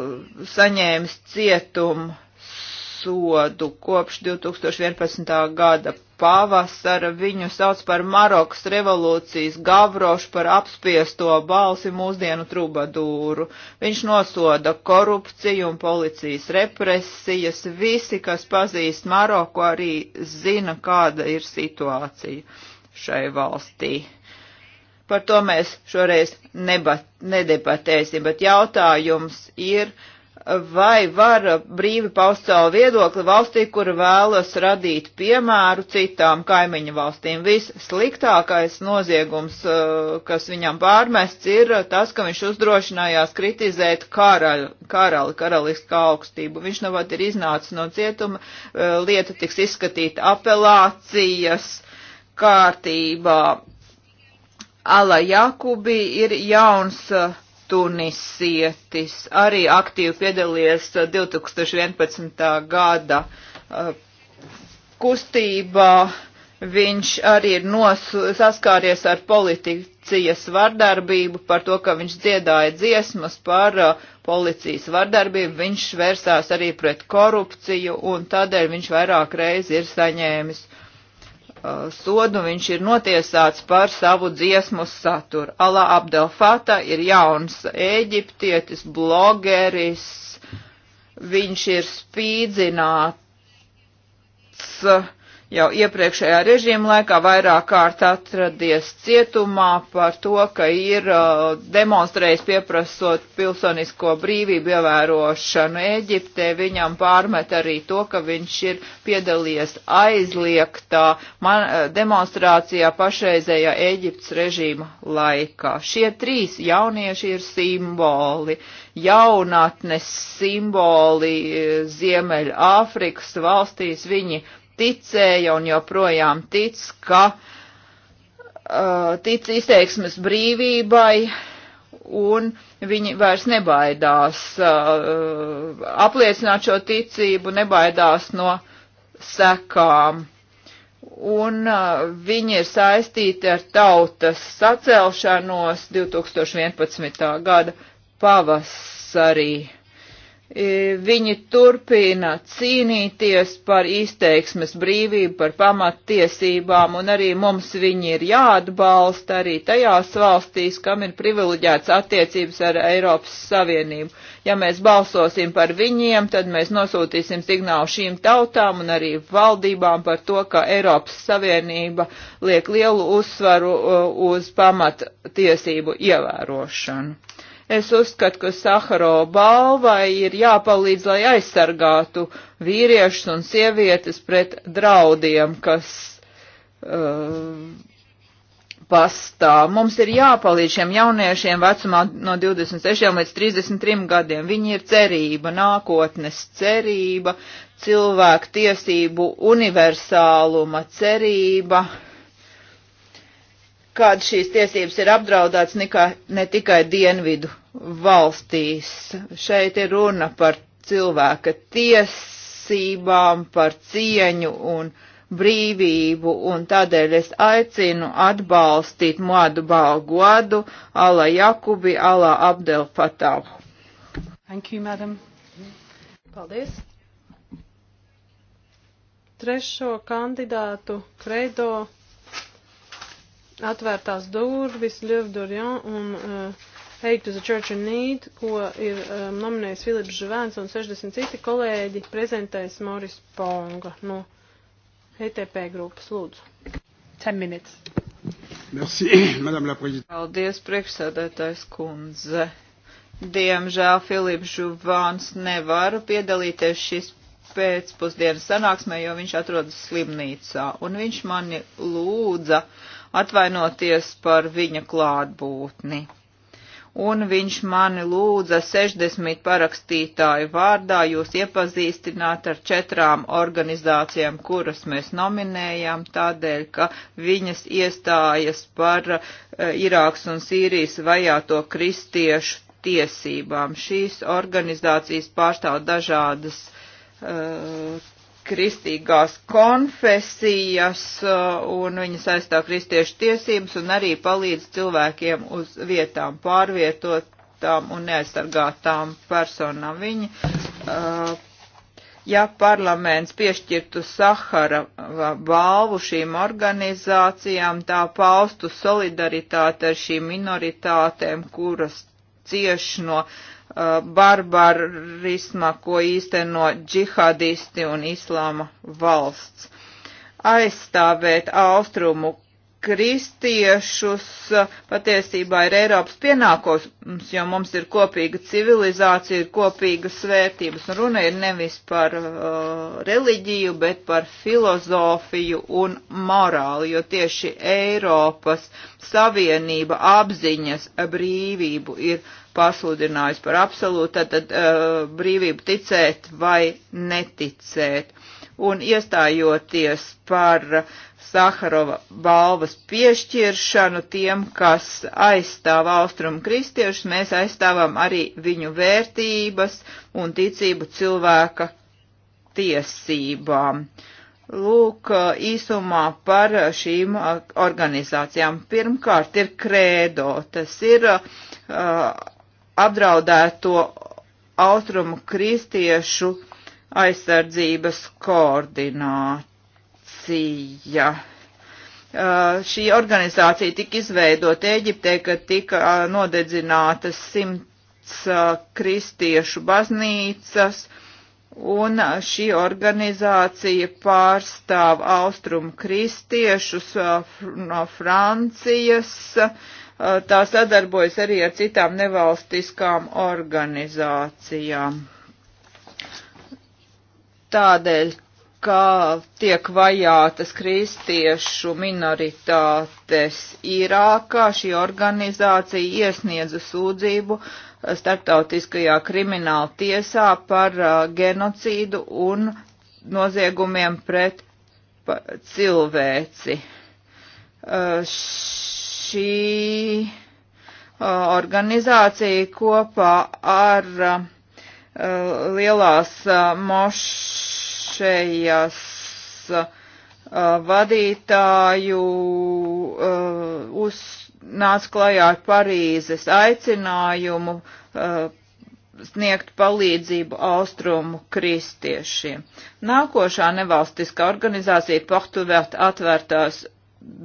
saņēmis cietumu sodu kopš 2011. gada pavasara. Viņu sauc par Marokas revolūcijas gavrošu par apspiesto balsi mūsdienu trubadūru. Viņš nosoda korupciju un policijas represijas. Visi, kas pazīst Maroku, arī zina, kāda ir situācija šai valstī. Par to mēs šoreiz nebat, nedebatēsim, bet jautājums ir, uh, vai var brīvi paust savu viedokli valstī, kur vēlas radīt piemēru citām kaimiņu valstīm. Vissliktākais noziegums, uh, kas viņam pārmests, ir tas, ka viņš uzdrošinājās kritizēt karaļu, karali, karaliskā augstību. Viņš nu pat ir iznācis no cietuma, uh, lieta tiks izskatīta apelācijas kārtībā. Ala Jakubi ir jauns uh, tunisietis, arī aktīvi piedalījies 2011. Uh, gada uh, kustībā. Viņš arī ir nosu, saskāries ar policijas vardarbību par to, ka viņš dziedāja dziesmas par uh, policijas vardarbību. Viņš vērsās arī pret korupciju un tādēļ viņš vairāk reizi ir saņēmis sodu viņš ir notiesāts par savu dziesmu saturu. Alā Abdelfata ir jauns eģiptietis, blogeris, viņš ir spīdzināts jau iepriekšējā režīma laikā vairāk kārt atradies cietumā par to, ka ir uh, demonstrējis pieprasot pilsonisko brīvību ievērošanu Eģiptē. Viņam pārmet arī to, ka viņš ir piedalījies aizliegtā man, uh, demonstrācijā pašreizējā Eģiptes režīma laikā. Šie trīs jaunieši ir simboli jaunatnes simboli uh, Ziemeļāfrikas valstīs. Viņi ticēja un joprojām tic, ka uh, tic izteiksmes brīvībai un viņi vairs nebaidās uh, apliecināt šo ticību, nebaidās no sekām. Un uh, viņi ir saistīti ar tautas sacelšanos 2011. gada pavasarī E, viņi turpina cīnīties par izteiksmes brīvību, par pamattiesībām, un arī mums viņi ir jāatbalsta arī tajās valstīs, kam ir privileģēts attiecības ar Eiropas Savienību. Ja mēs balsosim par viņiem, tad mēs nosūtīsim signālu šīm tautām un arī valdībām par to, ka Eiropas Savienība liek lielu uzsvaru e, uz pamattiesību ievērošanu. Es uzskatu, ka Saharo balvai ir jāpalīdz, lai aizsargātu vīriešus un sievietes pret draudiem, kas uh, pastāv. Mums ir jāpalīdz šiem jauniešiem vecumā no 26 līdz 33 gadiem. Viņi ir cerība, nākotnes cerība, cilvēku tiesību universāluma cerība kad šīs tiesības ir apdraudētas nekā, ne tikai dienvidu valstīs. Šeit ir runa par cilvēka tiesībām, par cieņu un brīvību, un tādēļ es aicinu atbalstīt Madu Balgodu, Ala Jakubi, Ala Abdel Fatavu. Thank you, madam. Paldies. Trešo kandidātu Kreido atvērtās durvis Ļevdurjan un uh, Hate to the Church in Need, ko ir um, nominējis Filips Žvēns un 60 citi kolēģi, prezentēs Moris Ponga no ETP grupas. Lūdzu. 10 minutes. Merci, Madame la Présidente. Paldies, priekšsēdētājs kundze. Diemžēl Filips Žuvāns nevar piedalīties šīs pēcpusdienas sanāksmē, jo viņš atrodas slimnīcā. Un viņš mani lūdza uh, atvainoties par viņa klātbūtni. Un viņš mani lūdza 60 parakstītāju vārdā jūs iepazīstināt ar četrām organizācijām, kuras mēs nominējām, tādēļ, ka viņas iestājas par eh, Irāks un Sīrijas vajāto kristiešu tiesībām. Šīs organizācijas pārstāv dažādas uh, kristīgās konfesijas uh, un viņas aizstāv kristiešu tiesības un arī palīdz cilvēkiem uz vietām pārvietotām un neaizsargātām personām. Viņi, uh, ja parlaments piešķirtu Sahara uh, balvu šīm organizācijām, tā paustu solidaritāti ar šīm minoritātēm, kuras cieš no uh, Uh, barbarisma, ko īsteno džihadisti un islāma valsts. Aizstāvēt austrumu kristiešus uh, patiesībā ir Eiropas pienākums, jo mums ir kopīga civilizācija, ir kopīgas vērtības. Un runa ir nevis par uh, reliģiju, bet par filozofiju un morāli, jo tieši Eiropas Savienība apziņas brīvību ir pasludinājis par absolūtu, tad, tad uh, brīvību ticēt vai neticēt. Un iestājoties par Saharova balvas piešķiršanu tiem, kas aizstāv austrumu kristiešus, mēs aizstāvam arī viņu vērtības un ticību cilvēka tiesībām. Lūk, īsumā par šīm uh, organizācijām. Pirmkārt ir krēdo, tas ir uh, apdraudēto austrumu kristiešu aizsardzības koordinācija. Uh, šī organizācija tika izveidota Eģiptē, kad tika uh, nodedzinātas simts uh, kristiešu baznīcas, un uh, šī organizācija pārstāv austrumu kristiešus uh, no Francijas, uh, tā sadarbojas arī ar citām nevalstiskām organizācijām. Tādēļ, kā tiek vajātas kristiešu minoritātes Irākā, šī organizācija iesniedza sūdzību starptautiskajā krimināla tiesā par genocīdu un noziegumiem pret cilvēci. Uh, šī organizācija kopā ar lielās mošejas vadītāju uz, nāca klajā ar Parīzes aicinājumu sniegt palīdzību austrumu kristiešiem. Nākošā nevalstiskā organizācija Portuvert atvērtās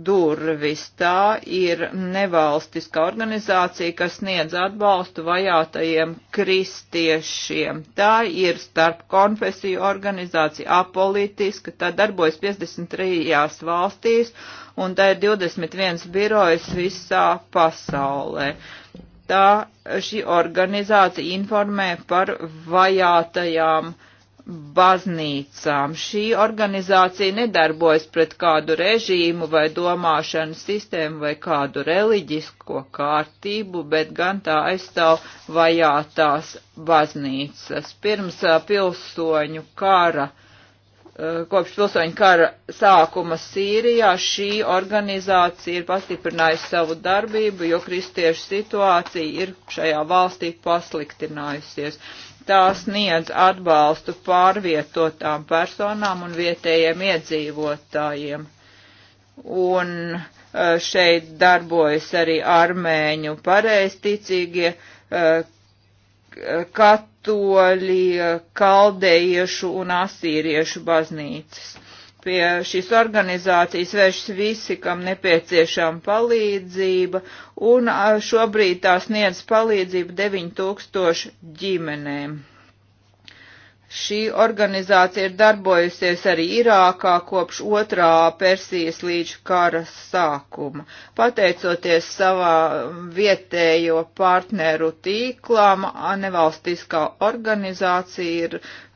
durvis. Tā ir nevalstiska organizācija, kas sniedz atbalstu vajātajiem kristiešiem. Tā ir starp konfesiju organizācija apolitiska, tā darbojas 53 valstīs un tā ir 21 birojas visā pasaulē. Tā šī organizācija informē par vajātajām kristiešiem baznīcām. Šī organizācija nedarbojas pret kādu režīmu vai domāšanas sistēmu vai kādu reliģisko kārtību, bet gan tā aizstāv vajātās baznīcas. Pirms pilsoņu kara, kopš pilsoņu kara sākuma Sīrijā šī organizācija ir pastiprinājusi savu darbību, jo kristiešu situācija ir šajā valstī pasliktinājusies tās niedz atbalstu pārvietotām personām un vietējiem iedzīvotājiem. Un e, šeit darbojas arī armēņu pareisticīgie, e, katoļi, kaldējiešu un asīriešu baznīcas pie šīs organizācijas vēršas visi, kam nepieciešama palīdzība, un šobrīd tā sniedz palīdzību 9000 ģimenēm. Šī organizācija ir darbojusies arī Irākā kopš otrā Persijas līča kara sākuma. Pateicoties savā vietējo partneru tīklām, nevalstiskā organizācija ir uh,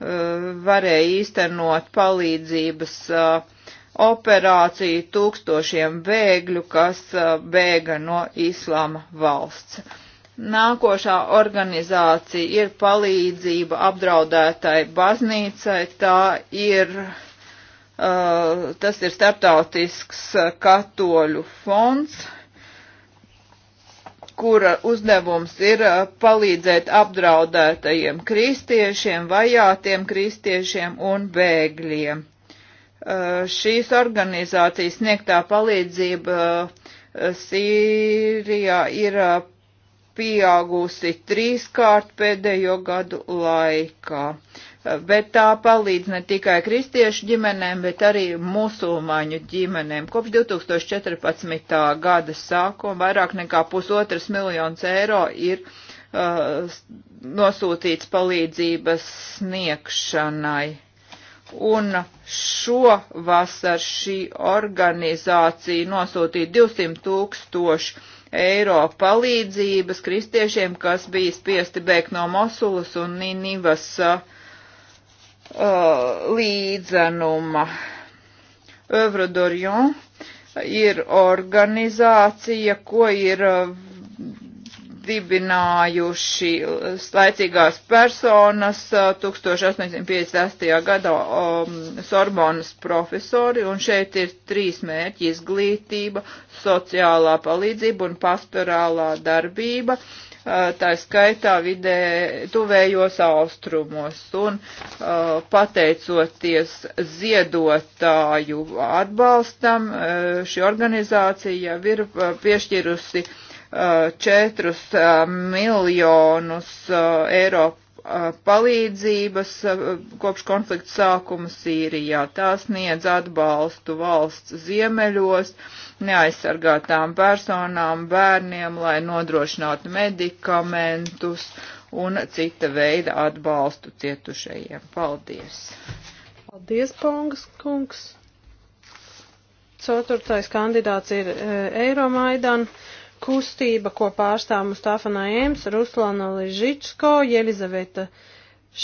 varēja īstenot palīdzības uh, operāciju tūkstošiem bēgļu, kas uh, bēga no Islama valsts Nākošā organizācija ir palīdzība apdraudētai baznīcai. Tā ir, uh, tas ir starptautisks katoļu fonds, kura uzdevums ir uh, palīdzēt apdraudētajiem kristiešiem, vajātiem kristiešiem un bēgļiem. Uh, šīs organizācijas sniegtā palīdzība uh, Sīrijā ir uh, pieaugusi trīskārt pēdējo gadu laikā. Bet tā palīdz ne tikai kristiešu ģimenēm, bet arī musulmaņu ģimenēm. Kopš 2014. gada sākuma vairāk nekā pusotras miljonus eiro ir uh, nosūtīts palīdzības sniegšanai. Un šo vasar šī organizācija nosūtīja 200 tūkstošu eiro palīdzības kristiešiem, kas bija spiesti bēgt no Mosulas un Ninivas uh, uh līdzenuma. Övrodorjon ir organizācija, ko ir uh, dibinājuši laicīgās personas 1858. gadā um, Sorbonas profesori, un šeit ir trīs mērķi - izglītība, sociālā palīdzība un pastorālā darbība, uh, tā skaitā vidē tuvējos austrumos, un uh, pateicoties ziedotāju atbalstam, uh, šī organizācija jau ir piešķirusi uh, 4 miljonus eiro palīdzības kopš konflikta sākuma Sīrijā. Tās sniedz atbalstu valsts ziemeļos, neaizsargātām personām, bērniem, lai nodrošinātu medikamentus un cita veida atbalstu cietušajiem. Paldies! Paldies, Pongas kungs! Ceturtais kandidāts ir e, Eiromaidan. E, kustība, ko pārstāv Mustafa Naems, Ruslana Ližičko, Jelizaveta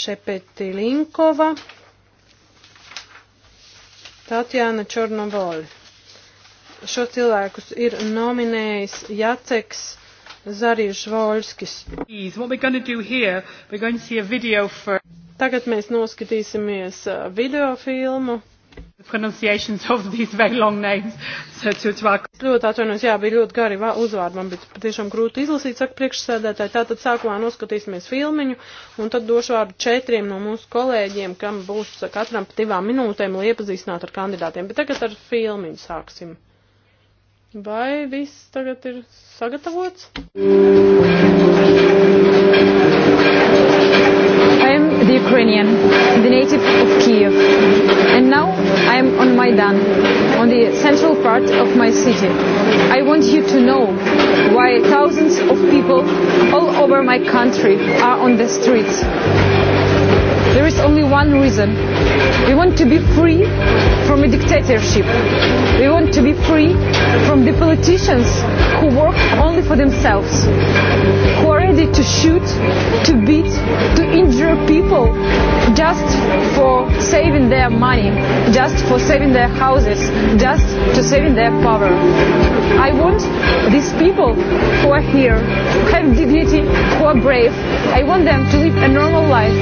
Šepetilinkova, Tatjana Čornoboli. Šo cilvēkus ir nominējis Jaceks Zarijs Voļskis. For... Tagad mēs noskatīsimies uh, video filmu pronunciations of these very long names. So to, to our... Ļoti atvainojos, jā, bija ļoti gari uzvārdi, man bija patiešām grūti izlasīt, saka priekšsēdētāji. Tātad sākumā noskatīsimies filmiņu, un tad došu vārdu četriem no mūsu kolēģiem, kam būs katram pa divām minūtēm, lai iepazīstinātu ar kandidātiem. Bet tagad ar filmiņu sāksim. Vai viss tagad ir sagatavots? Mm. central part of my city. I want you to know why thousands of people all over my country are on the streets There is only one reason. We want to be free from a dictatorship. We want to be free from the politicians who work only for themselves, who are ready to shoot, to beat, to injure people just for saving their money, just for saving their houses, just to saving their power. I want these people who are here, who have dignity, who are brave, I want them to live a normal life.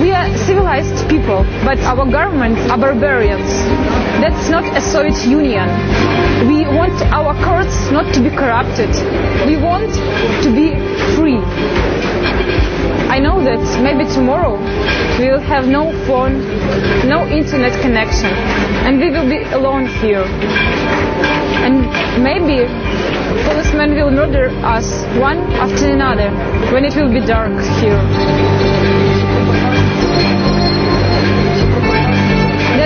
We are are civilized people, but our governments are barbarians. That's not a Soviet Union. We want our courts not to be corrupted. We want to be free. I know that maybe tomorrow we will have no phone, no internet connection, and we will be alone here. And maybe policemen will murder us one after another when it will be dark here.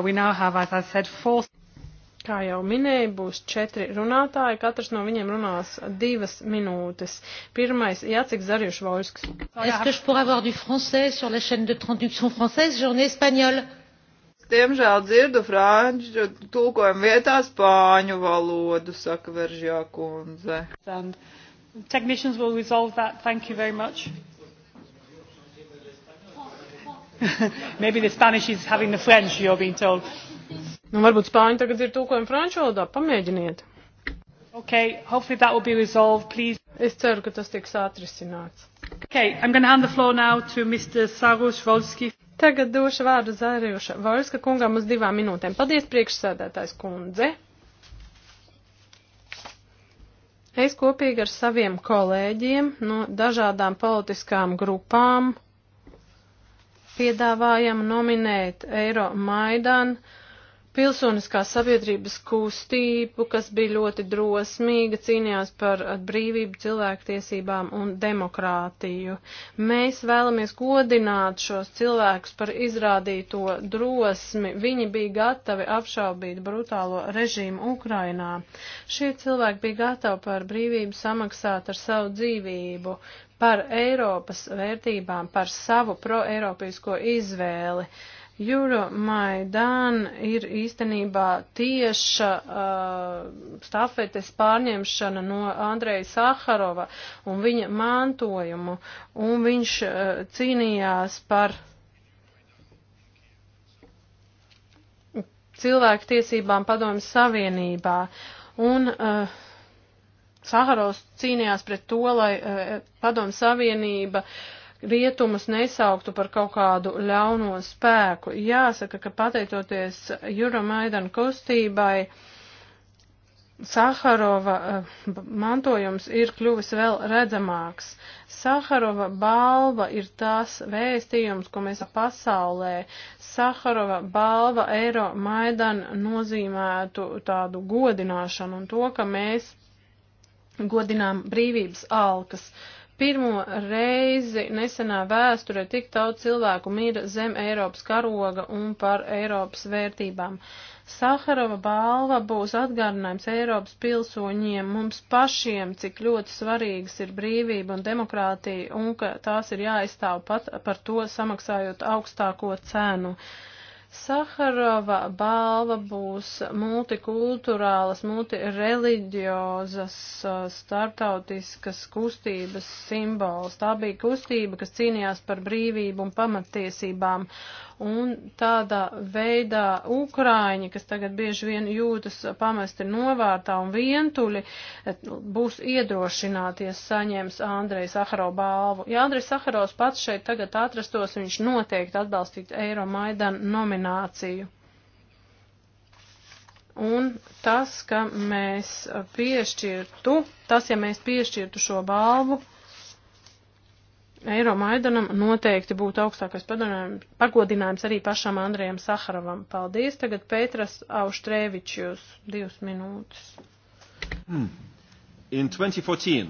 Uh, we now have, as I said, four... Kā jau minēju, būs četri runātāji, katrs no viņiem runās divas minūtes. Pirmais, Jācik Zarjuš Volsks. Est-ce que je pourrais avoir du français sur la chaîne de traduction française? J'en ai espagnol. Diemžēl dzirdu franču tulkojumu vietā spāņu valodu, saka Veržjā kundze. And technicians will resolve that. Thank you very much. Maybe the Spanish is having the French, you're being told. Nu, varbūt Spāņi tagad ir tulkojumi franču valodā. Pamēģiniet. Okay, hopefully that will be resolved, please. Es ceru, ka tas tiks atrisināts. Okay, I'm going to hand the floor now to Mr. Sarus Volski. Tagad došu vārdu Zārieša Volska kungam uz divām minūtēm. Paldies, priekšsēdētājs kundze. Es kopīgi ar saviem kolēģiem no dažādām politiskām grupām piedāvājam nominēt Eiro Maidan pilsoniskās sabiedrības kustību, kas bija ļoti drosmīga, cīnījās par brīvību, cilvēktiesībām un demokrātiju. Mēs vēlamies godināt šos cilvēkus par izrādīto drosmi. Viņi bija gatavi apšaubīt brutālo režīmu Ukrainā. Šie cilvēki bija gatavi par brīvību samaksāt ar savu dzīvību par Eiropas vērtībām, par savu proeiropeisko izvēli. Juro Maidan ir īstenībā tieša uh, stafetes pārņemšana no Andreja Saharova un viņa mantojumu, un viņš uh, cīnījās par cilvēku tiesībām padomjas Savienībā. Un, uh, Saharovs cīnījās pret to, lai uh, padomu savienība rietumus nesauktu par kaut kādu ļauno spēku. Jāsaka, ka pateicoties Juramaidana kustībai, Saharova uh, mantojums ir kļuvis vēl redzamāks. Saharova balva ir tās vēstījums, ko mēs pasaulē. Saharova balva Eiro Maidan nozīmētu tādu godināšanu un to, ka mēs godinām brīvības alkas. Pirmo reizi nesenā vēsturē tik daudz cilvēku mīra zem Eiropas karoga un par Eiropas vērtībām. Saharova balva būs atgādinājums Eiropas pilsoņiem mums pašiem, cik ļoti svarīgas ir brīvība un demokrātija un ka tās ir jāizstāv pat par to samaksājot augstāko cenu. Uh, Saharova balva būs multikulturālas, multireliģiozas uh, startautiskas kustības simbols. Tā bija kustība, kas cīnījās par brīvību un pamatiesībām, un tādā veidā Ukraiņi, kas tagad bieži vien jūtas pamesti novārtā un vientuļi, būs iedrošināties saņems Andreja Saharov balvu. Ja Andreja Saharovs pats šeit tagad atrastos, viņš noteikti atbalstītu Eiro Maidan nomināciju. Un tas, ka mēs piešķirtu, tas, ja mēs piešķirtu šo balvu, uh, Eiro Maidanam noteikti būtu augstākais pagodinājums arī pašam Andrejam Saharavam. Paldies. Tagad Pētras Auštrēvičus, divas minūtes. Hmm. In 2014,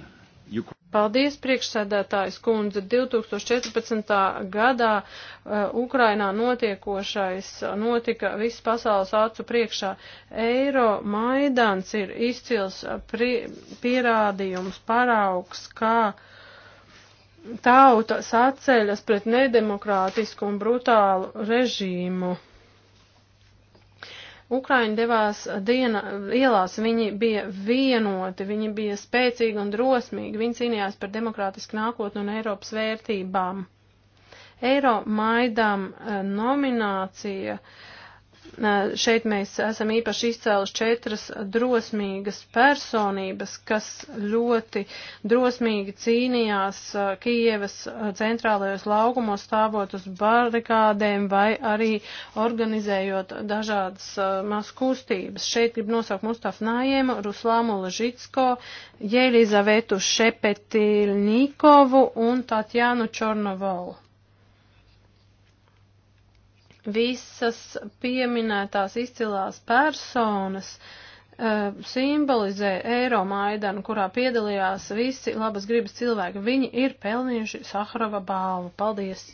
you... Paldies, priekšsēdētājs kundze. 2014. gadā uh, Ukrainā notiekošais notika viss pasaules acu priekšā. Eiro Maidans ir izcils pri, pierādījums paraugs, kā. Ka tauta sacēļas pret nedemokrātisku un brutālu režīmu. Ukraiņi devās diena, ielās, viņi bija vienoti, viņi bija spēcīgi un drosmīgi, viņi cīnījās par demokrātisku nākotnu un Eiropas vērtībām. Eiro maidam eh, nominācija uh, šeit mēs esam īpaši izcēluši četras drosmīgas personības, kas ļoti drosmīgi cīnījās Kievas centrālajos laugumos stāvot uz barikādēm vai arī organizējot dažādas maz kustības. Šeit grib nosaukt Mustafa Nājēmu, Ruslāmu Ležitsko, Jelizavetu Šepetilnikovu un Tatjānu Čornovalu visas pieminētās izcilās personas uh, simbolizē Eiro Maidanu, kurā piedalījās visi labas gribas cilvēki. Viņi ir pelnījuši Saharova balvu. Paldies!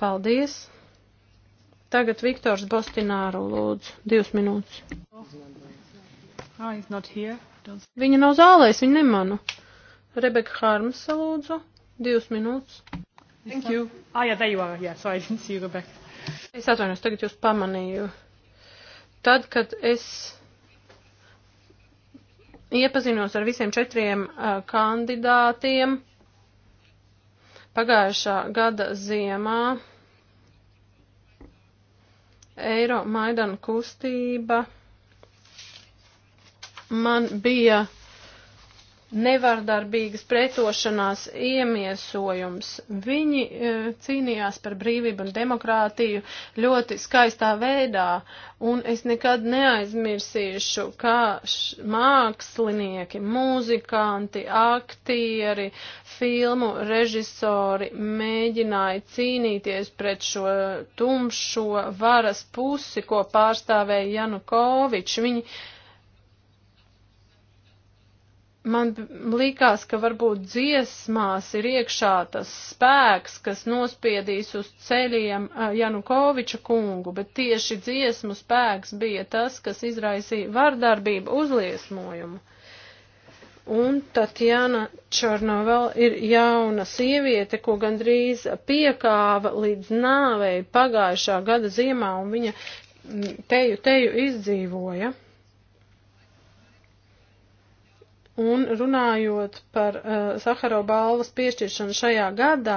Paldies! Tagad Viktors Bostināru lūdzu. Divas minūtes. Ah, viņa nav zālēs, viņa nemanu. Rebeka Harmsa lūdzu. Divas minūtes. Thank you. Ah, yeah, there you are. Yeah, sorry, I didn't see you, Rebecca. Es atvainojos, tagad jūs pamanīju. Tad, kad es iepazinos ar visiem četriem uh, kandidātiem pagājušā gada ziemā, Eiro Maidana kustība man bija nevardarbīgas pretošanās iemiesojums. Viņi e, cīnījās par brīvību un demokrātiju ļoti skaistā veidā, un es nekad neaizmirsīšu, kā mākslinieki, muzikanti, aktieri, filmu režisori mēģināja cīnīties pret šo tumšo varas pusi, ko pārstāvēja Janukovičs. Viņi man likās, ka varbūt dziesmās ir iekšā tas spēks, kas nospiedīs uz ceļiem eh, Janukoviča kungu, bet tieši dziesmu spēks bija tas, kas izraisīja vardarbību uzliesmojumu. Un Tatjana Čornovel ir jauna sieviete, ko gandrīz piekāva līdz nāvei pagājušā gada ziemā, un viņa mm, teju teju izdzīvoja. Un runājot par uh, Saharo balvas piešķiršanu šajā gadā,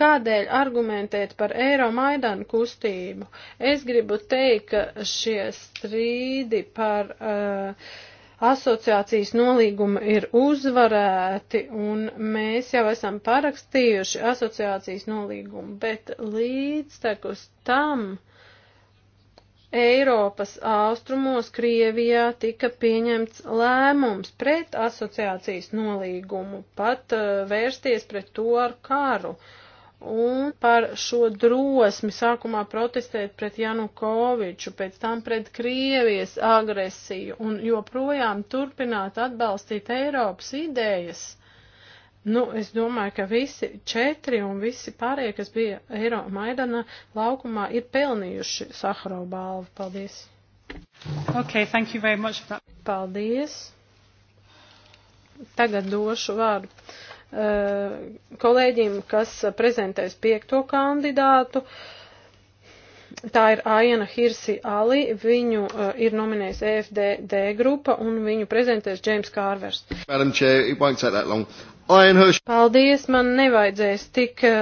kādēļ argumentēt par Eiro Maidanu kustību? Es gribu teikt, ka šie strīdi par uh, asociācijas nolīgumu ir uzvarēti, un mēs jau esam parakstījuši asociācijas nolīgumu, bet līdztekus tam uh, Eiropas austrumos Krievijā tika pieņemts lēmums pret asociācijas nolīgumu, pat uh, vērsties pret to ar karu. Un par šo drosmi sākumā protestēt pret Janukoviču, pēc tam pret Krievijas agresiju un joprojām turpināt atbalstīt Eiropas idejas. Nu, es domāju, ka visi četri un visi pārējie, kas bija Eiro Maidana laukumā, ir pelnījuši Saharov balvu. Paldies! Okay, thank you very much for that. Paldies! Tagad došu vārdu uh, kolēģim, kas prezentēs piekto kandidātu. Uh, tā ir Aina Hirsi Ali, viņu uh, ir nominējis EFDD grupa un viņu prezentēs Džeims Kārvers. Paldies, man nevajadzēs tik uh,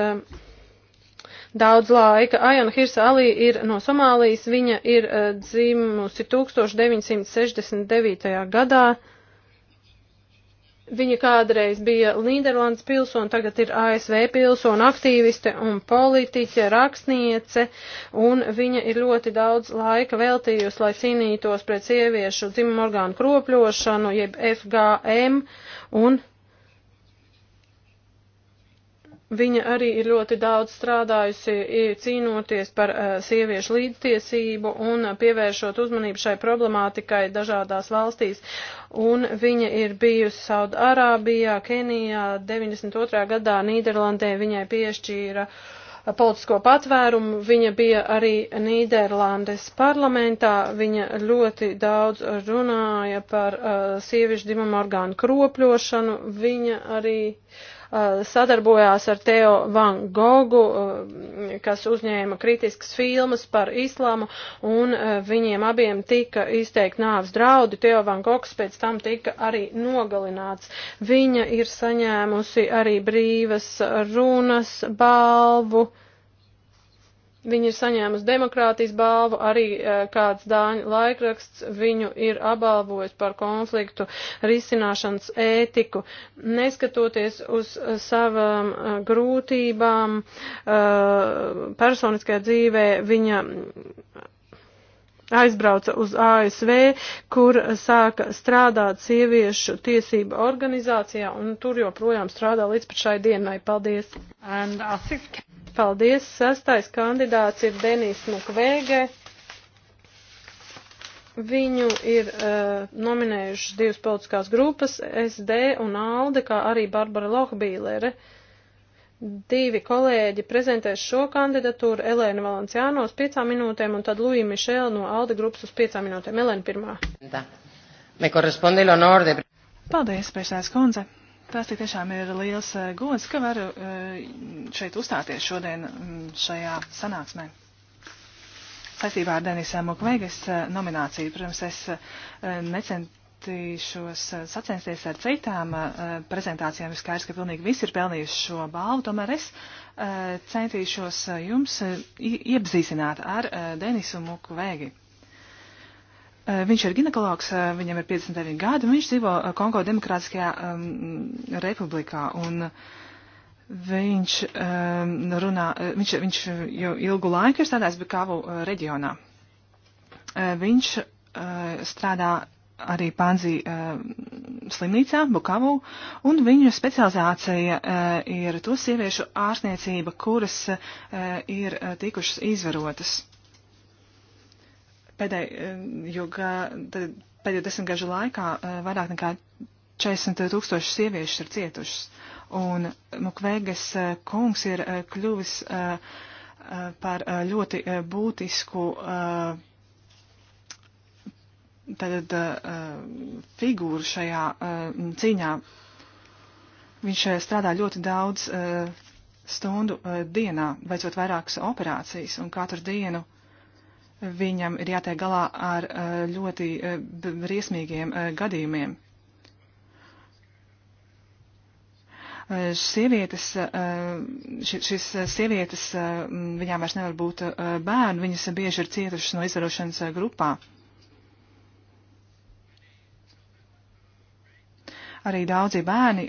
daudz laika. Aina Hirsi Ali ir no Somālijas, viņa ir uh, dzimusi 1969. gadā. Viņa kādreiz bija Nīderlandes pilsona, tagad ir ASV pilsona, aktīviste un politiķe, rakstniece, un viņa ir ļoti daudz laika veltījusi, lai cīnītos pret sieviešu dzimumu orgānu kropļošanu, jeb FGM, un Viņa arī ir ļoti daudz strādājusi cīnoties par uh, sieviešu līdztiesību un e, pievēršot uzmanību šai problemātikai dažādās valstīs. Un viņa ir bijusi Saudārābijā, Kenijā, 92. gadā Nīderlandē viņai piešķīra e, politisko patvērumu. Viņa bija arī Nīderlandes parlamentā. Viņa ļoti daudz runāja par uh, sieviešu dzimumu orgānu kropļošanu. Viņa arī uh, Uh, sadarbojās ar Teo Van Gogu, uh, kas uzņēma kritiskas filmas par islāmu, un uh, viņiem abiem tika izteikt nāves draudi. Teo Van Gogs pēc tam tika arī nogalināts. Viņa ir saņēmusi arī brīvas runas balvu. Viņa ir saņēmusi demokrātijas balvu, arī eh, kāds dāņu laikraksts viņu ir apbalvojis par konfliktu risināšanas ētiku. Neskatoties uz eh, savām eh, grūtībām, personiskajā dzīvē viņa aizbrauca uz ASV, kur sāka strādāt sieviešu tiesību organizācijā, un tur joprojām strādā līdz pat šai dienai. Paldies! Paldies. Sastais kandidāts ir Denis Mukvēge. Viņu ir uh, nominējušas divas politiskās grupas, SD un ALDE, kā arī Barbara Lohbīlere. Divi kolēģi prezentēs šo kandidatūru, Elēna Valenciāno uz piecām minūtēm un tad Luija Mišēla no ALDE grupas uz piecām minūtēm. Elēna pirmā. Paldies, priekšsēdētājs Konze. Tas tik tiešām ir liels eh, gods, ka varu eh, šeit uzstāties šodien mm, šajā sanāksmē. Saistībā ar Denisa Mukvegas eh, nomināciju, protams, es necentīšos sacensties ar citām prezentācijām. Ir skaidrs, ka pilnīgi visi ir pelnījuši šo balvu, tomēr es centīšos jums iepazīstināt ar Denisu Mukvegi. Eh, viņš ir ginekologs, eh, viņam ir 59 gadi, un viņš dzīvo eh, Kongo Demokrātiskajā um, republikā. Un viņš, um, runā, viņš, viņš jau ilgu laiku ir strādājis Bikavu reģionā. Viņš uh, strādā arī Panzi uh, slimnīcā Bukavu, un viņu specializācija uh, ir to sieviešu ārstniecība, kuras uh, ir uh, tikušas izvarotas. Eh, pēdējo, pēdējo desmitgažu laikā eh, vairāk nekā 40 tūkstoši sieviešu ir cietušas. Un Mukvegas eh, kungs ir kļuvis par ļoti būtisku tad, figūru šajā cīņā. Viņš strādā ļoti daudz stundu dienā, veicot vairākas operācijas un katru dienu viņam ir jātiek galā ar eh, ļoti eh, briesmīgiem eh, gadījumiem. Sievietes, šis sievietes, viņām vairs nevar būt bērni, viņas bieži ir cietušas no izvarošanas grupā. Arī daudzi bērni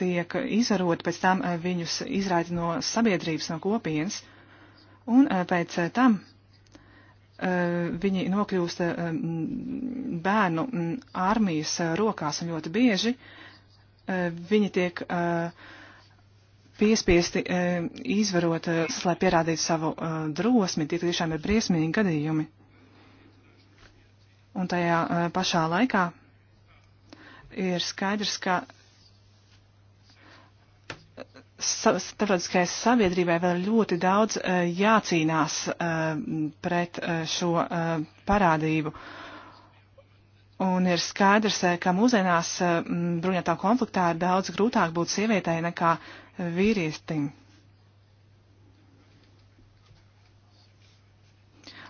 tiek izvaroti, pēc tam viņus izraida no sabiedrības, no kopienas, un pēc tam Eh, viņi nokļūst eh, bērnu armijas eh, rokās un ļoti bieži viņi tiek piespiesti izvarot, lai pierādītu savu drosmi, tie tiešām ir briesmīgi gadījumi. Un tajā pašā laikā ir skaidrs, ka starptautiskajai sabiedrībai vēl ļoti daudz eh, jācīnās eh, pret eh, šo parādību. Un ir skaidrs, ka mūsdienās bruņotā konfliktā ir daudz grūtāk būt sievietei nekā vīrietim.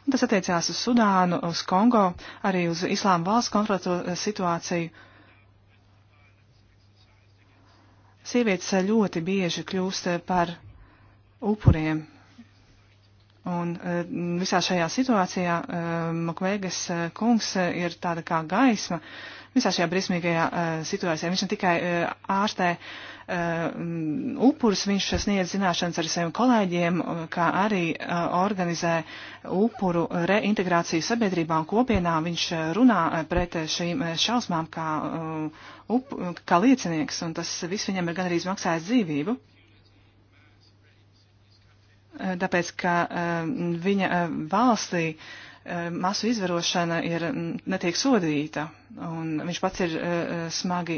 Un tas attiecās uz Sudānu, uz Kongo, arī uz Islāma valsts konfliktu situāciju. Sievietes ļoti bieži kļūst eh, par upuriem. Un eh, visā šajā situācijā eh, Makvēgas kungs ir tāda kā gaisma, uh, visā šajā briesmīgajā uh, situācijā. Viņš ne tikai uh, ārstē uh, upurus, viņš sniedz zināšanas arī saviem kolēģiem, kā arī uh, organizē upuru reintegrāciju sabiedrībā un kopienā. Viņš runā pret šīm šausmām kā, uh, up, kā liecinieks, un tas viss viņam ir gan arī maksājis dzīvību tāpēc, ka viņa valstī E, masu izvarošana ir, netiek sodīta, un viņš pats ir e, e, smagi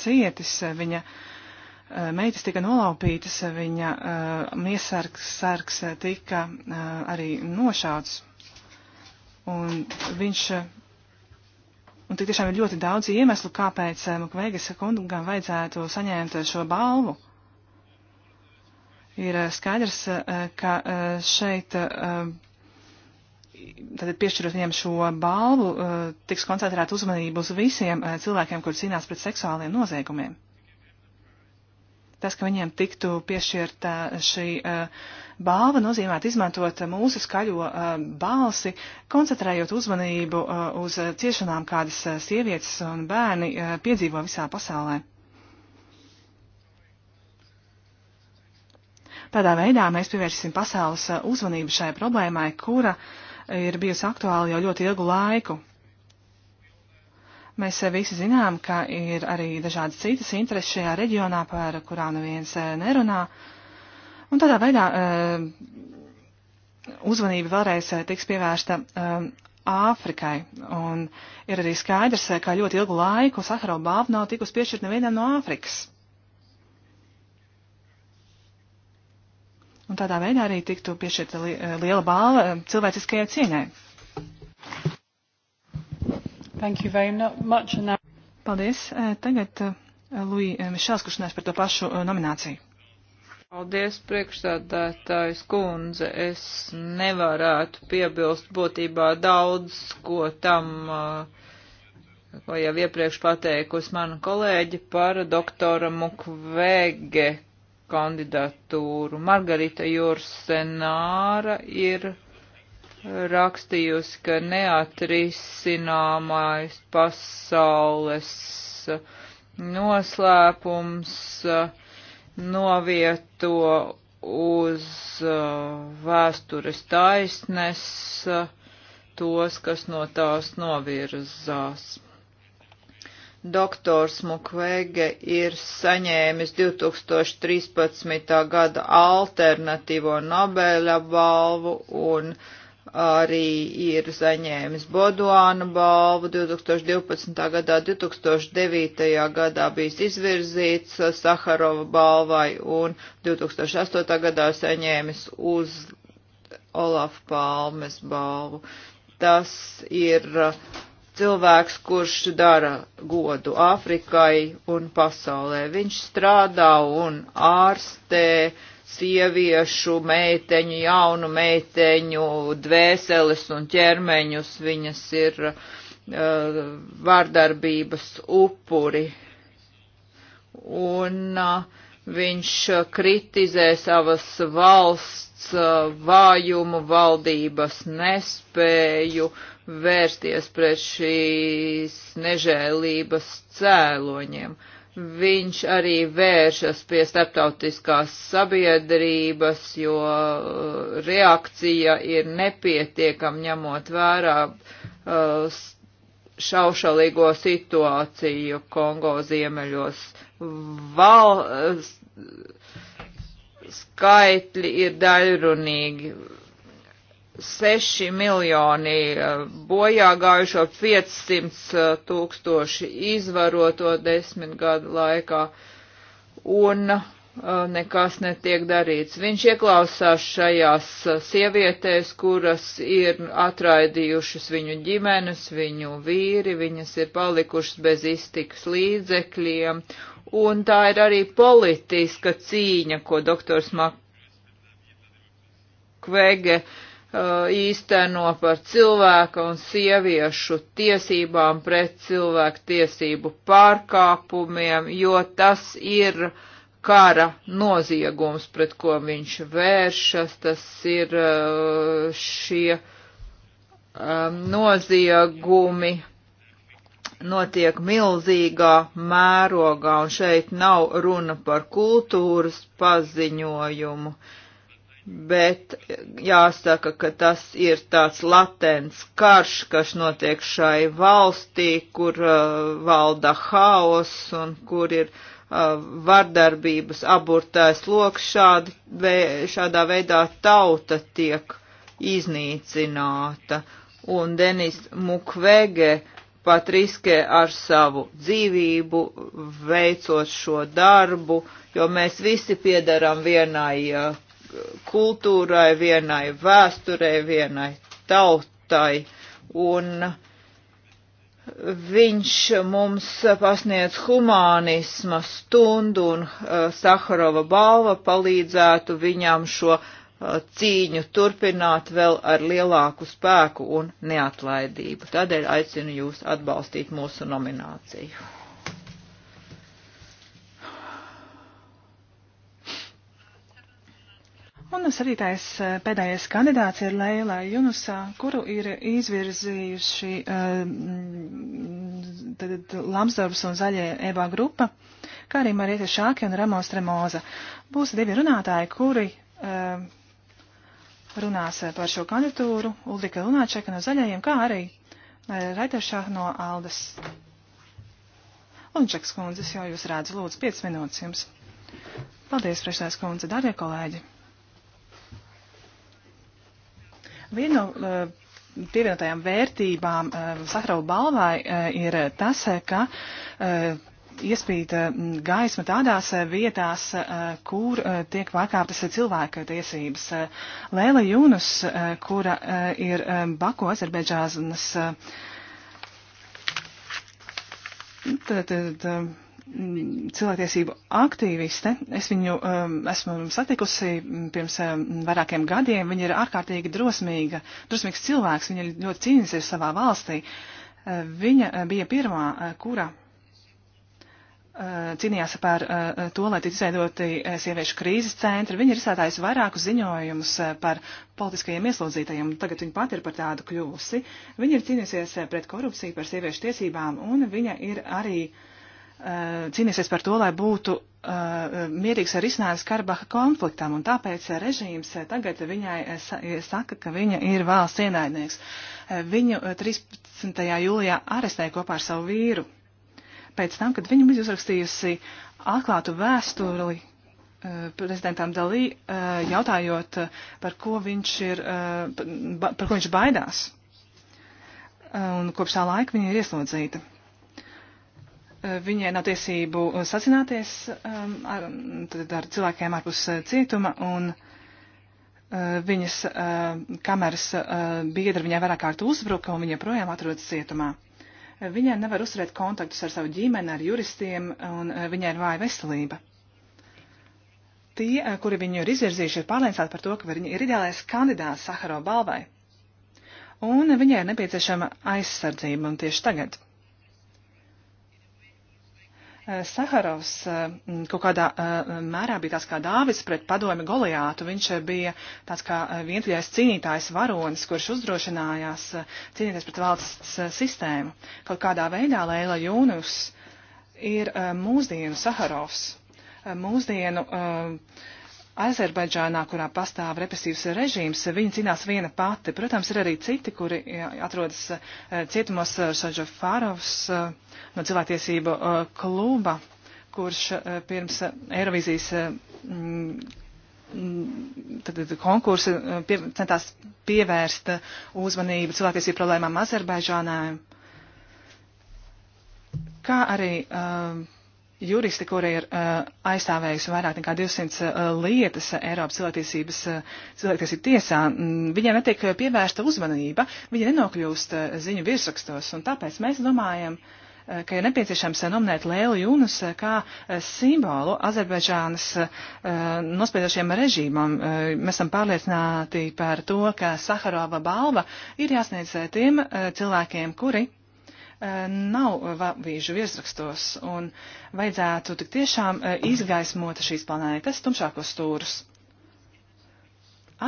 cietis, viņa meitas tika nolaupītas, viņa miesargs tika arī nošauts, un viņš, un tik tiešām ir ļoti daudz iemeslu, kāpēc Mukvegas kungam vajadzētu saņemt šo balvu ir skaidrs, ka šeit tad piešķirot viņiem šo balvu, eh, tiks koncentrēta uzmanība uz visiem eh, cilvēkiem, kur cīnās pret seksuāliem noziegumiem. Tas, ka viņiem tiktu piešķirta šī eh, balva, nozīmētu izmantot mūsu skaļo balsi, koncentrējot uzmanību uz ciešanām, kādas sievietes un bērni piedzīvo visā pasaulē. Tādā veidā mēs pievērsim pasaules uzmanību šai problēmai, kura uh, ir bijusi aktuāla jau ļoti ilgu laiku. Mēs visi zinām, ka ir arī dažādas citas intereses šajā reģionā, par kurām neviens eh, nerunā. Un tādā veidā eh, uzmanība vēlreiz eh, tiks pievērsta Āfrikai. Un ir arī skaidrs, ka ļoti ilgu laiku Saharova balva nav tikus piešķirt nevienam no Āfrikas. Un tādā veidā arī tiktu piešķirta eh, liela balva eh, cilvēciskajai cieņai. Paldies. Eh, tagad Lūija Mišels, kurš runās par to pašu nomināciju. Paldies, priekšstādātājs kundze. Es nevarētu piebilst būtībā daudz, ko tam, ko jau iepriekš pateikusi mana kolēģi par doktora Mukvege kandidatūru. Margarita Jursenāra ir rakstījusi, ka neatrisināmais pasaules noslēpums novieto uz uh, vēstures taisnes uh, tos, kas no tās novirzās doktors Mukwege ir saņēmis 2013. gada alternatīvo Nobeļa balvu un arī ir saņēmis Boduāna balvu 2012. gadā, 2009. gadā bijis izvirzīts Saharova balvai un 2008. gadā saņēmis uz Olaf Palmes balvu. Tas ir uh, cilvēks, kurš dara godu Āfrikai un pasaulē. Viņš strādā un ārstē sieviešu, meiteņu, jaunu meiteņu, dvēseles un ķermeņus. Viņas ir uh, vārdarbības upuri. Un uh, viņš kritizē savas valsts uh, vājumu, valdības nespēju, uh, vērsties pret šīs nežēlības cēloņiem. Viņš arī vēršas pie starptautiskās sabiedrības, jo uh, reakcija ir nepietiekam ņemot vērā uh, šaušalīgo situāciju Kongo ziemeļos. Val, skaitļi ir daļrunīgi. 6 miljoni eh, bojā gājušo 500 eh, tūkstoši izvaroto desmit gadu laikā un eh, nekas netiek darīts. Viņš ieklausās šajās sievietēs, kuras ir atraidījušas viņu ģimenes, viņu vīri, viņas ir palikušas bez iztikas līdzekļiem, un tā ir arī politiska cīņa, ko doktors Makvege uh, Uh, īsteno par cilvēka un sieviešu tiesībām pret cilvēku tiesību pārkāpumiem, jo tas ir kara noziegums, pret ko viņš vēršas, tas ir uh, šie um, noziegumi notiek milzīgā mērogā, un šeit nav runa par kultūras paziņojumu. Uh, bet jāsaka, ka tas ir tāds latents karš, kas notiek šai valstī, kur uh, valda haos un kur ir uh, vardarbības aburtais loks, šādi, vei, šādā veidā tauta tiek iznīcināta. Un Denis Mukwege pat riskē ar savu dzīvību, veicot šo darbu, jo mēs visi piedaram vienai uh, kultūrai, vienai vēsturei, vienai tautai. Un viņš mums pasniedz humānisma stundu un uh, Saharova balva palīdzētu viņam šo uh, cīņu turpināt vēl ar lielāku spēku un neatlaidību. Tādēļ aicinu jūs atbalstīt mūsu nomināciju. Un sarītājs eh, pēdējais kandidāts ir Leila Junusā, kuru ir izvirzījuši uh, eh, Lamsdorfs un Zaļie Eva grupa, kā arī Marieta Šāke un Ramos Tremoza. Būs divi runātāji, kuri uh, runās par šo kandidatūru, Ulrika Lunāčeka no Zaļajiem, kā arī Raiteršā no Aldas. Lunčeks kundzes, jau jūs redzu, lūdzu, 5 minūtes jums. Paldies, priekšsēdētājs kundze, darbie kolēģi! Viena no eh, pievienotajām vērtībām eh, Sahrau balvai eh, ir tas, ka iespīta gaisma tādās vietās, kur tiek pārkāptas cilvēka tiesības. Lēla Jūnus, kura ir Baku Azerbeidžāznas. Tad, tad, tad, cilvēktiesību aktīviste. Es viņu um, esmu satikusi mm, pirms um, vairākiem gadiem. Viņa ir ārkārtīgi drosmīga, drosmīgs cilvēks. Viņa ļoti cīnīsies savā valstī. Uh, viņa uh, bija pirmā, uh, kura uh, cīnījās par uh, to, lai tiktu izveidoti uh, sieviešu krīzes centri. Viņa ir izsētājusi vairākus ziņojumus par politiskajiem ieslodzītajiem, un tagad viņa pati ir par tādu kļuvusi. Viņa ir cīnīsies pret korupciju, par sieviešu tiesībām, un viņa ir arī uh, Eh, cīnīsies par to, lai būtu uh, mierīgs ar iznājas Karabaha konfliktam, un tāpēc eh, režīms tagad viņai saka, ka viņa ir valsts ienaidnieks. Viņu 13. jūlijā arestēja kopā ar savu vīru. Pēc tam, kad viņa bija uzrakstījusi atklātu vēstuli prezidentam Dalī, jautājot, par ko viņš ir, par ko viņš baidās. Un kopš tā laika viņa ir ieslodzīta viņai nav tiesību sacināties um, ar, ar cilvēkiem ārpus uh, cietuma, un uh, viņas uh, kameras biedra viņai vairāk kārt uzbruka, un viņa projām atrodas cietumā. Viņai nevar uzturēt kontaktus ar savu ģimeni, ar juristiem, un viņai ir vāja veselība tie, kuri viņu ir izvirzījuši, ir pārliecināti par to, ka viņa ir ideālais kandidāts Saharo balvai. Un viņai ir nepieciešama aizsardzība, un tieši tagad. Eh, Saharovs eh, kaut kādā eh, mērā bija tāds kā Dāvids pret padomi Goliātu. Viņš bija tāds kā vientuļais cīnītājs varonis, kurš uzdrošinājās cīnīties pret valsts sistēmu. Kaut kādā veidā Leila Jūnus ir mūsdienu Saharovs, mūsdienu uh, Azerbaidžānā, kurā pastāv represīvs režīms, viņa cīnās viena pati. Protams, ir arī citi, kuri atrodas eh, cietumos Saža eh, Fārovs eh, no cilvēktiesību kluba, kurš pirms Eirovizijas mm, tad, konkursa pie, centās pievērst uzmanību cilvēktiesību problēmām Azerbaidžānā. Kā arī uh, juristi, kuri ir uh, aizstāvējusi vairāk nekā 200 uh, lietas Eiropas cilvēktiesības, uh, cilvēktiesību tiesā, mm, viņiem netiek pievērsta uzmanība, viņi nenokļūst uh, ziņu virsrakstos, un tāpēc mēs domājam, uh, ka ir nepieciešams uh, nominēt Lēlu Junus uh, kā uh, simbolu Azerbaidžānas uh, nospiedošiem režīmam. Uh, mēs esam pārliecināti par to, ka Saharova balva ir jāsniedz uh, tiem uh, cilvēkiem, kuri Eh, nav vīžu virsrakstos un vajadzētu tik tiešām eh, izgaismot šīs planētas tumšākos stūrus.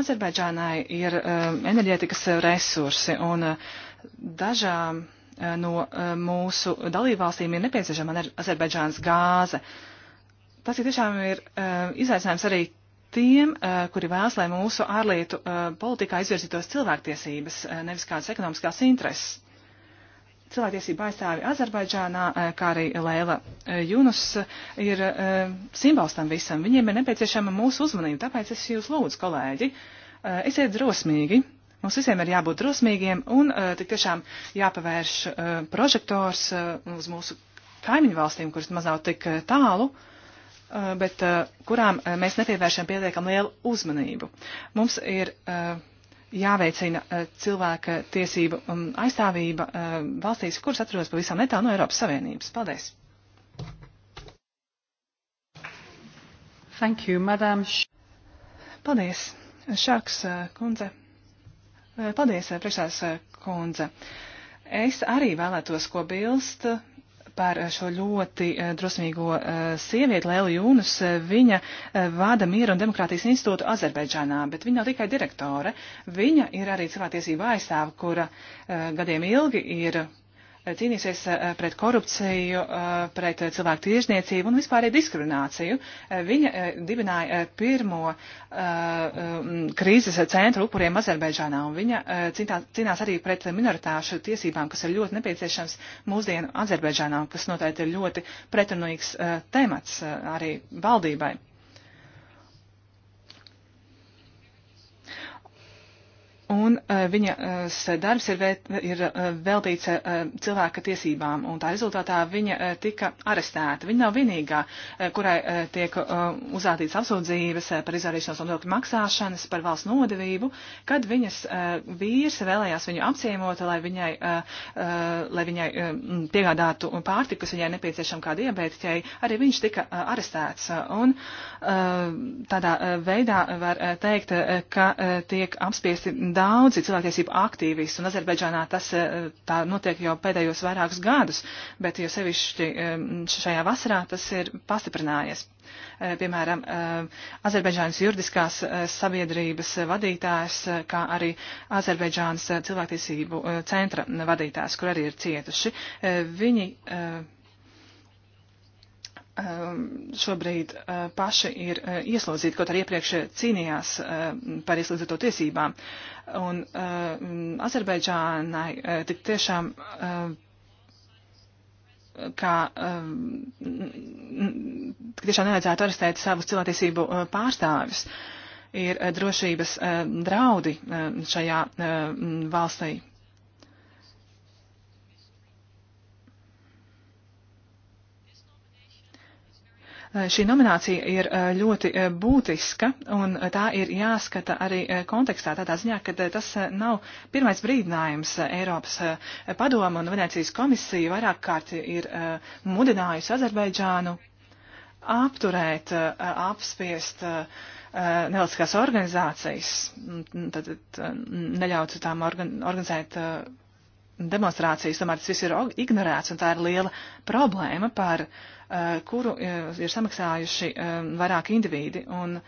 Azerbaidžānai ir eh, enerģētikas resursi un dažām no mūsu dalībvalstīm ir nepieciešama Azerbaidžānas gāze. Tas ir tiešām ir izaicinājums arī tiem, kuri vēlas, lai mūsu ārlietu politikā izvirzītos cilvēktiesības, nevis kādas ekonomiskās intereses cilvēktiesība aizstāvi Azerbaidžānā, eh, kā arī Lēla Junus, eh, eh, ir simbols tam visam. Viņiem ir nepieciešama mūsu uzmanība, tāpēc es jūs lūdzu, kolēģi, esiet drosmīgi. Mums visiem ir jābūt drosmīgiem un tik tiešām jāpavērš prožektors uz mūsu kaimiņu valstīm, kuras maz nav tik tālu bet kurām mēs nepievēršam pietiekam lielu uzmanību. Mums ir uh, jāveicina eh, cilvēka tiesību um, aizstāvība eh, valstīs, kuras atrodas pavisam netālu no Eiropas Savienības. Paldies! Thank you, madam. Paldies, Šarks eh, kundze. Paldies, priekšsās kundze. Es arī vēlētos ko bilst par šo ļoti eh, drosmīgo eh, sievieti, Lēlu Jūnus. Eh, viņa vada Miera un demokrātijas institūtu Azerbaidžānā, bet viņa nav tikai direktore. Viņa ir arī cilvēktiesība aizstāve, kura gadiem ilgi ir cīnīsies eh, pret korupciju, eh, pret cilvēku tirzniecību un vispārēju diskrimināciju. Eh, viņa dibināja pirmo um, krīzes centru upuriem Azerbaidžānā, un viņa cīnās arī pret minoritāšu tiesībām, kas ir ļoti nepieciešams mūsdienu Azerbaidžānā, un kas noteikti ir ļoti pretrunīgs temats arī valdībai. un e, viņas e, darbs ir, vērt, ir e, veltīts cilvēka tiesībām, un tā rezultātā viņa tika arestēta. Viņa nav vienīgā, kurai tiek uzrādīts apsūdzības par izvairīšanos no nodokļu maksāšanas, par valsts nodevību, kad viņas vīrs vēlējās viņu apciemot, lai viņai, lai viņai piegādātu pārtiku, kas viņai nepieciešama kā diabētiķai, arī viņš tika arestēts. Un tādā veidā var teikt, ka tiek apspiesti darbi daudzi cilvēktiesību aktīvisti, un Azerbaidžānā tas eh, tā notiek jau pēdējos vairākus gadus, bet jo sevišķi ehm, šajā vasarā tas ir pastiprinājies. Eh, piemēram, eh, Azerbaidžānas juridiskās sabiedrības vadītājs, kā arī Azerbaidžānas cilvēktiesību centra vadītājs, kur arī ir cietuši, viņi Um, šobrīd uh, paši ir uh, ieslodzīti, kaut arī iepriekš cīnījās uh, par ieslodzīto tiesībām. Un Azerbaidžānai tik tiešām kā um, tiešām nevajadzētu arestēt savus cilvēktiesību pārstāvis. Ir drošības draudi šajā valstī Eh, šī nominācija ir eh, ļoti eh, būtiska, un tā ir jāskata arī kontekstā, tādā ziņā, ka tas nav pirmais brīdinājums Eiropas padomu un Venecijas komisija vairāk kārt ir mudinājusi Azerbaidžānu apturēt, apspiest nevalstiskās organizācijas, tad neļaut tām organ, organizēt demonstrācijas, tomēr tas viss ir ignorēts, un tā ir liela problēma, par uh, kuru uh, ir samaksājuši uh, eh, vairāki individi. Un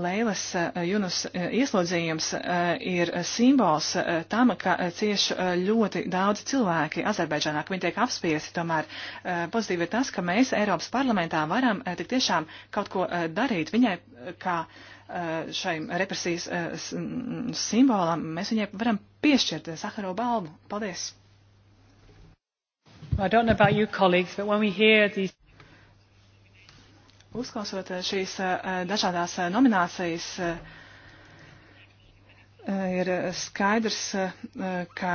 Leilas uh, Junus uh, ieslodzījums uh, ir simbols uh, tam, ka uh, cieši uh, ļoti daudz cilvēki Azerbaidžānā, ka viņi tiek apspiesti. Tomēr uh, pozitīvi ir tas, ka mēs Eiropas parlamentā varam uh, tik tiešām kaut ko uh, darīt viņai, uh, kā uh, Eh, šai represijas eh, simbolam, mēs viņai varam piešķirt eh, Sakaro balvu. Paldies! I don't know about you colleagues, but when we hear these Uzklausot šīs dažādās nominācijas, ir skaidrs, ka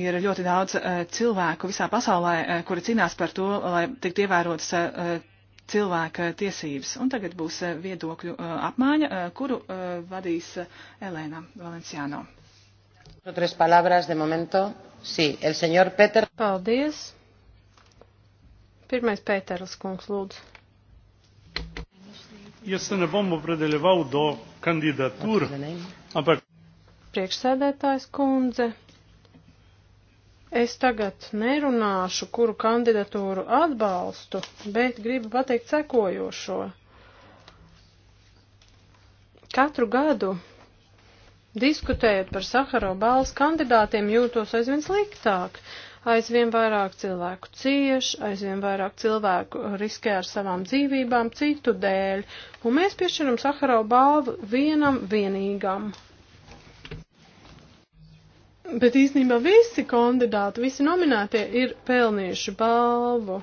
ir ļoti daudz cilvēku visā pasaulē, kuri cīnās par to, lai tiktu ievērotas cilvēka tiesības. Un tagad būs eh, viedokļu eh, apmaiņa, eh, kuru vadīs Elēna Valenciāno. Paldies. Pirmais Pēteris kungs lūdzu. Jaz se ne bom opredeljeval do kandidatur, ampak. Priekšsēdētājs kundze, Es tagad nerunāšu, kuru kandidatūru atbalstu, bet gribu pateikt sekojošo. Katru gadu Diskutējot par Saharo balvas kandidātiem, jūtos aizvien sliktāk. Aizvien vairāk cilvēku cieš, aizvien vairāk cilvēku riskē ar savām dzīvībām citu dēļ, un mēs piešķiram Saharo balvu vienam vienīgam. Bet īstenībā visi kandidāti, visi nominētie ir pelnījuši balvu.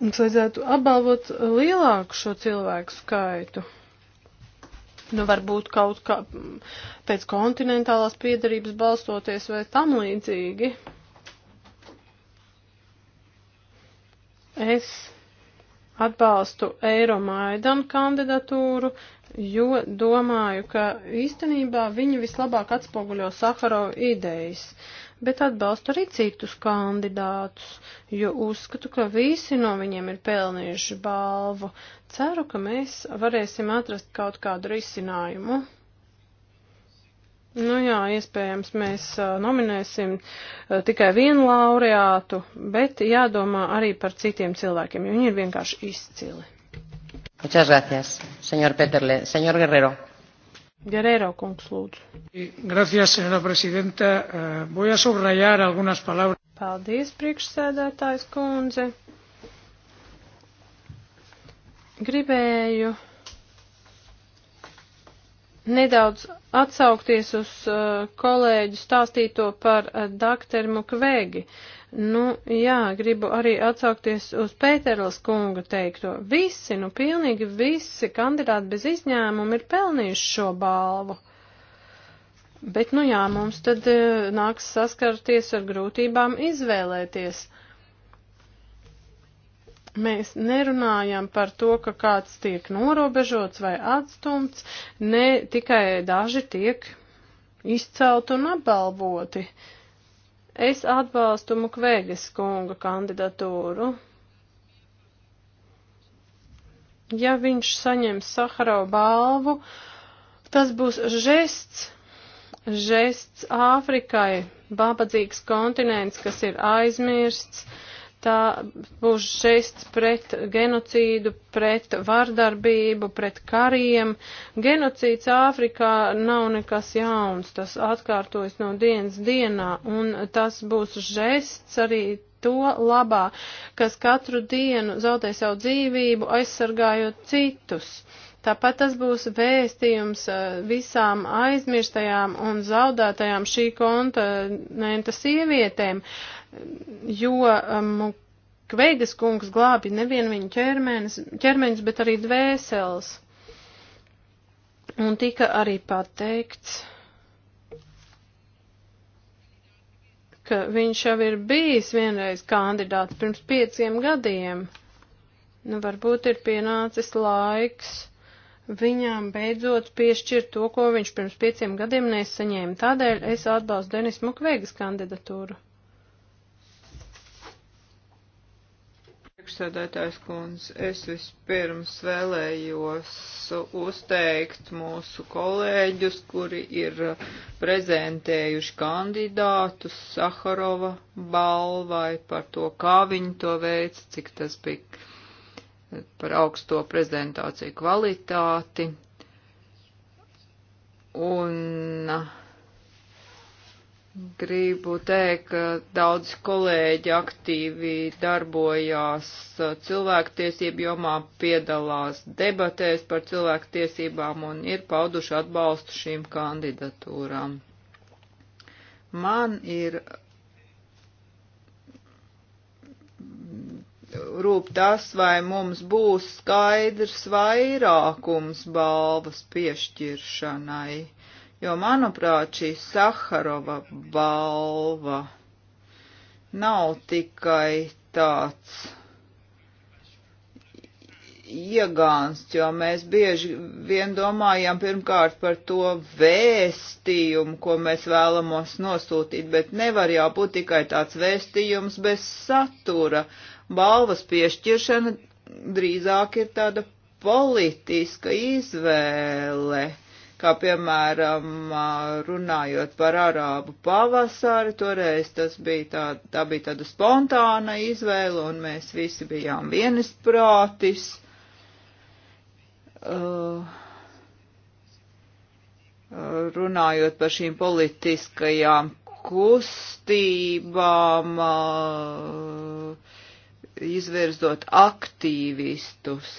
Mums vajadzētu apbalvot lielāku šo cilvēku skaitu. Nu, varbūt kaut kā pēc kontinentālās piedarības balstoties vai tam līdzīgi. Es atbalstu Eiromaidam kandidatūru, jo domāju, ka īstenībā viņi vislabāk atspoguļo Saharovu idejas, bet atbalstu arī citus kandidātus, jo uzskatu, ka visi no viņiem ir pelnījuši balvu. Ceru, ka mēs varēsim atrast kaut kādu risinājumu. Nu jā, iespējams, mēs nominēsim tikai vienu laureātu, bet jādomā arī par citiem cilvēkiem, jo viņi ir vienkārši izcili. Muchas gracias, señor Peterle. Señor Guerrero. Guerrero, kungs, lūdzu. Gracias, señora presidenta. Uh, voy a subrayar algunas palabras. Paldies, priekšsēdētājs kundze. Gribēju nedaudz atsaukties uz uh, kolēģu stāstīto par uh, eh, dakteru Mukvegi. Uh, Nu, jā, gribu arī atsaukties uz Pēterlas kunga teikto. Visi, nu pilnīgi visi kandidāti bez izņēmuma ir pelnījuši šo balvu. Bet, nu jā, mums tad e, nāks saskarties ar grūtībām izvēlēties. Mēs nerunājam par to, ka kāds tiek norobežots vai atstumts, ne tikai daži tiek izcelt un apbalvoti. Uh, Es atbalstu Mukvēgas kunga kandidatūru. Ja viņš saņems Saharau balvu, tas būs žests, žests Āfrikai, babadzīgs kontinents, kas ir aizmirsts, uh, tā būs žests pret genocīdu, pret vardarbību, pret kariem. Genocīds Āfrikā nav nekas jauns, tas atkārtojas no dienas dienā, un tas būs žests arī to labā, kas katru dienu zaudē savu dzīvību, aizsargājot citus. Uh, Tāpat tas būs vēstījums uh, visām aizmirstajām un zaudētajām šī kontinenta sievietēm, jo um, Kveigas kungs glābi nevien viņu ķermenis, ķermenis, bet arī dvēseles. Un tika arī pateikts, ka viņš jau ir bijis vienreiz kandidāts pirms pieciem gadiem. Nu, varbūt ir pienācis laiks viņam beidzot piešķirt to, ko viņš pirms pieciem gadiem nesaņēma. Tādēļ es atbalstu Denis Mukvegas kandidatūru. Priekšsēdētājs kundze, es vispirms vēlējos uzteikt mūsu kolēģus, kuri ir prezentējuši kandidātus Saharova balvai par to, kā viņi to veica, cik tas bija par augsto prezentāciju kvalitāti. Un uh, gribu teikt, ka daudz kolēģi aktīvi darbojās uh, cilvēktiesību jomā, piedalās debatēs par cilvēktiesībām un ir pauduši atbalstu šīm kandidatūrām. Man ir rūp tas, vai mums būs skaidrs vairākums balvas piešķiršanai, jo, manuprāt, šī Saharova balva nav tikai tāds iegānsts, jo mēs bieži vien domājam pirmkārt par to vēstījumu, ko mēs vēlamos nosūtīt, bet nevar jau būt tikai tāds vēstījums bez satura balvas piešķiršana drīzāk ir tāda politiska izvēle, kā piemēram runājot par arābu pavasari, toreiz tas bija tā, tā bija tāda spontāna izvēle un mēs visi bijām vienisprātis. Uh, runājot par šīm politiskajām kustībām, uh, izvirzot aktīvistus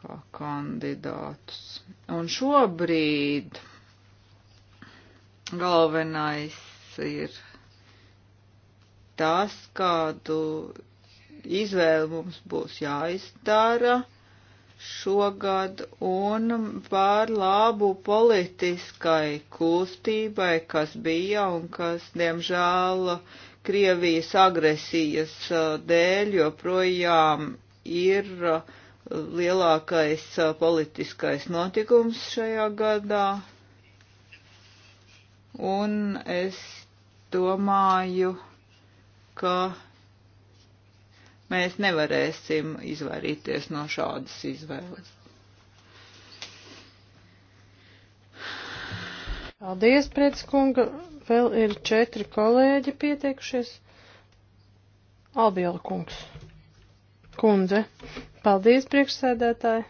kā kandidātus. Un šobrīd galvenais ir tas, kādu izvēli mums būs jāizdara šogad un par labu politiskai kustībai, kas bija un kas, diemžēl, Krievijas agresijas uh, dēļ joprojām ir uh, lielākais uh, politiskais notikums šajā gadā. Un es domāju, ka mēs nevarēsim izvairīties no šādas izvēles. Paldies, Pretskunga. Vēl ir četri kolēģi pieteikušies. Albiela kungs. Kundze. Paldies, priekšsēdētāji.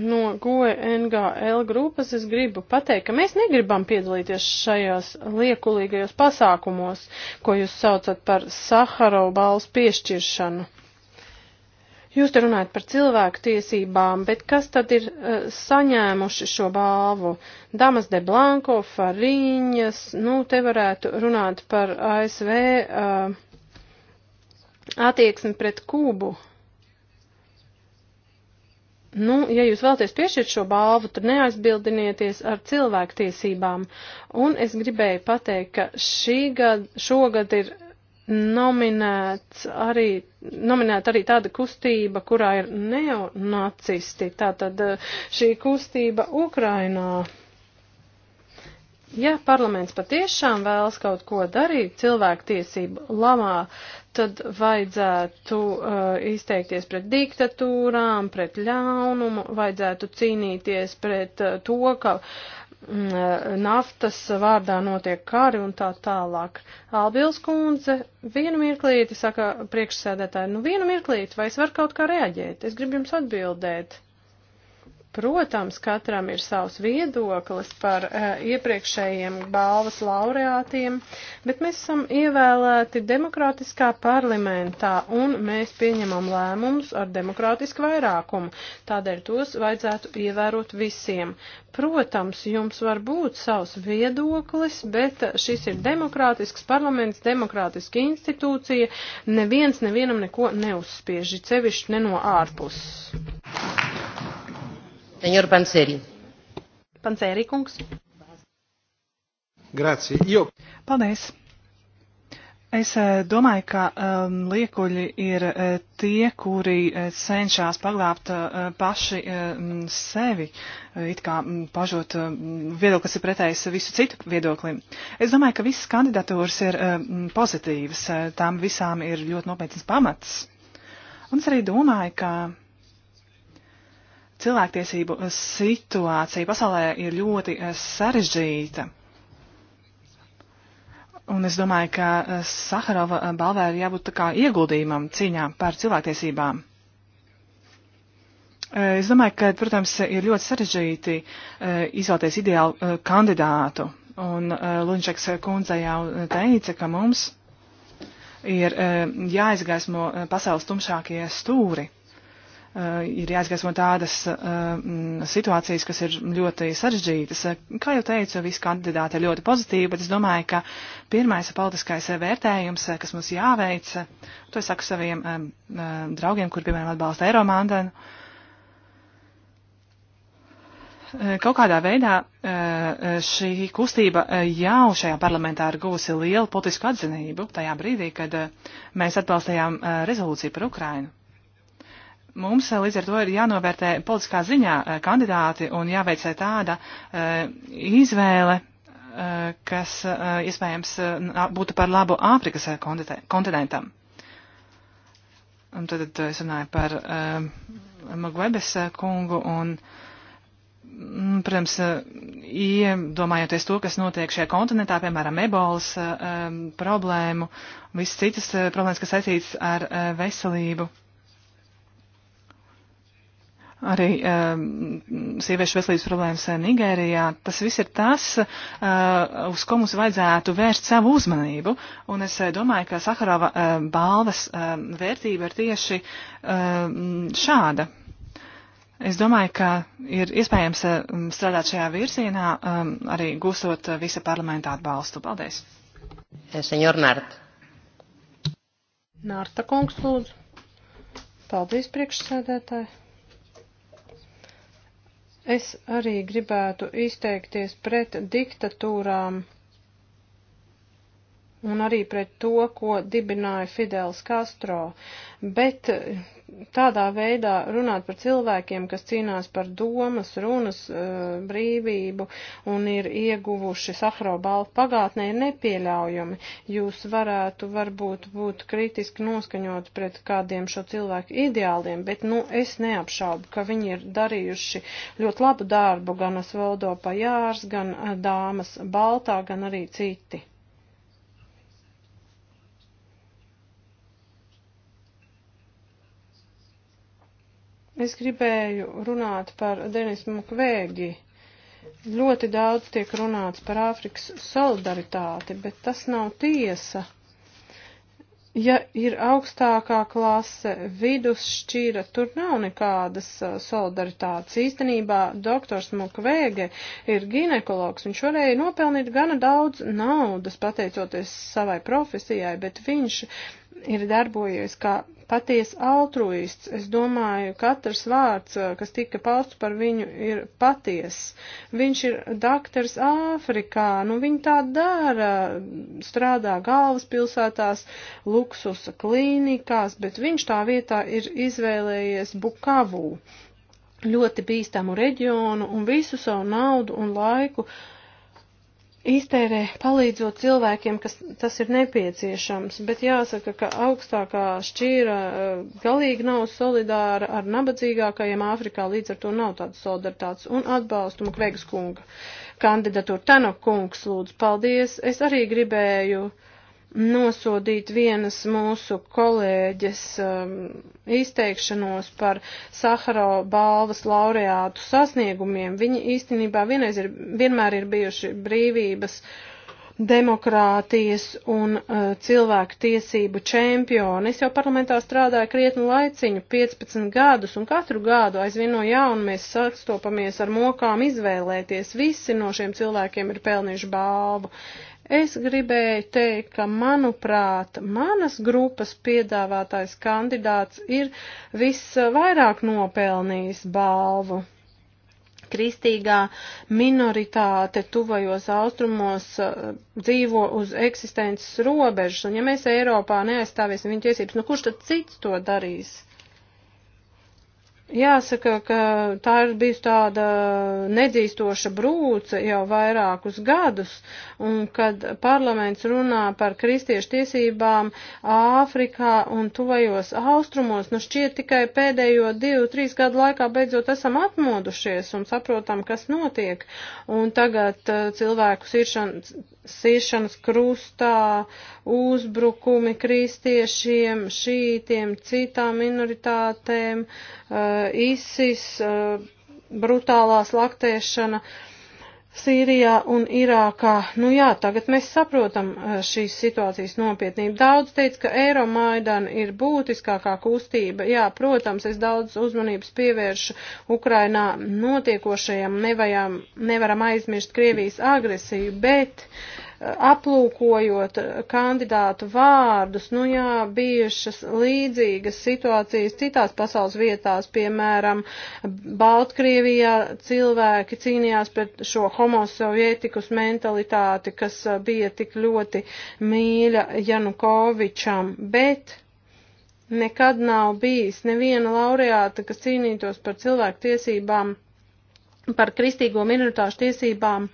No GOE NGL grupas es gribu pateikt, ka mēs negribam piedalīties šajos liekulīgajos pasākumos, ko jūs saucat par Saharovu balsu piešķiršanu. Jūs te runājat par cilvēku tiesībām, bet kas tad ir uh, saņēmuši šo balvu? Damas de Blanco, Fariņas, nu, te varētu runāt par ASV uh, eh, attieksmi pret Kūbu. Nu, ja jūs vēlaties piešķirt šo balvu, tad neaizbildinieties ar cilvēktiesībām. Un es gribēju pateikt, ka šī gada, šogad ir nominēts arī, nominēta arī tāda kustība, kurā ir neonacisti. Tātad eh, šī kustība Ukrainā. Ja parlaments patiešām vēlas kaut ko darīt cilvēktiesību labā, tad vajadzētu uh, izteikties pret diktatūrām, pret ļaunumu, vajadzētu cīnīties pret uh, to, ka uh, Mm, eh, naftas vārdā notiek kari un tā tālāk. Albils kundze, vienu mirklīti, saka priekšsēdētāji, nu vienu mirklīti, vai es varu kaut kā reaģēt? Es gribu jums atbildēt. Protams, katram ir savs viedoklis par uh, iepriekšējiem balvas laureātiem, bet mēs esam ievēlēti demokrātiskā parlamentā un mēs pieņemam lēmumus ar demokrātisku vairākumu. Tādēļ tos vajadzētu ievērot visiem. Protams, jums var būt savs viedoklis, bet šis ir demokrātisks parlaments, demokrātiska institūcija. Neviens nevienam neko neuzspiež, cevišķi ne no ārpuses. Senjor Panseri. Panseri kungs. Grācija. Jo. Paldies. Es eh, domāju, ka um, liekuļi ir uh, tie, kuri uh, cenšas paglābt uh, paši uh, sevi, uh, it kā um, pažot uh, viedokli, kas ir pretējs visu citu viedoklim. Es domāju, ka visas kandidatūras ir uh, pozitīvas, uh, tām visām ir ļoti nopietnas pamats. Un es arī domāju, ka uh, Cilvēktiesību situācija pasaulē ir ļoti eh, sarežģīta. Un es domāju, ka eh, Saharova balvē ir jābūt tā kā ieguldījumam cīņā par cilvēktiesībām. Eh, es domāju, ka, protams, ir ļoti sarežģīti izvēlēties ideālu kandidātu. Un Lunčeks kundze jau teica, ka mums ir jāizgaismo pasaules tumšākie stūri ir jāizgaismo tādas eh, situācijas, kas ir ļoti sarežģītas. Kā jau teicu, visi kandidāti ir ļoti pozitīvi, bet es domāju, ka pirmais politiskais vērtējums, eh, kas mums jāveic, to es saku saviem eh, draugiem, kur, piemēram, atbalsta Eiromandanu, kaut kādā veidā šī kustība jau šajā parlamentā ir guvusi lielu politisku atzinību tajā brīdī, kad mēs atbalstījām rezolūciju par Ukrainu. Mums eh, līdz ar to ir jānovērtē politiskā ziņā eh, kandidāti un jāveic eh, tāda izvēle, kas iespējams būtu par labu Āfrikas kontinentam. Un tad es runāju par Magvebes kungu un, mm, protams, iedomājoties to, kas notiek šajā kontinentā, piemēram, ebolas problēmu, visas citas problēmas, kas saistītas ar veselību arī um, sieviešu veselības problēmas eh, Nigērijā. Tas viss ir tas, uh, uz ko mums vajadzētu vērst savu uzmanību. Un es uh, domāju, ka Saharova uh, balvas uh, vērtība ir tieši uh, šāda. Es domāju, ka ir iespējams uh, strādāt šajā virzienā, um, arī gūstot uh, visa parlamenta atbalstu. Paldies! Senjor Nārta. Nārta kungs, lūdzu. Paldies, priekšsēdētāji. Es arī gribētu izteikties pret diktatūrām un arī pret to, ko dibināja Fidels Castro, bet tādā veidā runāt par cilvēkiem, kas cīnās par domas, runas eh, brīvību un ir ieguvuši safrobaltu pagātnē, ir nepieļaujami. Jūs varētu varbūt būt kritiski noskaņot pret kādiem šo cilvēku ideāliem, bet, nu, es neapšaubu, ka viņi ir darījuši ļoti labu darbu, gan Svaldo Pajārs, gan eh, Dāmas Baltā, gan arī citi. Es gribēju runāt par Denisu Mukvēgi. Ļoti daudz tiek runāts par Āfrikas solidaritāti, bet tas nav tiesa. Ja ir augstākā klase, vidusšķīra, tur nav nekādas solidaritātes. Īstenībā doktors Mukvēge ir ginekologs, viņš varēja nopelnīt gana daudz naudas, pateicoties savai profesijai, bet viņš ir darbojies kā paties altruists. Es domāju, katrs vārds, eh, kas tika pausts par viņu, ir paties. Viņš ir doktors Āfrikā, nu viņi tā dara, strādā galvaspilsētās, luksusa klīnikās, bet viņš tā vietā ir izvēlējies Bukavū, ļoti bīstamu reģionu un visu savu naudu un laiku iztērē palīdzot cilvēkiem, kas tas ir nepieciešams, bet jāsaka, ka augstākā šķīra eh, galīgi nav solidāra ar nabadzīgākajiem Āfrikā, līdz ar to nav tādas solidaritātes un atbalstu Mukvegas kunga kandidatūru. Tanok kungs, lūdzu, paldies. Es arī gribēju uh, nosodīt vienas mūsu kolēģes um, izteikšanos par Sahara balvas laureātu sasniegumiem. Viņi īstenībā vienreiz ir, vienmēr ir bijuši brīvības, demokrātijas un uh, cilvēku tiesību čempioni. Es jau parlamentā strādāju krietnu laiciņu, 15 gadus, un katru gadu aizvien no jauna mēs sastopamies ar mokām izvēlēties. Visi no šiem cilvēkiem ir pelnījuši balvu. Uh, Es gribēju teikt, ka manuprāt, manas grupas piedāvātais kandidāts ir visvairāk nopelnījis balvu kristīgā minoritāte tuvajos austrumos eh, dzīvo uz eksistences robežas, un ja mēs Eiropā neaizstāvēsim viņu tiesības, nu kurš tad cits to darīs? Jāsaka, ka tā ir bijusi tāda nedzīstoša brūce jau vairākus gadus, un kad parlaments runā par kristiešu tiesībām Āfrikā un tuvajos austrumos, nu šķiet tikai pēdējo divu, trīs gadu laikā beidzot esam atmodušies un saprotam, kas notiek, un tagad eh, cilvēku siršanas siešanas krustā, uzbrukumi kristiešiem, šītiem, citām minoritātēm, uh, ISIS, uh, brutālā slaktēšana. Uh, Sīrijā un Irākā. Nu jā, tagad mēs saprotam eh, šīs situācijas nopietnību. Daudz teica, ka Eiromaidana ir būtiskākā kustība. Jā, protams, es daudz uzmanības pievēršu Ukrainā notiekošajam, nevajam, nevaram aizmirst Krievijas agresiju, bet uh, aplūkojot kandidātu vārdus, nu jā, bijušas līdzīgas situācijas citās pasaules vietās, piemēram, Baltkrievijā cilvēki cīnījās pret šo homosovietikus mentalitāti, kas uh, bija tik ļoti mīļa Janukovičam, bet nekad nav bijis neviena laureāta, kas cīnītos par cilvēku tiesībām, par kristīgo minoritāšu tiesībām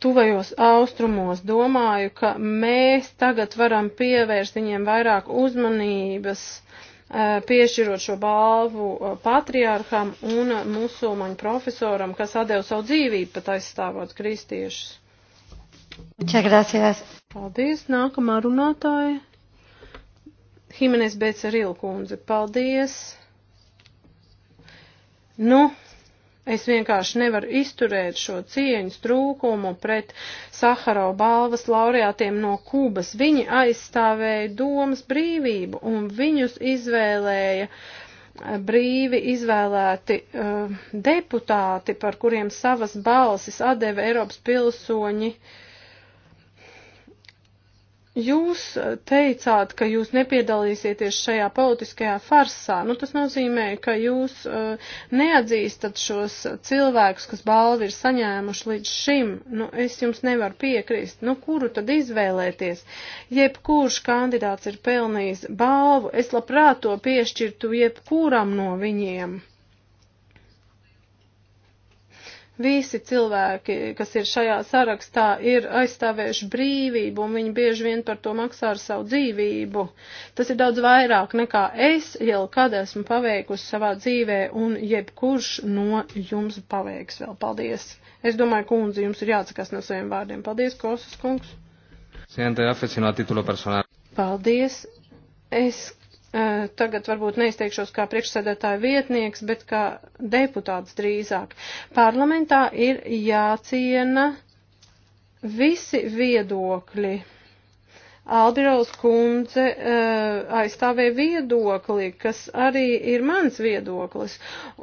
tuvajos austrumos. Domāju, ka mēs tagad varam pievērst viņiem vairāk uzmanības, eh, piešķirot šo balvu eh, patriārham un musulmaņu profesoram, kas atdeva savu dzīvību pat aizstāvot kristiešus. Muchas gracias. Paldies, nākamā runātāja. Himenes Beceril kundze, paldies. Nu, Es vienkārši nevaru izturēt šo cieņas trūkumu pret Saharo balvas laureātiem no Kubas. Viņi aizstāvēja domas brīvību un viņus izvēlēja eh, brīvi izvēlēti uh, deputāti, par kuriem savas balsis atdeva Eiropas pilsoņi uh, Jūs teicāt, ka jūs nepiedalīsieties šajā politiskajā farsā. Nu, tas nozīmē, ka jūs uh, neatzīstat šos cilvēkus, kas balvi ir saņēmuši līdz šim. Nu, es jums nevaru piekrist. Nu, kuru tad izvēlēties? Jebkurš kandidāts ir pelnījis balvu. Es labprāt to piešķirtu jebkuram no viņiem. Visi cilvēki, kas ir šajā sarakstā, ir aizstāvējuši brīvību, un viņi bieži vien par to maksā ar savu dzīvību. Tas ir daudz vairāk nekā es jau kad esmu paveikusi savā dzīvē, un jebkurš no jums paveiks vēl. Paldies! Es domāju, kundze, jums ir jāatsakās no saviem vārdiem. Paldies, Kosas kungs! Paldies! Es tagad varbūt neizteikšos kā priekšsēdētāja vietnieks, bet kā deputāts drīzāk. Parlamentā ir jāciena visi viedokļi. Albirols kundze uh, aizstāvēja viedokli, kas arī ir mans viedoklis,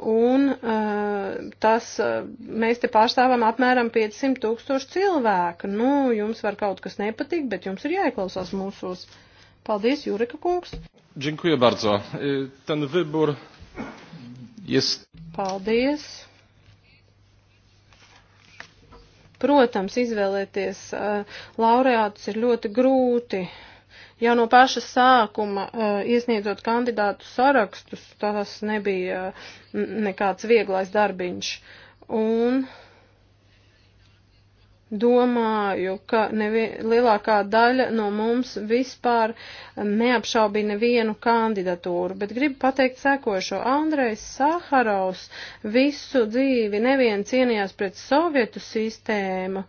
un uh, tas, uh, mēs te pārstāvam apmēram 500 tūkstoši cilvēku. Nu, jums var kaut kas nepatikt, bet jums ir jāieklausās mūsos. Uh, Paldies, Jureka kungs. Dziękuję bardzo. Ten wybór jest. Paldies. Protams, izvēlēties uh, laureātus ir ļoti grūti. Jau no paša sākuma uh, iesniedzot kandidātu sarakstus, tas nebija uh, nekāds vieglais darbiņš. Un uh, Domāju, ka nevi, lielākā daļa no mums vispār neapšaubīja nevienu kandidatūru, bet gribu pateikt sekošo. Andrejs Saharovs visu dzīvi nevien cienījās pret Sovietu sistēmu,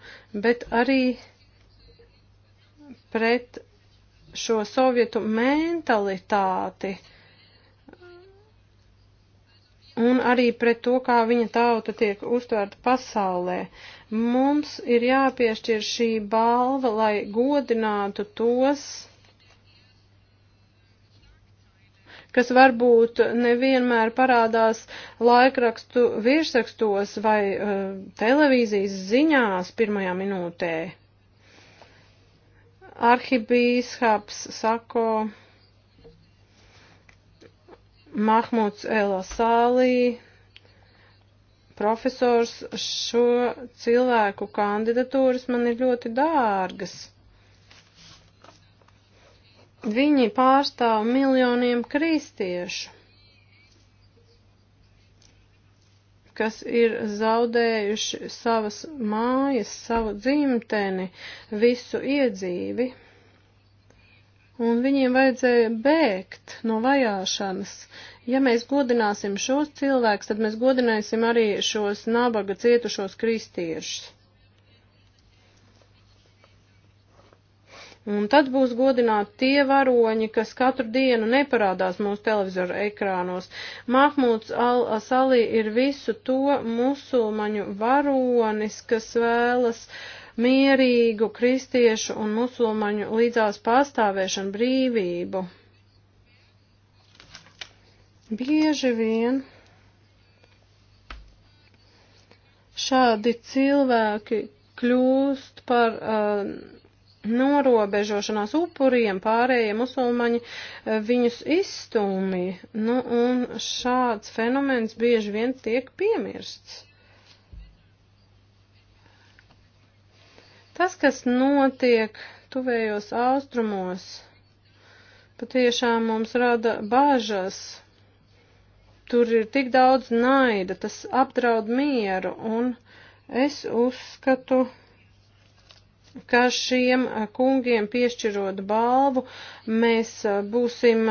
bet arī pret šo Sovietu mentalitāti. Uh, un arī pret to, kā viņa tauta tiek uztvērta pasaulē. Mums ir jāpiešķir šī balva, lai godinātu tos, kas varbūt nevienmēr parādās laikrakstu virsrakstos vai uh, televīzijas ziņās pirmajā minūtē. Arhibīskaps Sako. Mahmuds Elasālī, profesors, šo cilvēku kandidatūras man ir ļoti dārgas. Viņi pārstāv miljoniem kristiešu, kas ir zaudējuši savas mājas, savu dzimteni, visu iedzīvi un viņiem vajadzēja bēgt no vajāšanas. Ja mēs godināsim šos cilvēkus, tad mēs godināsim arī šos nabaga cietušos kristiešus. Un tad būs godināti tie varoņi, kas katru dienu neparādās mūsu televizora ekrānos. Mahmūds Al-Asalī ir visu to musulmaņu varonis, kas vēlas uh, mierīgu kristiešu un musulmaņu līdzās pastāvēšanu brīvību. Bieži vien šādi cilvēki kļūst par uh, norobežošanās upuriem, pārējie musulmaņi uh, viņus izstūmīja. Nu, un šāds fenomens bieži vien tiek piemirsts. Tas, kas notiek tuvējos austrumos, patiešām mums rada bāžas. Tur ir tik daudz naida, tas apdraud mieru, un es uzskatu, ka šiem kungiem piešķirot balvu, mēs būsim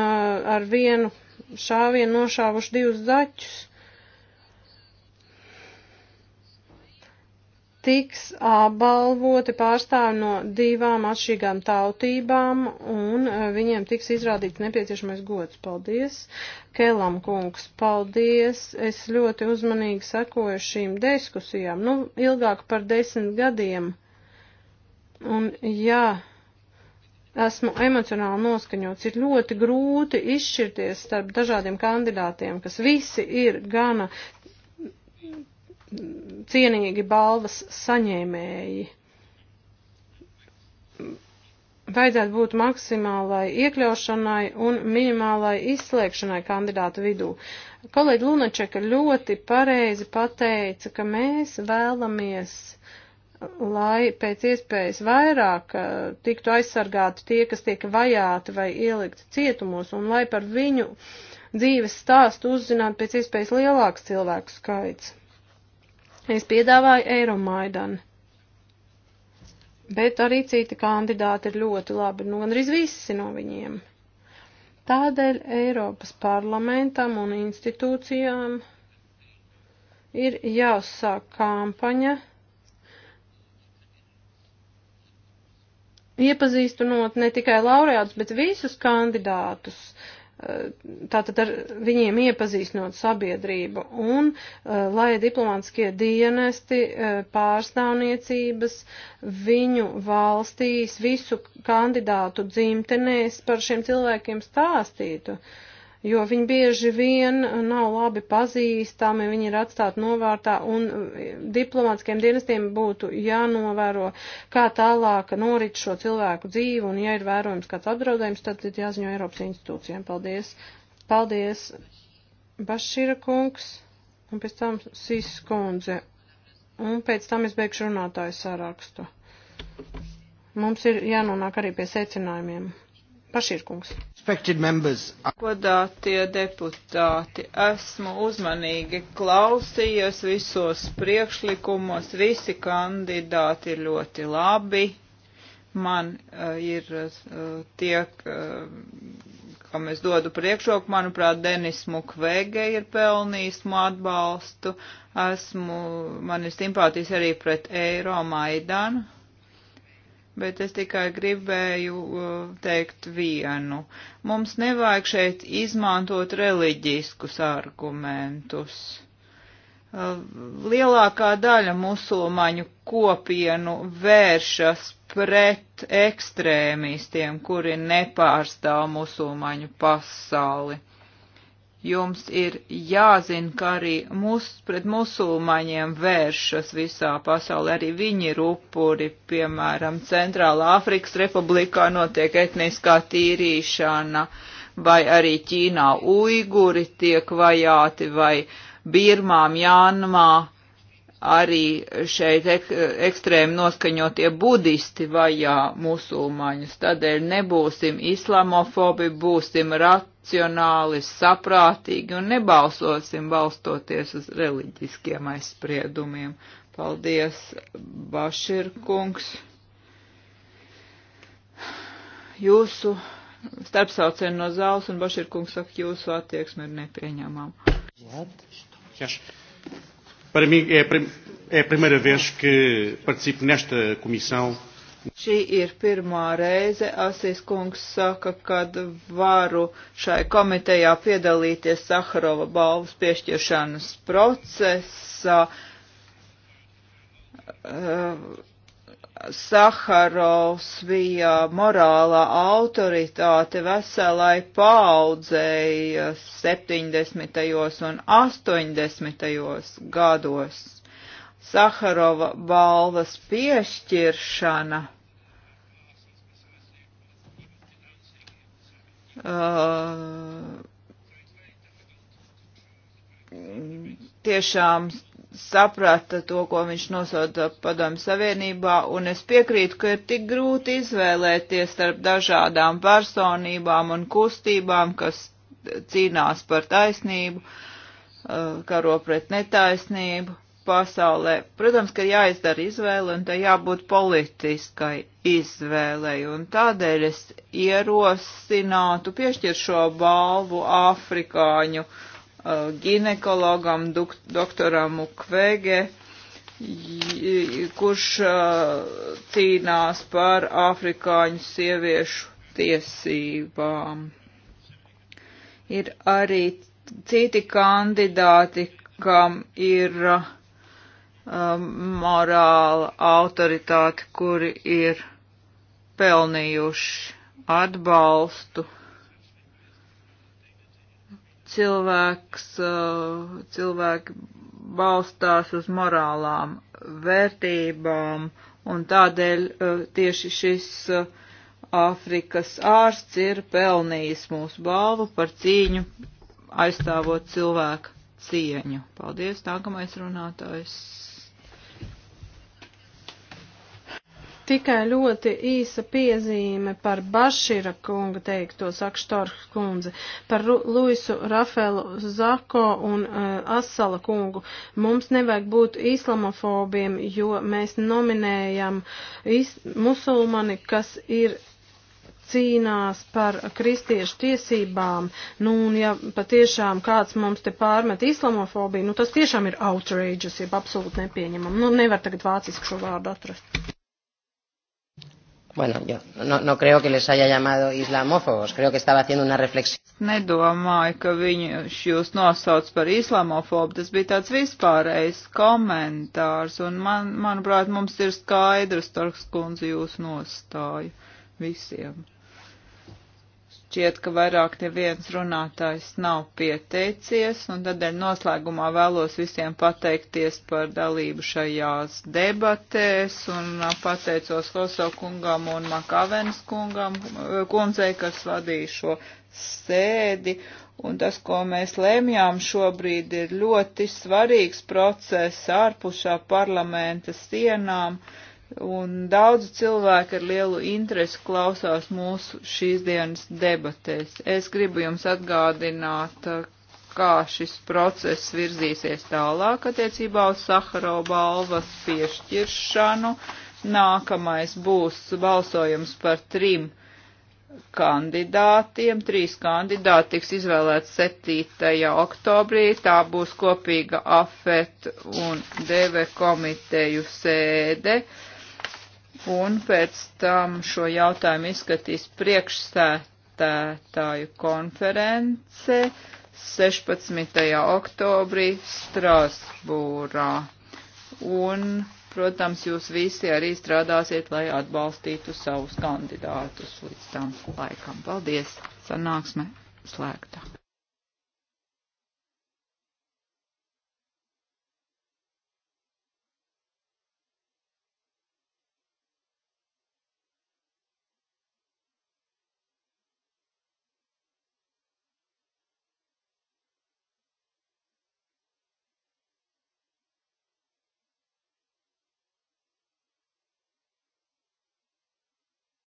ar vienu šāvienu nošāvuši divus zaķus. tiks apbalvoti pārstāvi no divām atšķirīgām tautībām un e, viņiem tiks izrādīts nepieciešamais gods. Paldies, Kelam kungs, paldies. Es ļoti uzmanīgi sekoju šīm diskusijām, nu, ilgāk par desmit gadiem. Un jā, esmu emocionāli noskaņots. Ir ļoti grūti izšķirties starp dažādiem kandidātiem, kas visi ir gana cienīgi balvas saņēmēji. Vajadzētu būt maksimālai iekļaušanai un minimālai izslēgšanai kandidātu vidū. Kolēģi Lunačeka ļoti pareizi pateica, ka mēs vēlamies, lai pēc iespējas vairāk eh, tiktu aizsargāti tie, kas tiek vajāti vai ielikti cietumos, un lai par viņu dzīves stāstu uzzinātu pēc iespējas lielāks cilvēku skaits. Es piedāvāju Eiromaidanu. Bet arī citi kandidāti ir ļoti labi, nu gandrīz visi no viņiem. Tādēļ Eiropas parlamentam un institūcijām ir jāsāk kampaņa iepazīstunot ne tikai laureātus, bet visus kandidātus, uh, tātad ar viņiem iepazīstinot sabiedrību un eh, lai diplomātskie dienesti eh, pārstāvniecības viņu valstīs visu kandidātu dzimtenēs par šiem cilvēkiem stāstītu. Uh, jo viņi bieži vien nav labi pazīstami, viņi ir atstāti novārtā un e, diplomātiskiem dienestiem būtu jānovēro, kā tālāk norit šo cilvēku dzīvi un, ja ir vērojams kāds apdraudējums, tad ir jāziņo Eiropas institūcijām. Paldies! Paldies, Bašīra kungs, un pēc tam Siskundze, un pēc tam es beigšu runātāju sārakstu. Mums ir jānonāk arī pie secinājumiem. Pašīrkungs. Godātie deputāti, esmu uzmanīgi klausījies visos priekšlikumos, visi kandidāti ir ļoti labi. Man uh, ir uh, eh, tie, uh, eh, kam es dodu priekšroku, manuprāt, Denis Mukvege ir pelnījis atbalstu. Esmu, man ir simpātijas arī pret Eiro Maidanu bet es tikai gribēju uh, teikt vienu. Mums nevajag šeit izmantot reliģiskus argumentus. Uh, lielākā daļa musulmaņu kopienu vēršas pret ekstrēmistiem, kuri nepārstāv musulmaņu pasauli. Jums ir jāzina, ka arī mus, pret musulmaņiem vēršas visā pasaulē, arī viņi ir upuri, piemēram, Centrāla Āfrikas republikā notiek etniskā tīrīšana, vai arī Ķīnā uiguri tiek vajāti, vai Birmā, Mjānmā arī šeit ek, ekstrēmi noskaņotie budisti vajā musulmaņus. Tādēļ nebūsim islamofobi, būsim racionāli, saprātīgi un nebalsosim balstoties uz reliģiskiem aizspriedumiem. Paldies, Baširkungs. Jūsu starpsaucēni no zāles un Baširkungs saka, jūsu attieksme ir nepieņemama. Yes. Para mim é a, prim é a primeira vez que participo nesta comissão. Šī ir pirmā reize, Asis kungs saka, kad varu šai komitejā piedalīties Saharova balvas piešķiršanas procesā. Uh, Saharovs bija morālā autoritāte veselai paudzei 70. un 80. gados. Saharova balvas piešķiršana uh, tiešām saprata to, ko viņš nosauca padomu savienībā, un es piekrītu, ka ir tik grūti izvēlēties starp dažādām personībām un kustībām, kas cīnās par taisnību, eh, karo pret netaisnību pasaulē. Protams, ka jāizdara izvēle, un tai jābūt politiskai izvēlei, un tādēļ es ierosinātu piešķirt šo balvu afrikāņu uh, Uh, ginekologam, doktoram Mukwege, kurš uh, cīnās par afrikāņu sieviešu tiesībām. Ir arī citi kandidāti, kam ir um, morāla autoritāte, kuri ir pelnījuši atbalstu cilvēks, cilvēki balstās uz morālām vērtībām, un tādēļ tieši šis Āfrikas ārsts ir pelnījis mūsu balvu par cīņu aizstāvot cilvēku cieņu. Paldies, nākamais runātājs. Tikai ļoti īsa piezīme par Bašīra kunga teikto, saka Štorhs kundze, par Ru Luisu Rafelu Zako un uh, Asala kungu. Mums nevajag būt islamofobiem, jo mēs nominējam is musulmani, kas ir cīnās par kristiešu tiesībām, nu, un ja patiešām kāds mums te pārmet islamofobiju, nu, tas tiešām ir outrageous, jeb absolūti nepieņemam. Nu, nevar tagad vāciski šo vārdu atrast. Bueno, yo no, no creo que les haya llamado islamófobos, creo que estaba haciendo una reflexión. Nedomāju, ka viņš jūs nosauc par islamofobu, tas bija tāds vispārējs komentārs, un man, manuprāt, mums ir skaidrs, Tarks kundze, jūsu nostāju visiem šķiet, ka vairāk neviens runātājs nav pieteicies, un tādēļ noslēgumā vēlos visiem pateikties par dalību šajās debatēs, un pateicos Hoso kungam un Makavenes kungam, kundzei, kas vadīja šo sēdi, un tas, ko mēs lēmjām šobrīd, ir ļoti svarīgs process ārpus šā parlamenta sienām un daudz cilvēku ar lielu interesi klausās mūsu šīs dienas debatēs. Es gribu jums atgādināt, kā šis process virzīsies tālāk attiecībā uz Saharo balvas piešķiršanu. Nākamais būs balsojums par trim kandidātiem. Trīs kandidāti tiks izvēlēti 7. oktobrī. Tā būs kopīga AFET un DV komiteju sēde. Uh, un pēc tam šo jautājumu izskatīs priekšsētētāju konference 16. oktobrī Strasbūrā. Un, protams, jūs visi arī strādāsiet, lai atbalstītu savus kandidātus līdz tam laikam. Paldies! Sanāksme slēgta.